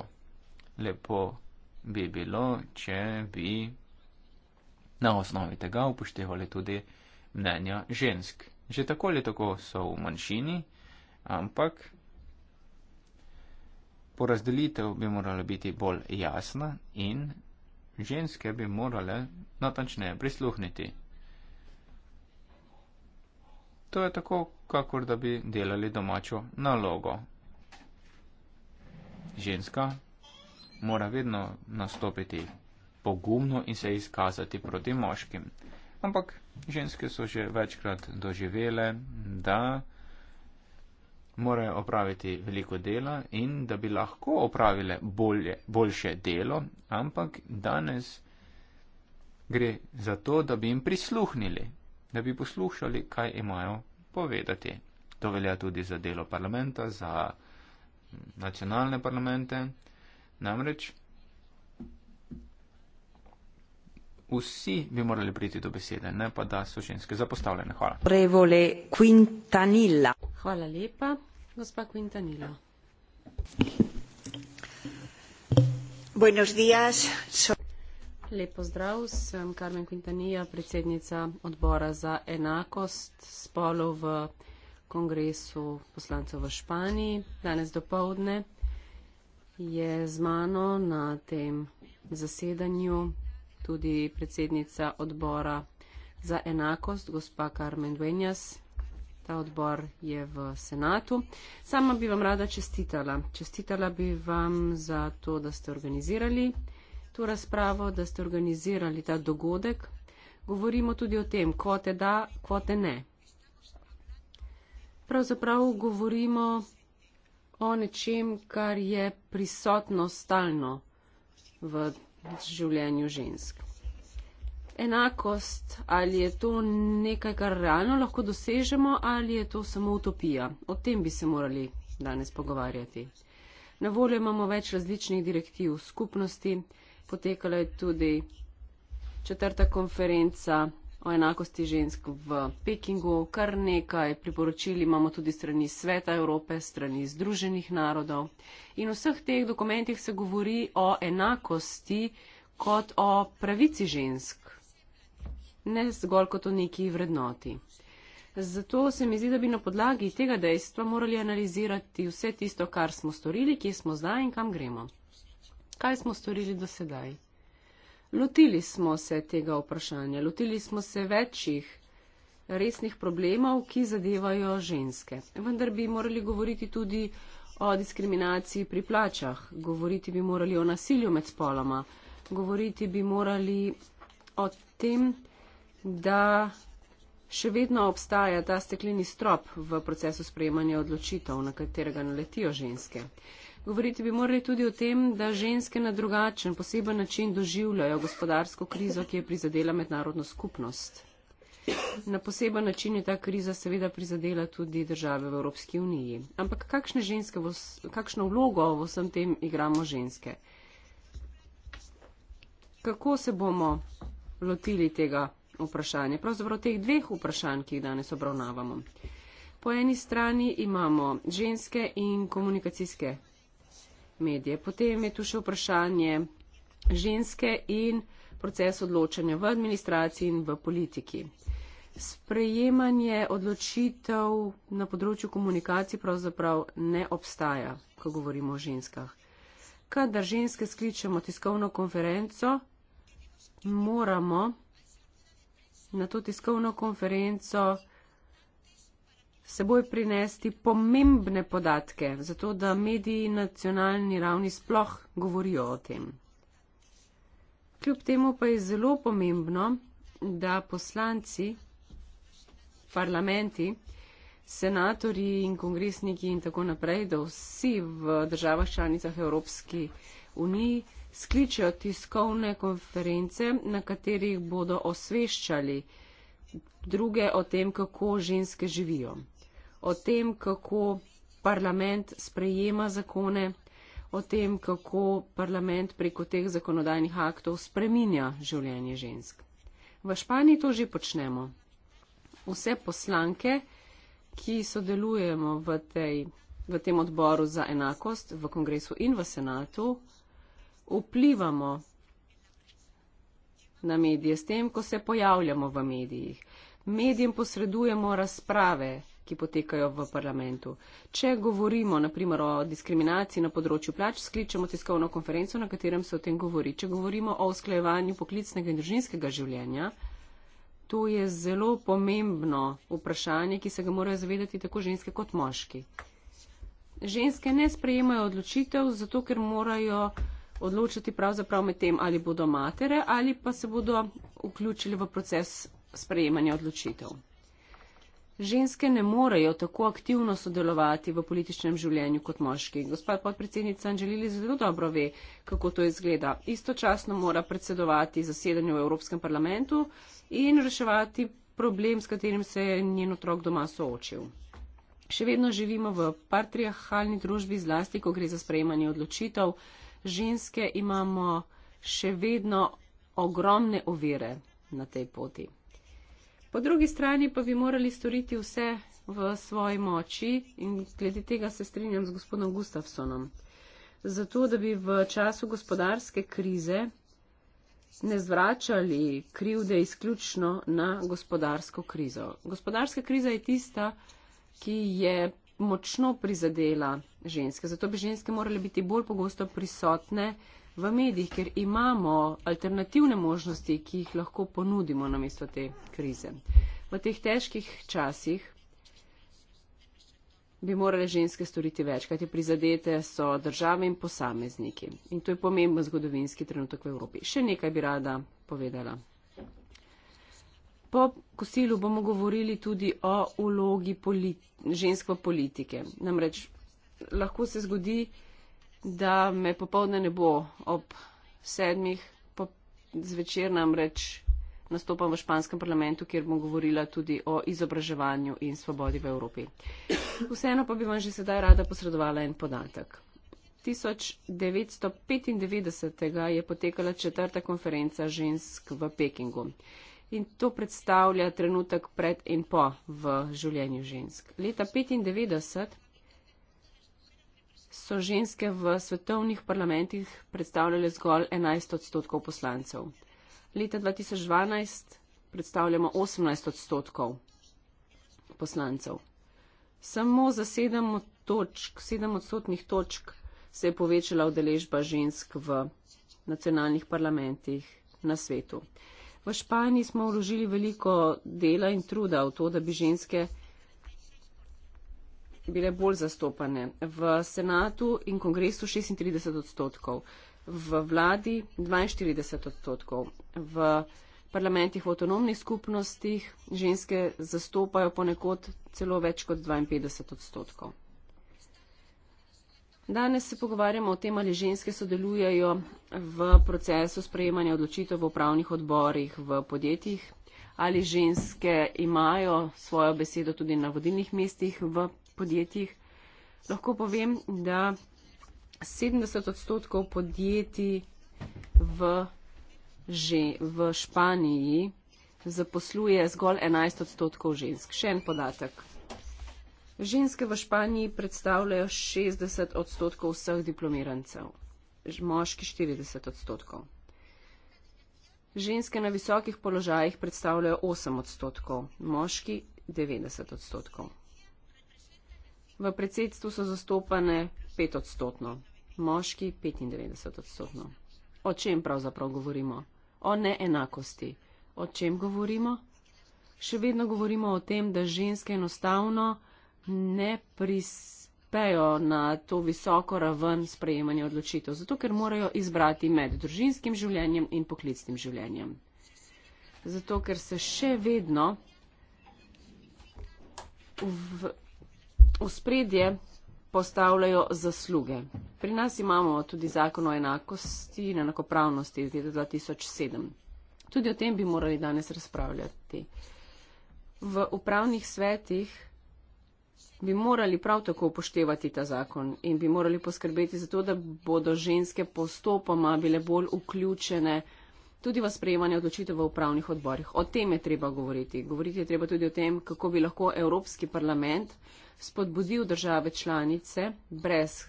Lepo bi bilo, če bi Na osnovi tega upoštevali tudi mnenja žensk. Že tako ali tako so v manjšini, ampak porazdelitev bi morala biti bolj jasna in ženske bi morale natančneje prisluhniti. To je tako, kakor da bi delali domačo nalogo. Ženska mora vedno nastopiti pogumno in se izkazati proti moškim. Ampak ženske so že večkrat doživele, da morajo opraviti veliko dela in da bi lahko opravile bolje, boljše delo, ampak danes gre za to, da bi jim prisluhnili, da bi poslušali, kaj imajo povedati. To velja tudi za delo parlamenta, za nacionalne parlamente. Namreč vsi bi morali priti do besede, ne pa da so ženske zapostavljene. Hvala. Prevole Quintanilla. Hvala lepa, gospa Quintanilla. Buenos días. So Lepo zdrav, sem Carmen Quintanilla, predsednica odbora za enakost spolov v kongresu poslancev v Španiji. Danes do povdne je z mano na tem zasedanju tudi predsednica odbora za enakost, gospa Carmen Duenjas. Ta odbor je v senatu. Sama bi vam rada čestitala. Čestitala bi vam za to, da ste organizirali to razpravo, da ste organizirali ta dogodek. Govorimo tudi o tem, kvote da, kvote ne. Pravzaprav govorimo o nečem, kar je prisotno stalno v življenju žensk. Enakost, ali je to nekaj, kar realno lahko dosežemo, ali je to samo utopija? O tem bi se morali danes pogovarjati. Na voljo imamo več različnih direktiv skupnosti, potekala je tudi četrta konferenca o enakosti žensk v Pekingu. Kar nekaj priporočili imamo tudi strani Sveta Evrope, strani Združenih narodov. In v vseh teh dokumentih se govori o enakosti kot o pravici žensk, ne zgolj kot o neki vrednoti. Zato se mi zdi, da bi na podlagi tega dejstva morali analizirati vse tisto, kar smo storili, kje smo zdaj in kam gremo. Kaj smo storili do sedaj? Lotili smo se tega vprašanja, lotili smo se večjih resnih problemov, ki zadevajo ženske. Vendar bi morali govoriti tudi o diskriminaciji pri plačah, govoriti bi morali o nasilju med spoloma, govoriti bi morali o tem, da še vedno obstaja ta stekleni strop v procesu sprejemanja odločitev, na katerega naletijo ženske. Govoriti bi morali tudi o tem, da ženske na drugačen, poseben način doživljajo gospodarsko krizo, ki je prizadela mednarodno skupnost. Na poseben način je ta kriza seveda prizadela tudi države v Evropski uniji. Ampak v, kakšno vlogo v vsem tem igramo ženske? Kako se bomo lotili tega vprašanja? Pravzaprav teh dveh vprašanj, ki jih danes obravnavamo. Po eni strani imamo ženske in komunikacijske medije. Potem je tu še vprašanje ženske in proces odločanja v administraciji in v politiki. Sprejemanje odločitev na področju komunikacij pravzaprav ne obstaja, ko govorimo o ženskah. Kadar ženske skličemo tiskovno konferenco, moramo na to tiskovno konferenco seboj prinesti pomembne podatke, zato da mediji na nacionalni ravni sploh govorijo o tem. Kljub temu pa je zelo pomembno, da poslanci, parlamenti, senatorji in kongresniki in tako naprej, da vsi v državah članicah Evropske unije skličajo tiskovne konference, na katerih bodo osveščali druge o tem, kako ženske živijo o tem, kako parlament sprejema zakone, o tem, kako parlament preko teh zakonodajnih aktov spreminja življenje žensk. V Španiji to že počnemo. Vse poslanke, ki sodelujemo v, tej, v tem odboru za enakost v kongresu in v senatu, vplivamo na medije s tem, ko se pojavljamo v medijih. Medijem posredujemo razprave, ki potekajo v parlamentu. Če govorimo naprimer o diskriminaciji na področju plač, skličemo tiskovno konferenco, na katerem se o tem govori. Če govorimo o usklajevanju poklicnega in družinskega življenja, to je zelo pomembno vprašanje, ki se ga morajo zavedati tako ženske kot moški. Ženske ne sprejemajo odločitev, zato ker morajo odločiti pravzaprav med tem, ali bodo matere ali pa se bodo vključili v proces sprejemanja odločitev ženske ne morejo tako aktivno sodelovati v političnem življenju kot moški. Gospa podpredsednica Anželili zelo dobro ve, kako to izgleda. Istočasno mora predsedovati zasedanju v Evropskem parlamentu in reševati problem, s katerim se je njen otrok doma soočil. Še vedno živimo v patriarhalni družbi, zlasti, ko gre za sprejemanje odločitev. Ženske imamo še vedno ogromne ovire na tej poti. Po drugi strani pa bi morali storiti vse v svoji moči in glede tega se strinjam z gospodom Gustafsonom. Zato, da bi v času gospodarske krize ne zvračali krivde izključno na gospodarsko krizo. Gospodarska kriza je tista, ki je močno prizadela ženske. Zato bi ženske morale biti bolj pogosto prisotne uh, v medijih, ker imamo alternativne možnosti, ki jih lahko ponudimo namesto te krize. V teh težkih časih bi morale ženske storiti več, kajti prizadete so države in posamezniki. In to je pomemben zgodovinski trenutek v Evropi. Še nekaj bi rada povedala. Po kosilu bomo govorili tudi o vlogi politi ženske politike. Namreč lahko se zgodi, da me popovdne ne bo ob sedmih, pa zvečer namreč nastopam v španskem parlamentu, kjer bom govorila tudi o izobraževanju in svobodi v Evropi. Vseeno pa bi vam že sedaj rada posredovala en podatek. 1995. je potekala četrta konferenca žensk v Pekingu. In to predstavlja trenutek pred in po v življenju žensk. Leta 1995 so ženske v svetovnih parlamentih predstavljale zgolj 11 odstotkov poslancev. Leta 2012 predstavljamo 18 odstotkov poslancev. Samo za 7, točk, 7 odstotnih točk se je povečala udeležba žensk v nacionalnih parlamentih na svetu. V Španiji smo vložili veliko dela in truda v to, da bi ženske bile bolj zastopane. V senatu in kongresu 36 odstotkov, v vladi 42 odstotkov, v parlamentih v avtonomnih skupnostih ženske zastopajo ponekod celo več kot 52 odstotkov. Danes se pogovarjamo o tem, ali ženske sodelujejo v procesu sprejemanja odločitev v upravnih odborih v podjetjih, ali ženske imajo svojo besedo tudi na vodilnih mestih v podjetjih. Lahko povem, da 70 odstotkov podjetij v, že, v Španiji zaposluje zgolj 11 odstotkov žensk. Še en podatek. Ženske v Španiji predstavljajo 60 odstotkov vseh diplomirancev, moški 40 odstotkov. Ženske na visokih položajih predstavljajo 8 odstotkov, moški 90 odstotkov. V predsedstvu so zastopane 5 odstotno, moški 95 odstotno. O čem pravzaprav govorimo? O neenakosti. O čem govorimo? Še vedno govorimo o tem, da ženske enostavno ne prispejo na to visoko raven sprejemanja odločitev, zato ker morajo izbrati med družinskim življenjem in poklicnim življenjem. Zato ker se še vedno v, ospredje postavljajo zasluge. Pri nas imamo tudi zakon o enakosti in enakopravnosti iz leta 2007. Tudi o tem bi morali danes razpravljati. V upravnih svetih bi morali prav tako upoštevati ta zakon in bi morali poskrbeti za to, da bodo ženske postopoma bile bolj vključene tudi v sprejemanje odločitev v upravnih odborih. O tem je treba govoriti. Govoriti je treba tudi o tem, kako bi lahko Evropski parlament spodbudil države članice brez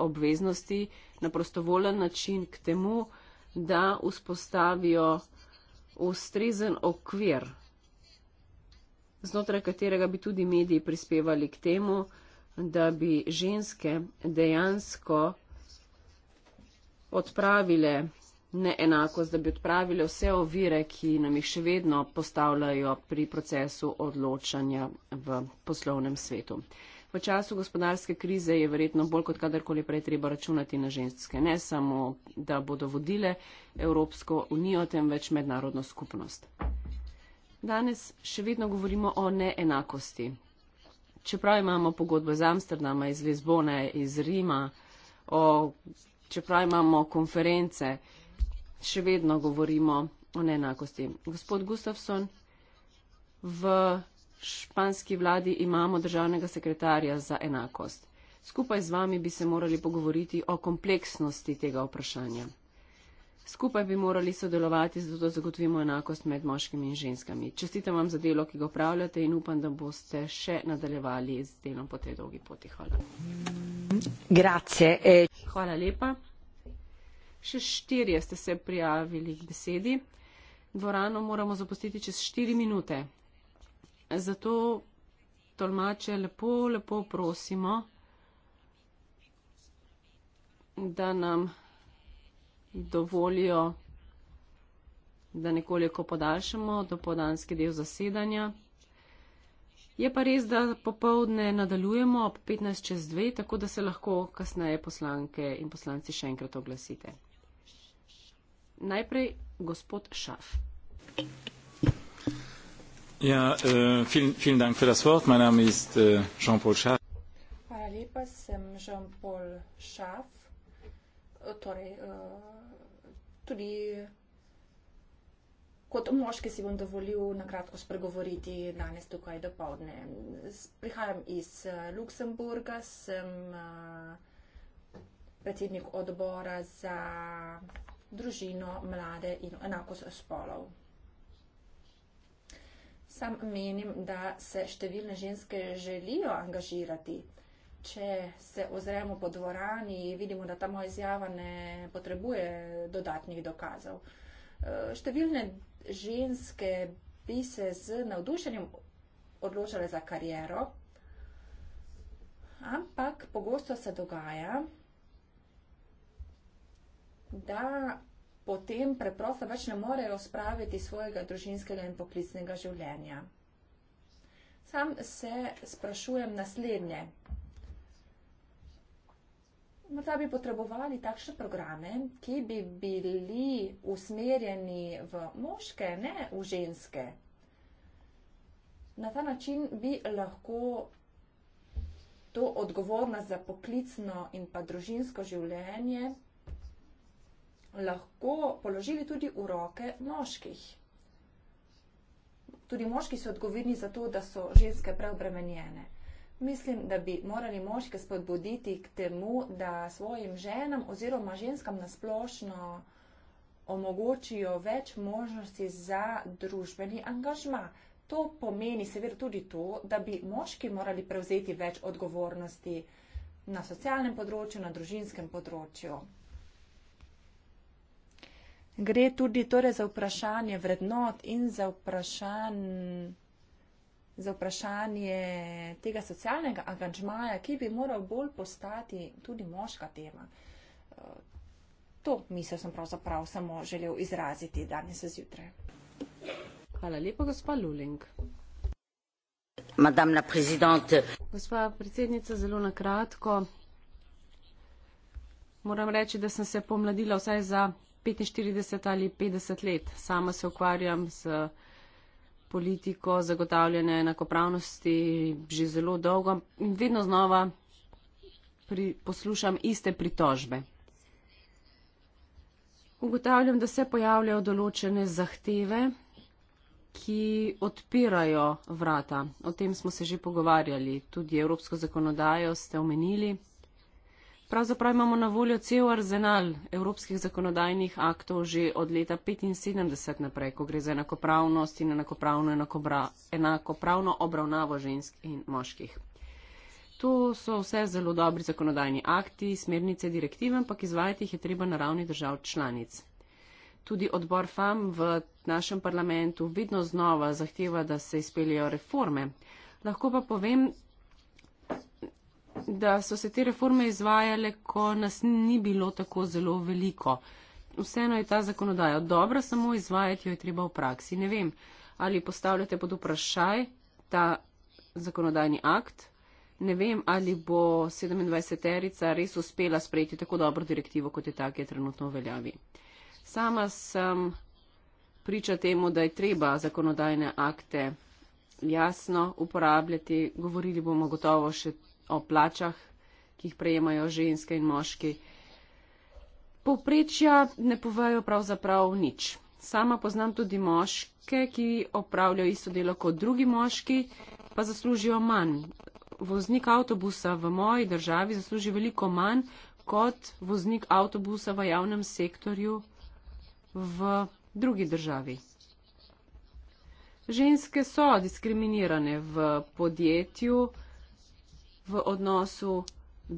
obveznosti na prostovolen način k temu, da vzpostavijo ustrezen okvir, znotraj katerega bi tudi mediji prispevali k temu, da bi ženske dejansko odpravile neenakost, da bi odpravile vse ovire, ki nam jih še vedno postavljajo pri procesu odločanja v poslovnem svetu. V času gospodarske krize je verjetno bolj kot kadarkoli prej treba računati na ženske. Ne samo, da bodo vodile Evropsko unijo, temveč mednarodno skupnost. Danes še vedno govorimo o neenakosti. Čeprav imamo pogodbe iz Amsterdama, iz Lizbone, iz Rima, o, čeprav imamo konference, še vedno govorimo o neenakosti. Gospod Gustafsson, v španski vladi imamo državnega sekretarja za enakost. Skupaj z vami bi se morali pogovoriti o kompleksnosti tega vprašanja. Skupaj bi morali sodelovati, zato da zagotovimo enakost med moškimi in ženskami. Čestitam vam za delo, ki ga upravljate in upam, da boste še nadaljevali z delom po tej dolgi poti. Hvala. Grazie. Eh. Hvala lepa še štirje ste se prijavili k besedi. Dvorano moramo zapustiti čez štiri minute. Zato tolmače lepo, lepo prosimo, da nam dovolijo, da nekoliko podaljšamo do podanske del zasedanja. Je pa res, da popovdne nadaljujemo ob 15.00 čez 2, tako da se lahko kasneje poslanke in poslanci še enkrat oglasite. Najprej gospod Šaf. Ja, eh, vielen Dank für das Wort. Mein Name ist äh, Jean-Paul Schaff. Hvala lepa, sem Jean-Paul Schaff. Torej, eh, tudi kot moški si bom dovolil nakratko spregovoriti danes tukaj do povdne. Prihajam iz eh, Luksemburga, sem predsednik odbora za družino, mlade in enakost spolov. Sam menim, da se številne ženske želijo angažirati. Če se ozremo po dvorani, vidimo, da ta moja izjava ne potrebuje dodatnih dokazov. E, številne ženske bi se z navdušenjem odločale za kariero, ampak pogosto se dogaja, da potem preprosto več ne morejo spraviti svojega družinskega in poklicnega življenja. Sam se sprašujem naslednje. Morda bi potrebovali takšne programe, ki bi bili usmerjeni v moške, ne v ženske. Na ta način bi lahko to odgovornost za poklicno in pa družinsko življenje lahko položili tudi v roke moških. Tudi moški so odgovorni za to, da so ženske preobremenjene. Mislim, da bi morali moške spodbuditi k temu, da svojim ženam oziroma ženskam nasplošno omogočijo več možnosti za družbeni angažma. To pomeni seveda tudi to, da bi moški morali prevzeti več odgovornosti na socialnem področju, na družinskem področju. Gre tudi torej za vprašanje vrednot in za vprašanje, za vprašanje tega socialnega angažmaja, ki bi moral bolj postati tudi moška tema. Eh, to misel sem pravzaprav samo želel izraziti danes zjutraj. Hvala lepa, gospa Luling. Madame la presidente. Gospa predsednica, zelo na kratko. Moram reči, da sem se pomladila vsaj za 45 ali 50 let. Sama se ukvarjam z politiko zagotavljanja enakopravnosti že zelo dolgo in vedno znova pri, poslušam iste pritožbe. Ugotavljam, da se pojavljajo določene zahteve, ki odpirajo vrata. O tem smo se že pogovarjali. Tudi evropsko zakonodajo ste omenili. Pravzaprav imamo na voljo cel arzenal evropskih zakonodajnih aktov že od leta 1975 naprej, ko gre za enakopravnost in enakopravno, enakobra, enakopravno obravnavo žensk in moških. To so vse zelo dobri zakonodajni akti, smernice, direktive, ampak izvajati jih je treba na ravni držav članic. Tudi odbor FAM v našem parlamentu vedno znova zahteva, da se izpeljejo reforme. Lahko pa povem, da so se te reforme izvajale, ko nas ni bilo tako zelo veliko. Vseeno je ta zakonodaja dobra, samo izvajati jo je treba v praksi. Ne vem, ali postavljate pod vprašaj ta zakonodajni akt. Ne vem, ali bo 27-erica res uspela sprejeti tako dobro direktivo, kot je ta, ki je trenutno v veljavi. Sama sem priča temu, da je treba zakonodajne akte jasno uporabljati. Govorili bomo gotovo še o plačah, ki jih prejemajo ženske in moški. Povprečja ne povejo pravzaprav nič. Sama poznam tudi moške, ki opravljajo isto delo kot drugi moški, pa zaslužijo manj. Voznik avtobusa v moji državi zasluži veliko manj kot voznik avtobusa v javnem sektorju v drugi državi. Ženske so diskriminirane v podjetju v odnosu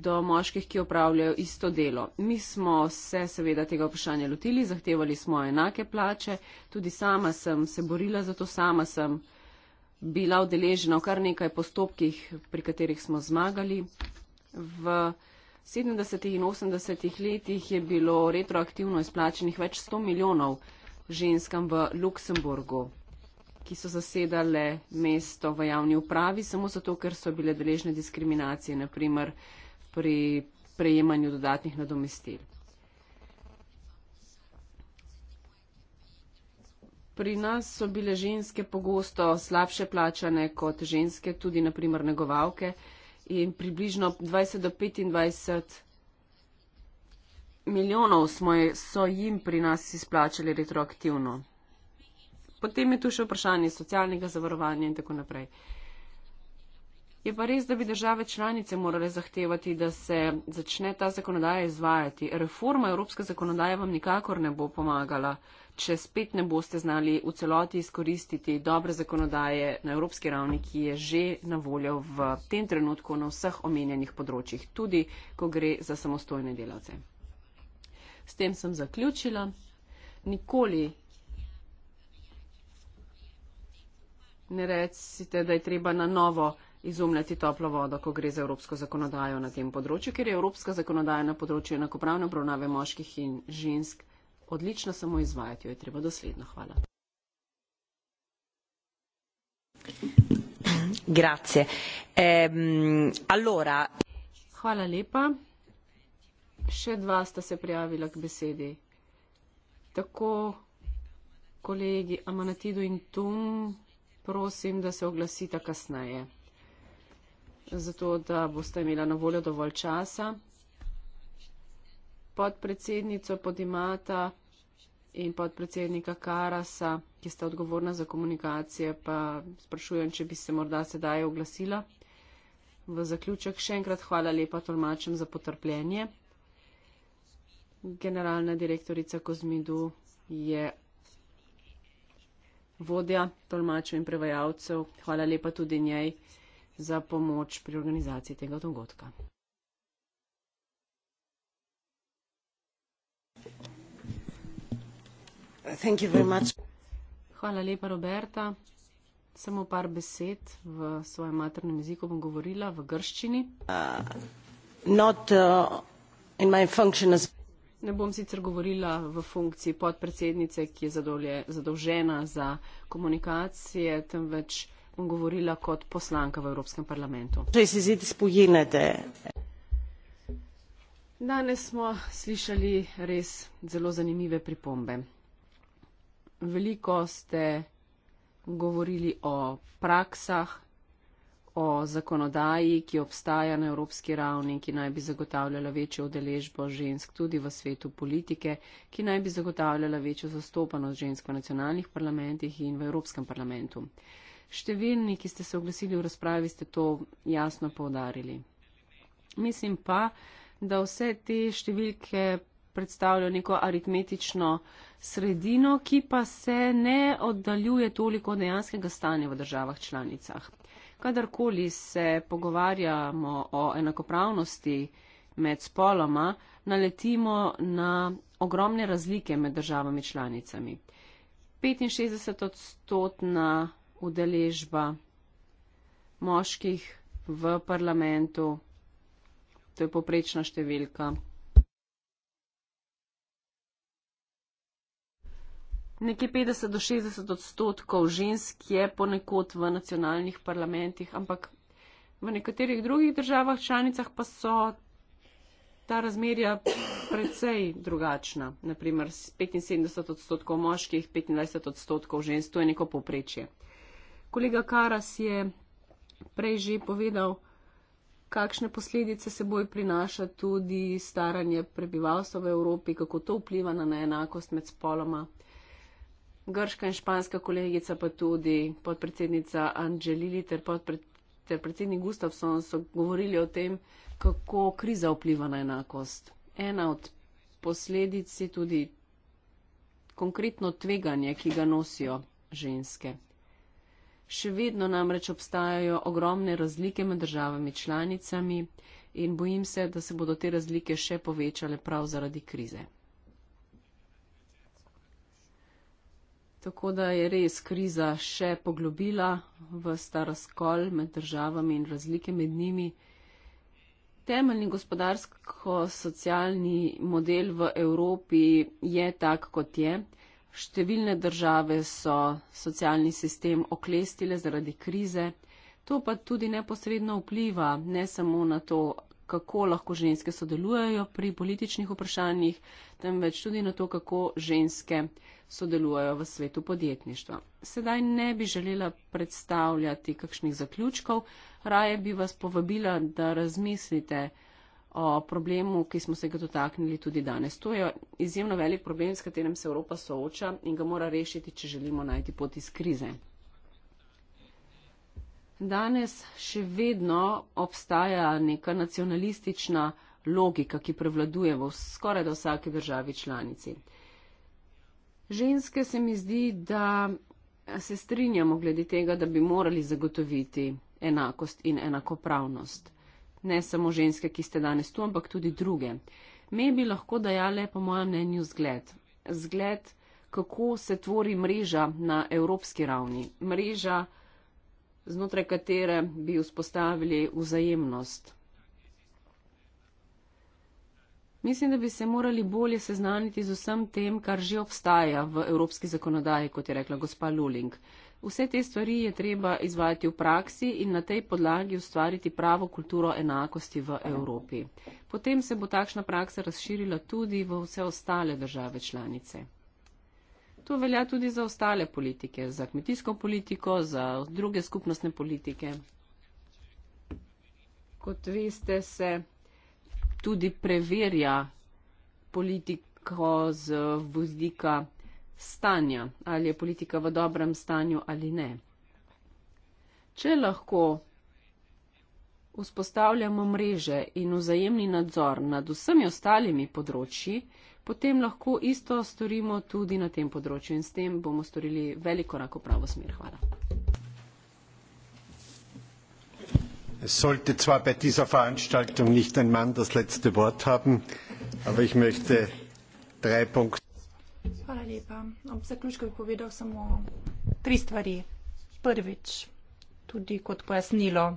do moških, ki opravljajo isto delo. Mi smo se seveda tega vprašanja lotili, zahtevali smo enake plače, tudi sama sem se borila za to, sama sem bila udeležena v kar nekaj postopkih, pri katerih smo zmagali. V 70. in 80. letih je bilo retroaktivno izplačenih več 100 milijonov ženskam v Luksemburgu ki so zasedale mesto v javni upravi samo zato, ker so bile deležne diskriminacije, naprimer pri prejemanju dodatnih nadomestil. Pri nas so bile ženske pogosto slabše plačane kot ženske, tudi naprimer negovalke in približno 20 do 25 milijonov smo, so jim pri nas izplačali retroaktivno potem je tu še vprašanje socialnega zavarovanja in tako naprej. Je pa res, da bi države članice morale zahtevati, da se začne ta zakonodaja izvajati. Reforma evropske zakonodaje vam nikakor ne bo pomagala, če spet ne boste znali v celoti izkoristiti dobre zakonodaje na evropski ravni, ki je že na voljo v tem trenutku na vseh omenjenih področjih, tudi ko gre za samostojne delavce. S tem sem zaključila. Nikoli ne recite, da je treba na novo izumljati toplo vodo, ko gre za evropsko zakonodajo na tem področju, ker je evropska zakonodaja na področju enakopravne obravnave moških in žensk odlična, samo izvajati jo je treba dosledno. Hvala. Grazie. Ehm, allora... Hvala lepa. Še dva sta se prijavila k besedi. Tako kolegi Amanatidu in Tung prosim, da se oglasite kasneje, zato da boste imela na voljo dovolj časa. Podpredsednico podimata in podpredsednika Karasa, ki sta odgovorna za komunikacije, pa sprašujem, če bi se morda sedaj oglasila. V zaključek še enkrat hvala lepa tolmačem za potrpljenje. Generalna direktorica Kozmidu je vodja tolmačev in prevajalcev. Hvala lepa tudi njej za pomoč pri organizaciji tega dogodka. Hvala lepa, Roberta. Samo par besed v svojem maternem jeziku bom govorila v grščini. Uh, not, uh, Ne bom sicer govorila v funkciji podpredsednice, ki je zadolje, zadolžena za komunikacije, temveč bom govorila kot poslanka v Evropskem parlamentu. Danes smo slišali res zelo zanimive pripombe. Veliko ste govorili o praksah, o zakonodaji, ki obstaja na evropski ravni, ki naj bi zagotavljala večjo udeležbo žensk tudi v svetu politike, ki naj bi zagotavljala večjo zastopanost žensk v nacionalnih parlamentih in v Evropskem parlamentu. Številni, ki ste se oglasili v razpravi, ste to jasno povdarili. Mislim pa, da vse te številke predstavljajo neko aritmetično sredino, ki pa se ne oddaljuje toliko od dejanskega stanja v državah članicah kadarkoli se pogovarjamo o enakopravnosti med spoloma, naletimo na ogromne razlike med državami članicami. 65 odstotna udeležba moških v parlamentu, to je poprečna številka. nekje 50 do 60 odstotkov žensk je ponekod v nacionalnih parlamentih, ampak v nekaterih drugih državah članicah pa so ta razmerja precej drugačna. Naprimer 75 odstotkov moških, 25 odstotkov žensk, to je neko poprečje. Kolega Karas je prej že povedal, kakšne posledice seboj prinaša tudi staranje prebivalstva v Evropi, kako to vpliva na neenakost med spoloma grška in španska kolegica, pa tudi podpredsednica Angelili ter, podpred, ter predsednik Gustavson so govorili o tem, kako kriza vpliva na enakost. Ena od posledic je tudi konkretno tveganje, ki ga nosijo ženske. Še vedno namreč obstajajo ogromne razlike med državami članicami in bojim se, da se bodo te razlike še povečale prav zaradi krize. Tako da je res kriza še poglobila v star razkol med državami in razlike med njimi. Temeljni gospodarsko-socialni model v Evropi je tak, kot je. Številne države so socialni sistem oklestile zaradi krize. To pa tudi neposredno vpliva ne samo na to, kako lahko ženske sodelujejo pri političnih vprašanjih, temveč tudi na to, kako ženske sodelujejo v svetu podjetništva. Sedaj ne bi želela predstavljati kakšnih zaključkov, raje bi vas povabila, da razmislite o problemu, ki smo se ga dotaknili tudi danes. To je izjemno velik problem, s katerim se Evropa sooča in ga mora rešiti, če želimo najti pot iz krize danes še vedno obstaja neka nacionalistična logika, ki prevladuje v skoraj vsaki državi članici. Ženske se mi zdi, da se strinjamo glede tega, da bi morali zagotoviti enakost in enakopravnost. Ne samo ženske, ki ste danes tu, ampak tudi druge. Me bi lahko dajale, po mojem mnenju, zgled. Zgled, kako se tvori mreža na evropski ravni. Mreža, znotraj katere bi vzpostavili vzajemnost. Mislim, da bi se morali bolje seznaniti z vsem tem, kar že obstaja v evropski zakonodaji, kot je rekla gospa Luling. Vse te stvari je treba izvajati v praksi in na tej podlagi ustvariti pravo kulturo enakosti v Evropi. Potem se bo takšna praksa razširila tudi v vse ostale države članice. To velja tudi za ostale politike, za kmetijsko politiko, za druge skupnostne politike. Kot veste, se tudi preverja politiko z vzdika stanja, ali je politika v dobrem stanju ali ne. Če lahko vzpostavljamo mreže in vzajemni nadzor nad vsemi ostalimi področji, potem lahko isto storimo tudi na tem področju in s tem bomo storili velik korak v pravo smer. Hvala. Sollte zwar bei dieser Veranstaltung nicht ein Mann das letzte Wort haben, aber ich möchte drei Punkte. Hvala lepa. Ob zaključku bi povedal samo tri stvari. Prvič, tudi kot pojasnilo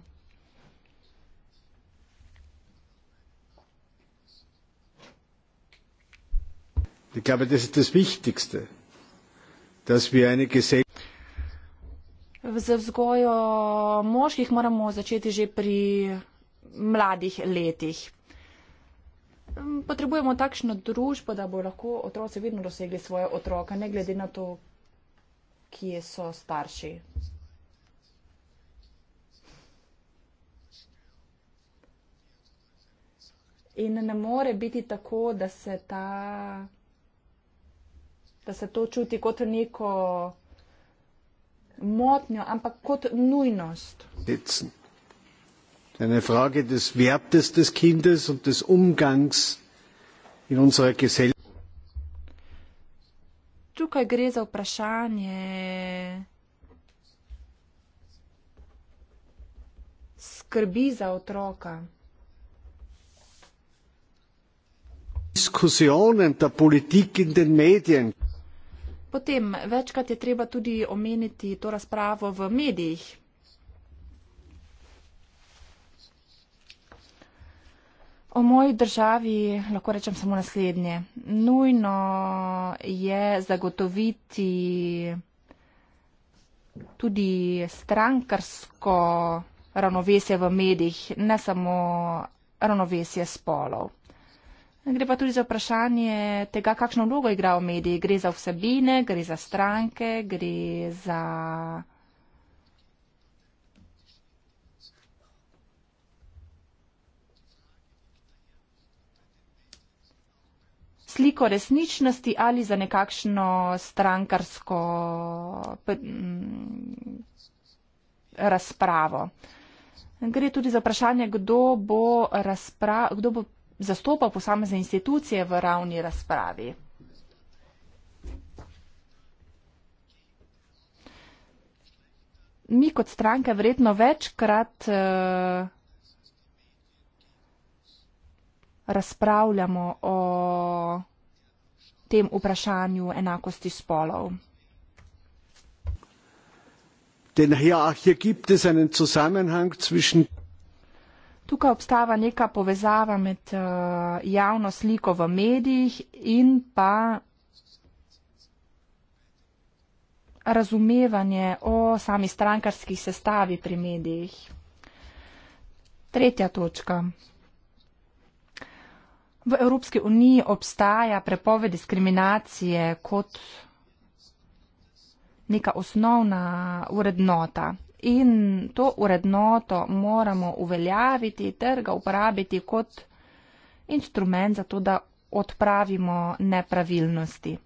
Ich glaube, das ist das Wichtigste, dass wir eine Gesellschaft. Z vzgojo moških moramo začeti že pri mladih letih. Potrebujemo takšno družbo, da bo lahko otroci vedno dosegli svoje otroka, ne glede na to, kje so starši. In ne more biti tako, da se ta da se to čuti kot neko motnjo, ampak kot nujnost. Sitzen. Eine Frage des Wertes des Kindes und des Umgangs in unserer Gesellschaft. Tukaj gre za vprašanje skrbi za otroka. Diskussionen der Politik in den Medien. Potem večkrat je treba tudi omeniti to razpravo v medijih. O moji državi lahko rečem samo naslednje. Nujno je zagotoviti tudi strankarsko ravnovesje v medijih, ne samo ravnovesje spolov. Gre pa tudi za vprašanje tega, kakšno vlogo igrajo mediji. Gre za vsebine, gre za stranke, gre za. Sliko resničnosti ali za nekakšno strankarsko mm, razpravo. Gre tudi za vprašanje, kdo bo, razpra kdo bo zastopa posamezne institucije v ravni razpravi. Mi kot stranke verjetno večkrat eh, razpravljamo o tem vprašanju enakosti spolov. Denn ja, hier gibt es einen Zusammenhang zwischen Tukaj obstava neka povezava med eh, javno sliko v medijih in pa razumevanje o sami strankarski sestavi pri medijih. Tretja točka. V Evropski uniji obstaja prepoved diskriminacije kot neka osnovna urednota in to urednoto moramo uveljaviti ter ga uporabiti kot instrument za to, da odpravimo nepravilnosti.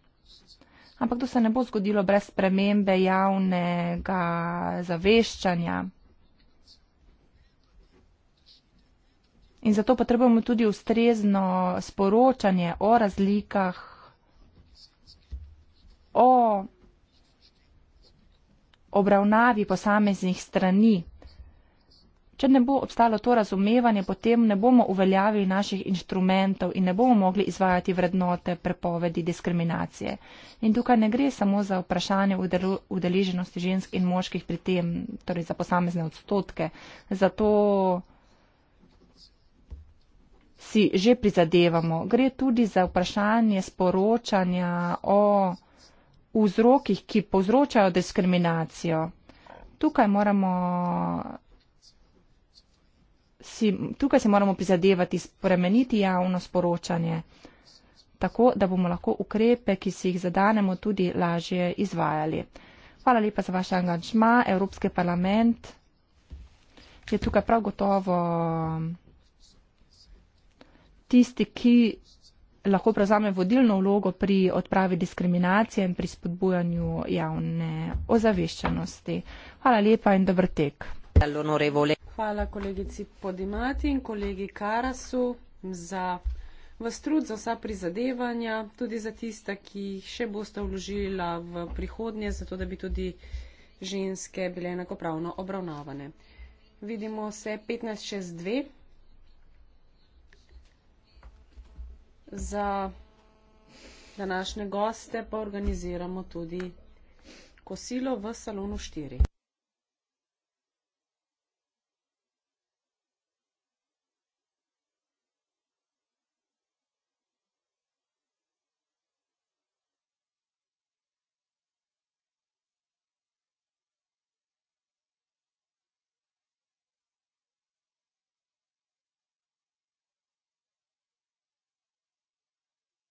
Ampak to se ne bo zgodilo brez spremembe javnega zaveščanja. In zato potrebujemo tudi ustrezno sporočanje o razlikah, o obravnavi posameznih strani. Če ne bo obstalo to razumevanje, potem ne bomo uveljavili naših inštrumentov in ne bomo mogli izvajati vrednote prepovedi diskriminacije. In tukaj ne gre samo za vprašanje udeleženosti žensk in moških pri tem, torej za posamezne odstotke. Zato si že prizadevamo. Gre tudi za vprašanje sporočanja o vzrokih, ki povzročajo diskriminacijo. Tukaj, moramo, si, tukaj se moramo prizadevati spremeniti javno sporočanje, tako da bomo lahko ukrepe, ki si jih zadanemo, tudi lažje izvajali. Hvala lepa za vaš angažma. Evropski parlament je tukaj prav gotovo tisti, ki lahko prevzame vodilno vlogo pri odpravi diskriminacije in pri spodbujanju javne ozaveščenosti. Hvala lepa in dobr tek. Hvala kolegici Podimati in kolegi Karasu za vas trud, za vsa prizadevanja, tudi za tista, ki jih še boste vložila v prihodnje, zato da bi tudi ženske bile enakopravno obravnavane. Vidimo se 15.62. za današnje goste pa organiziramo tudi kosilo v salonu 4.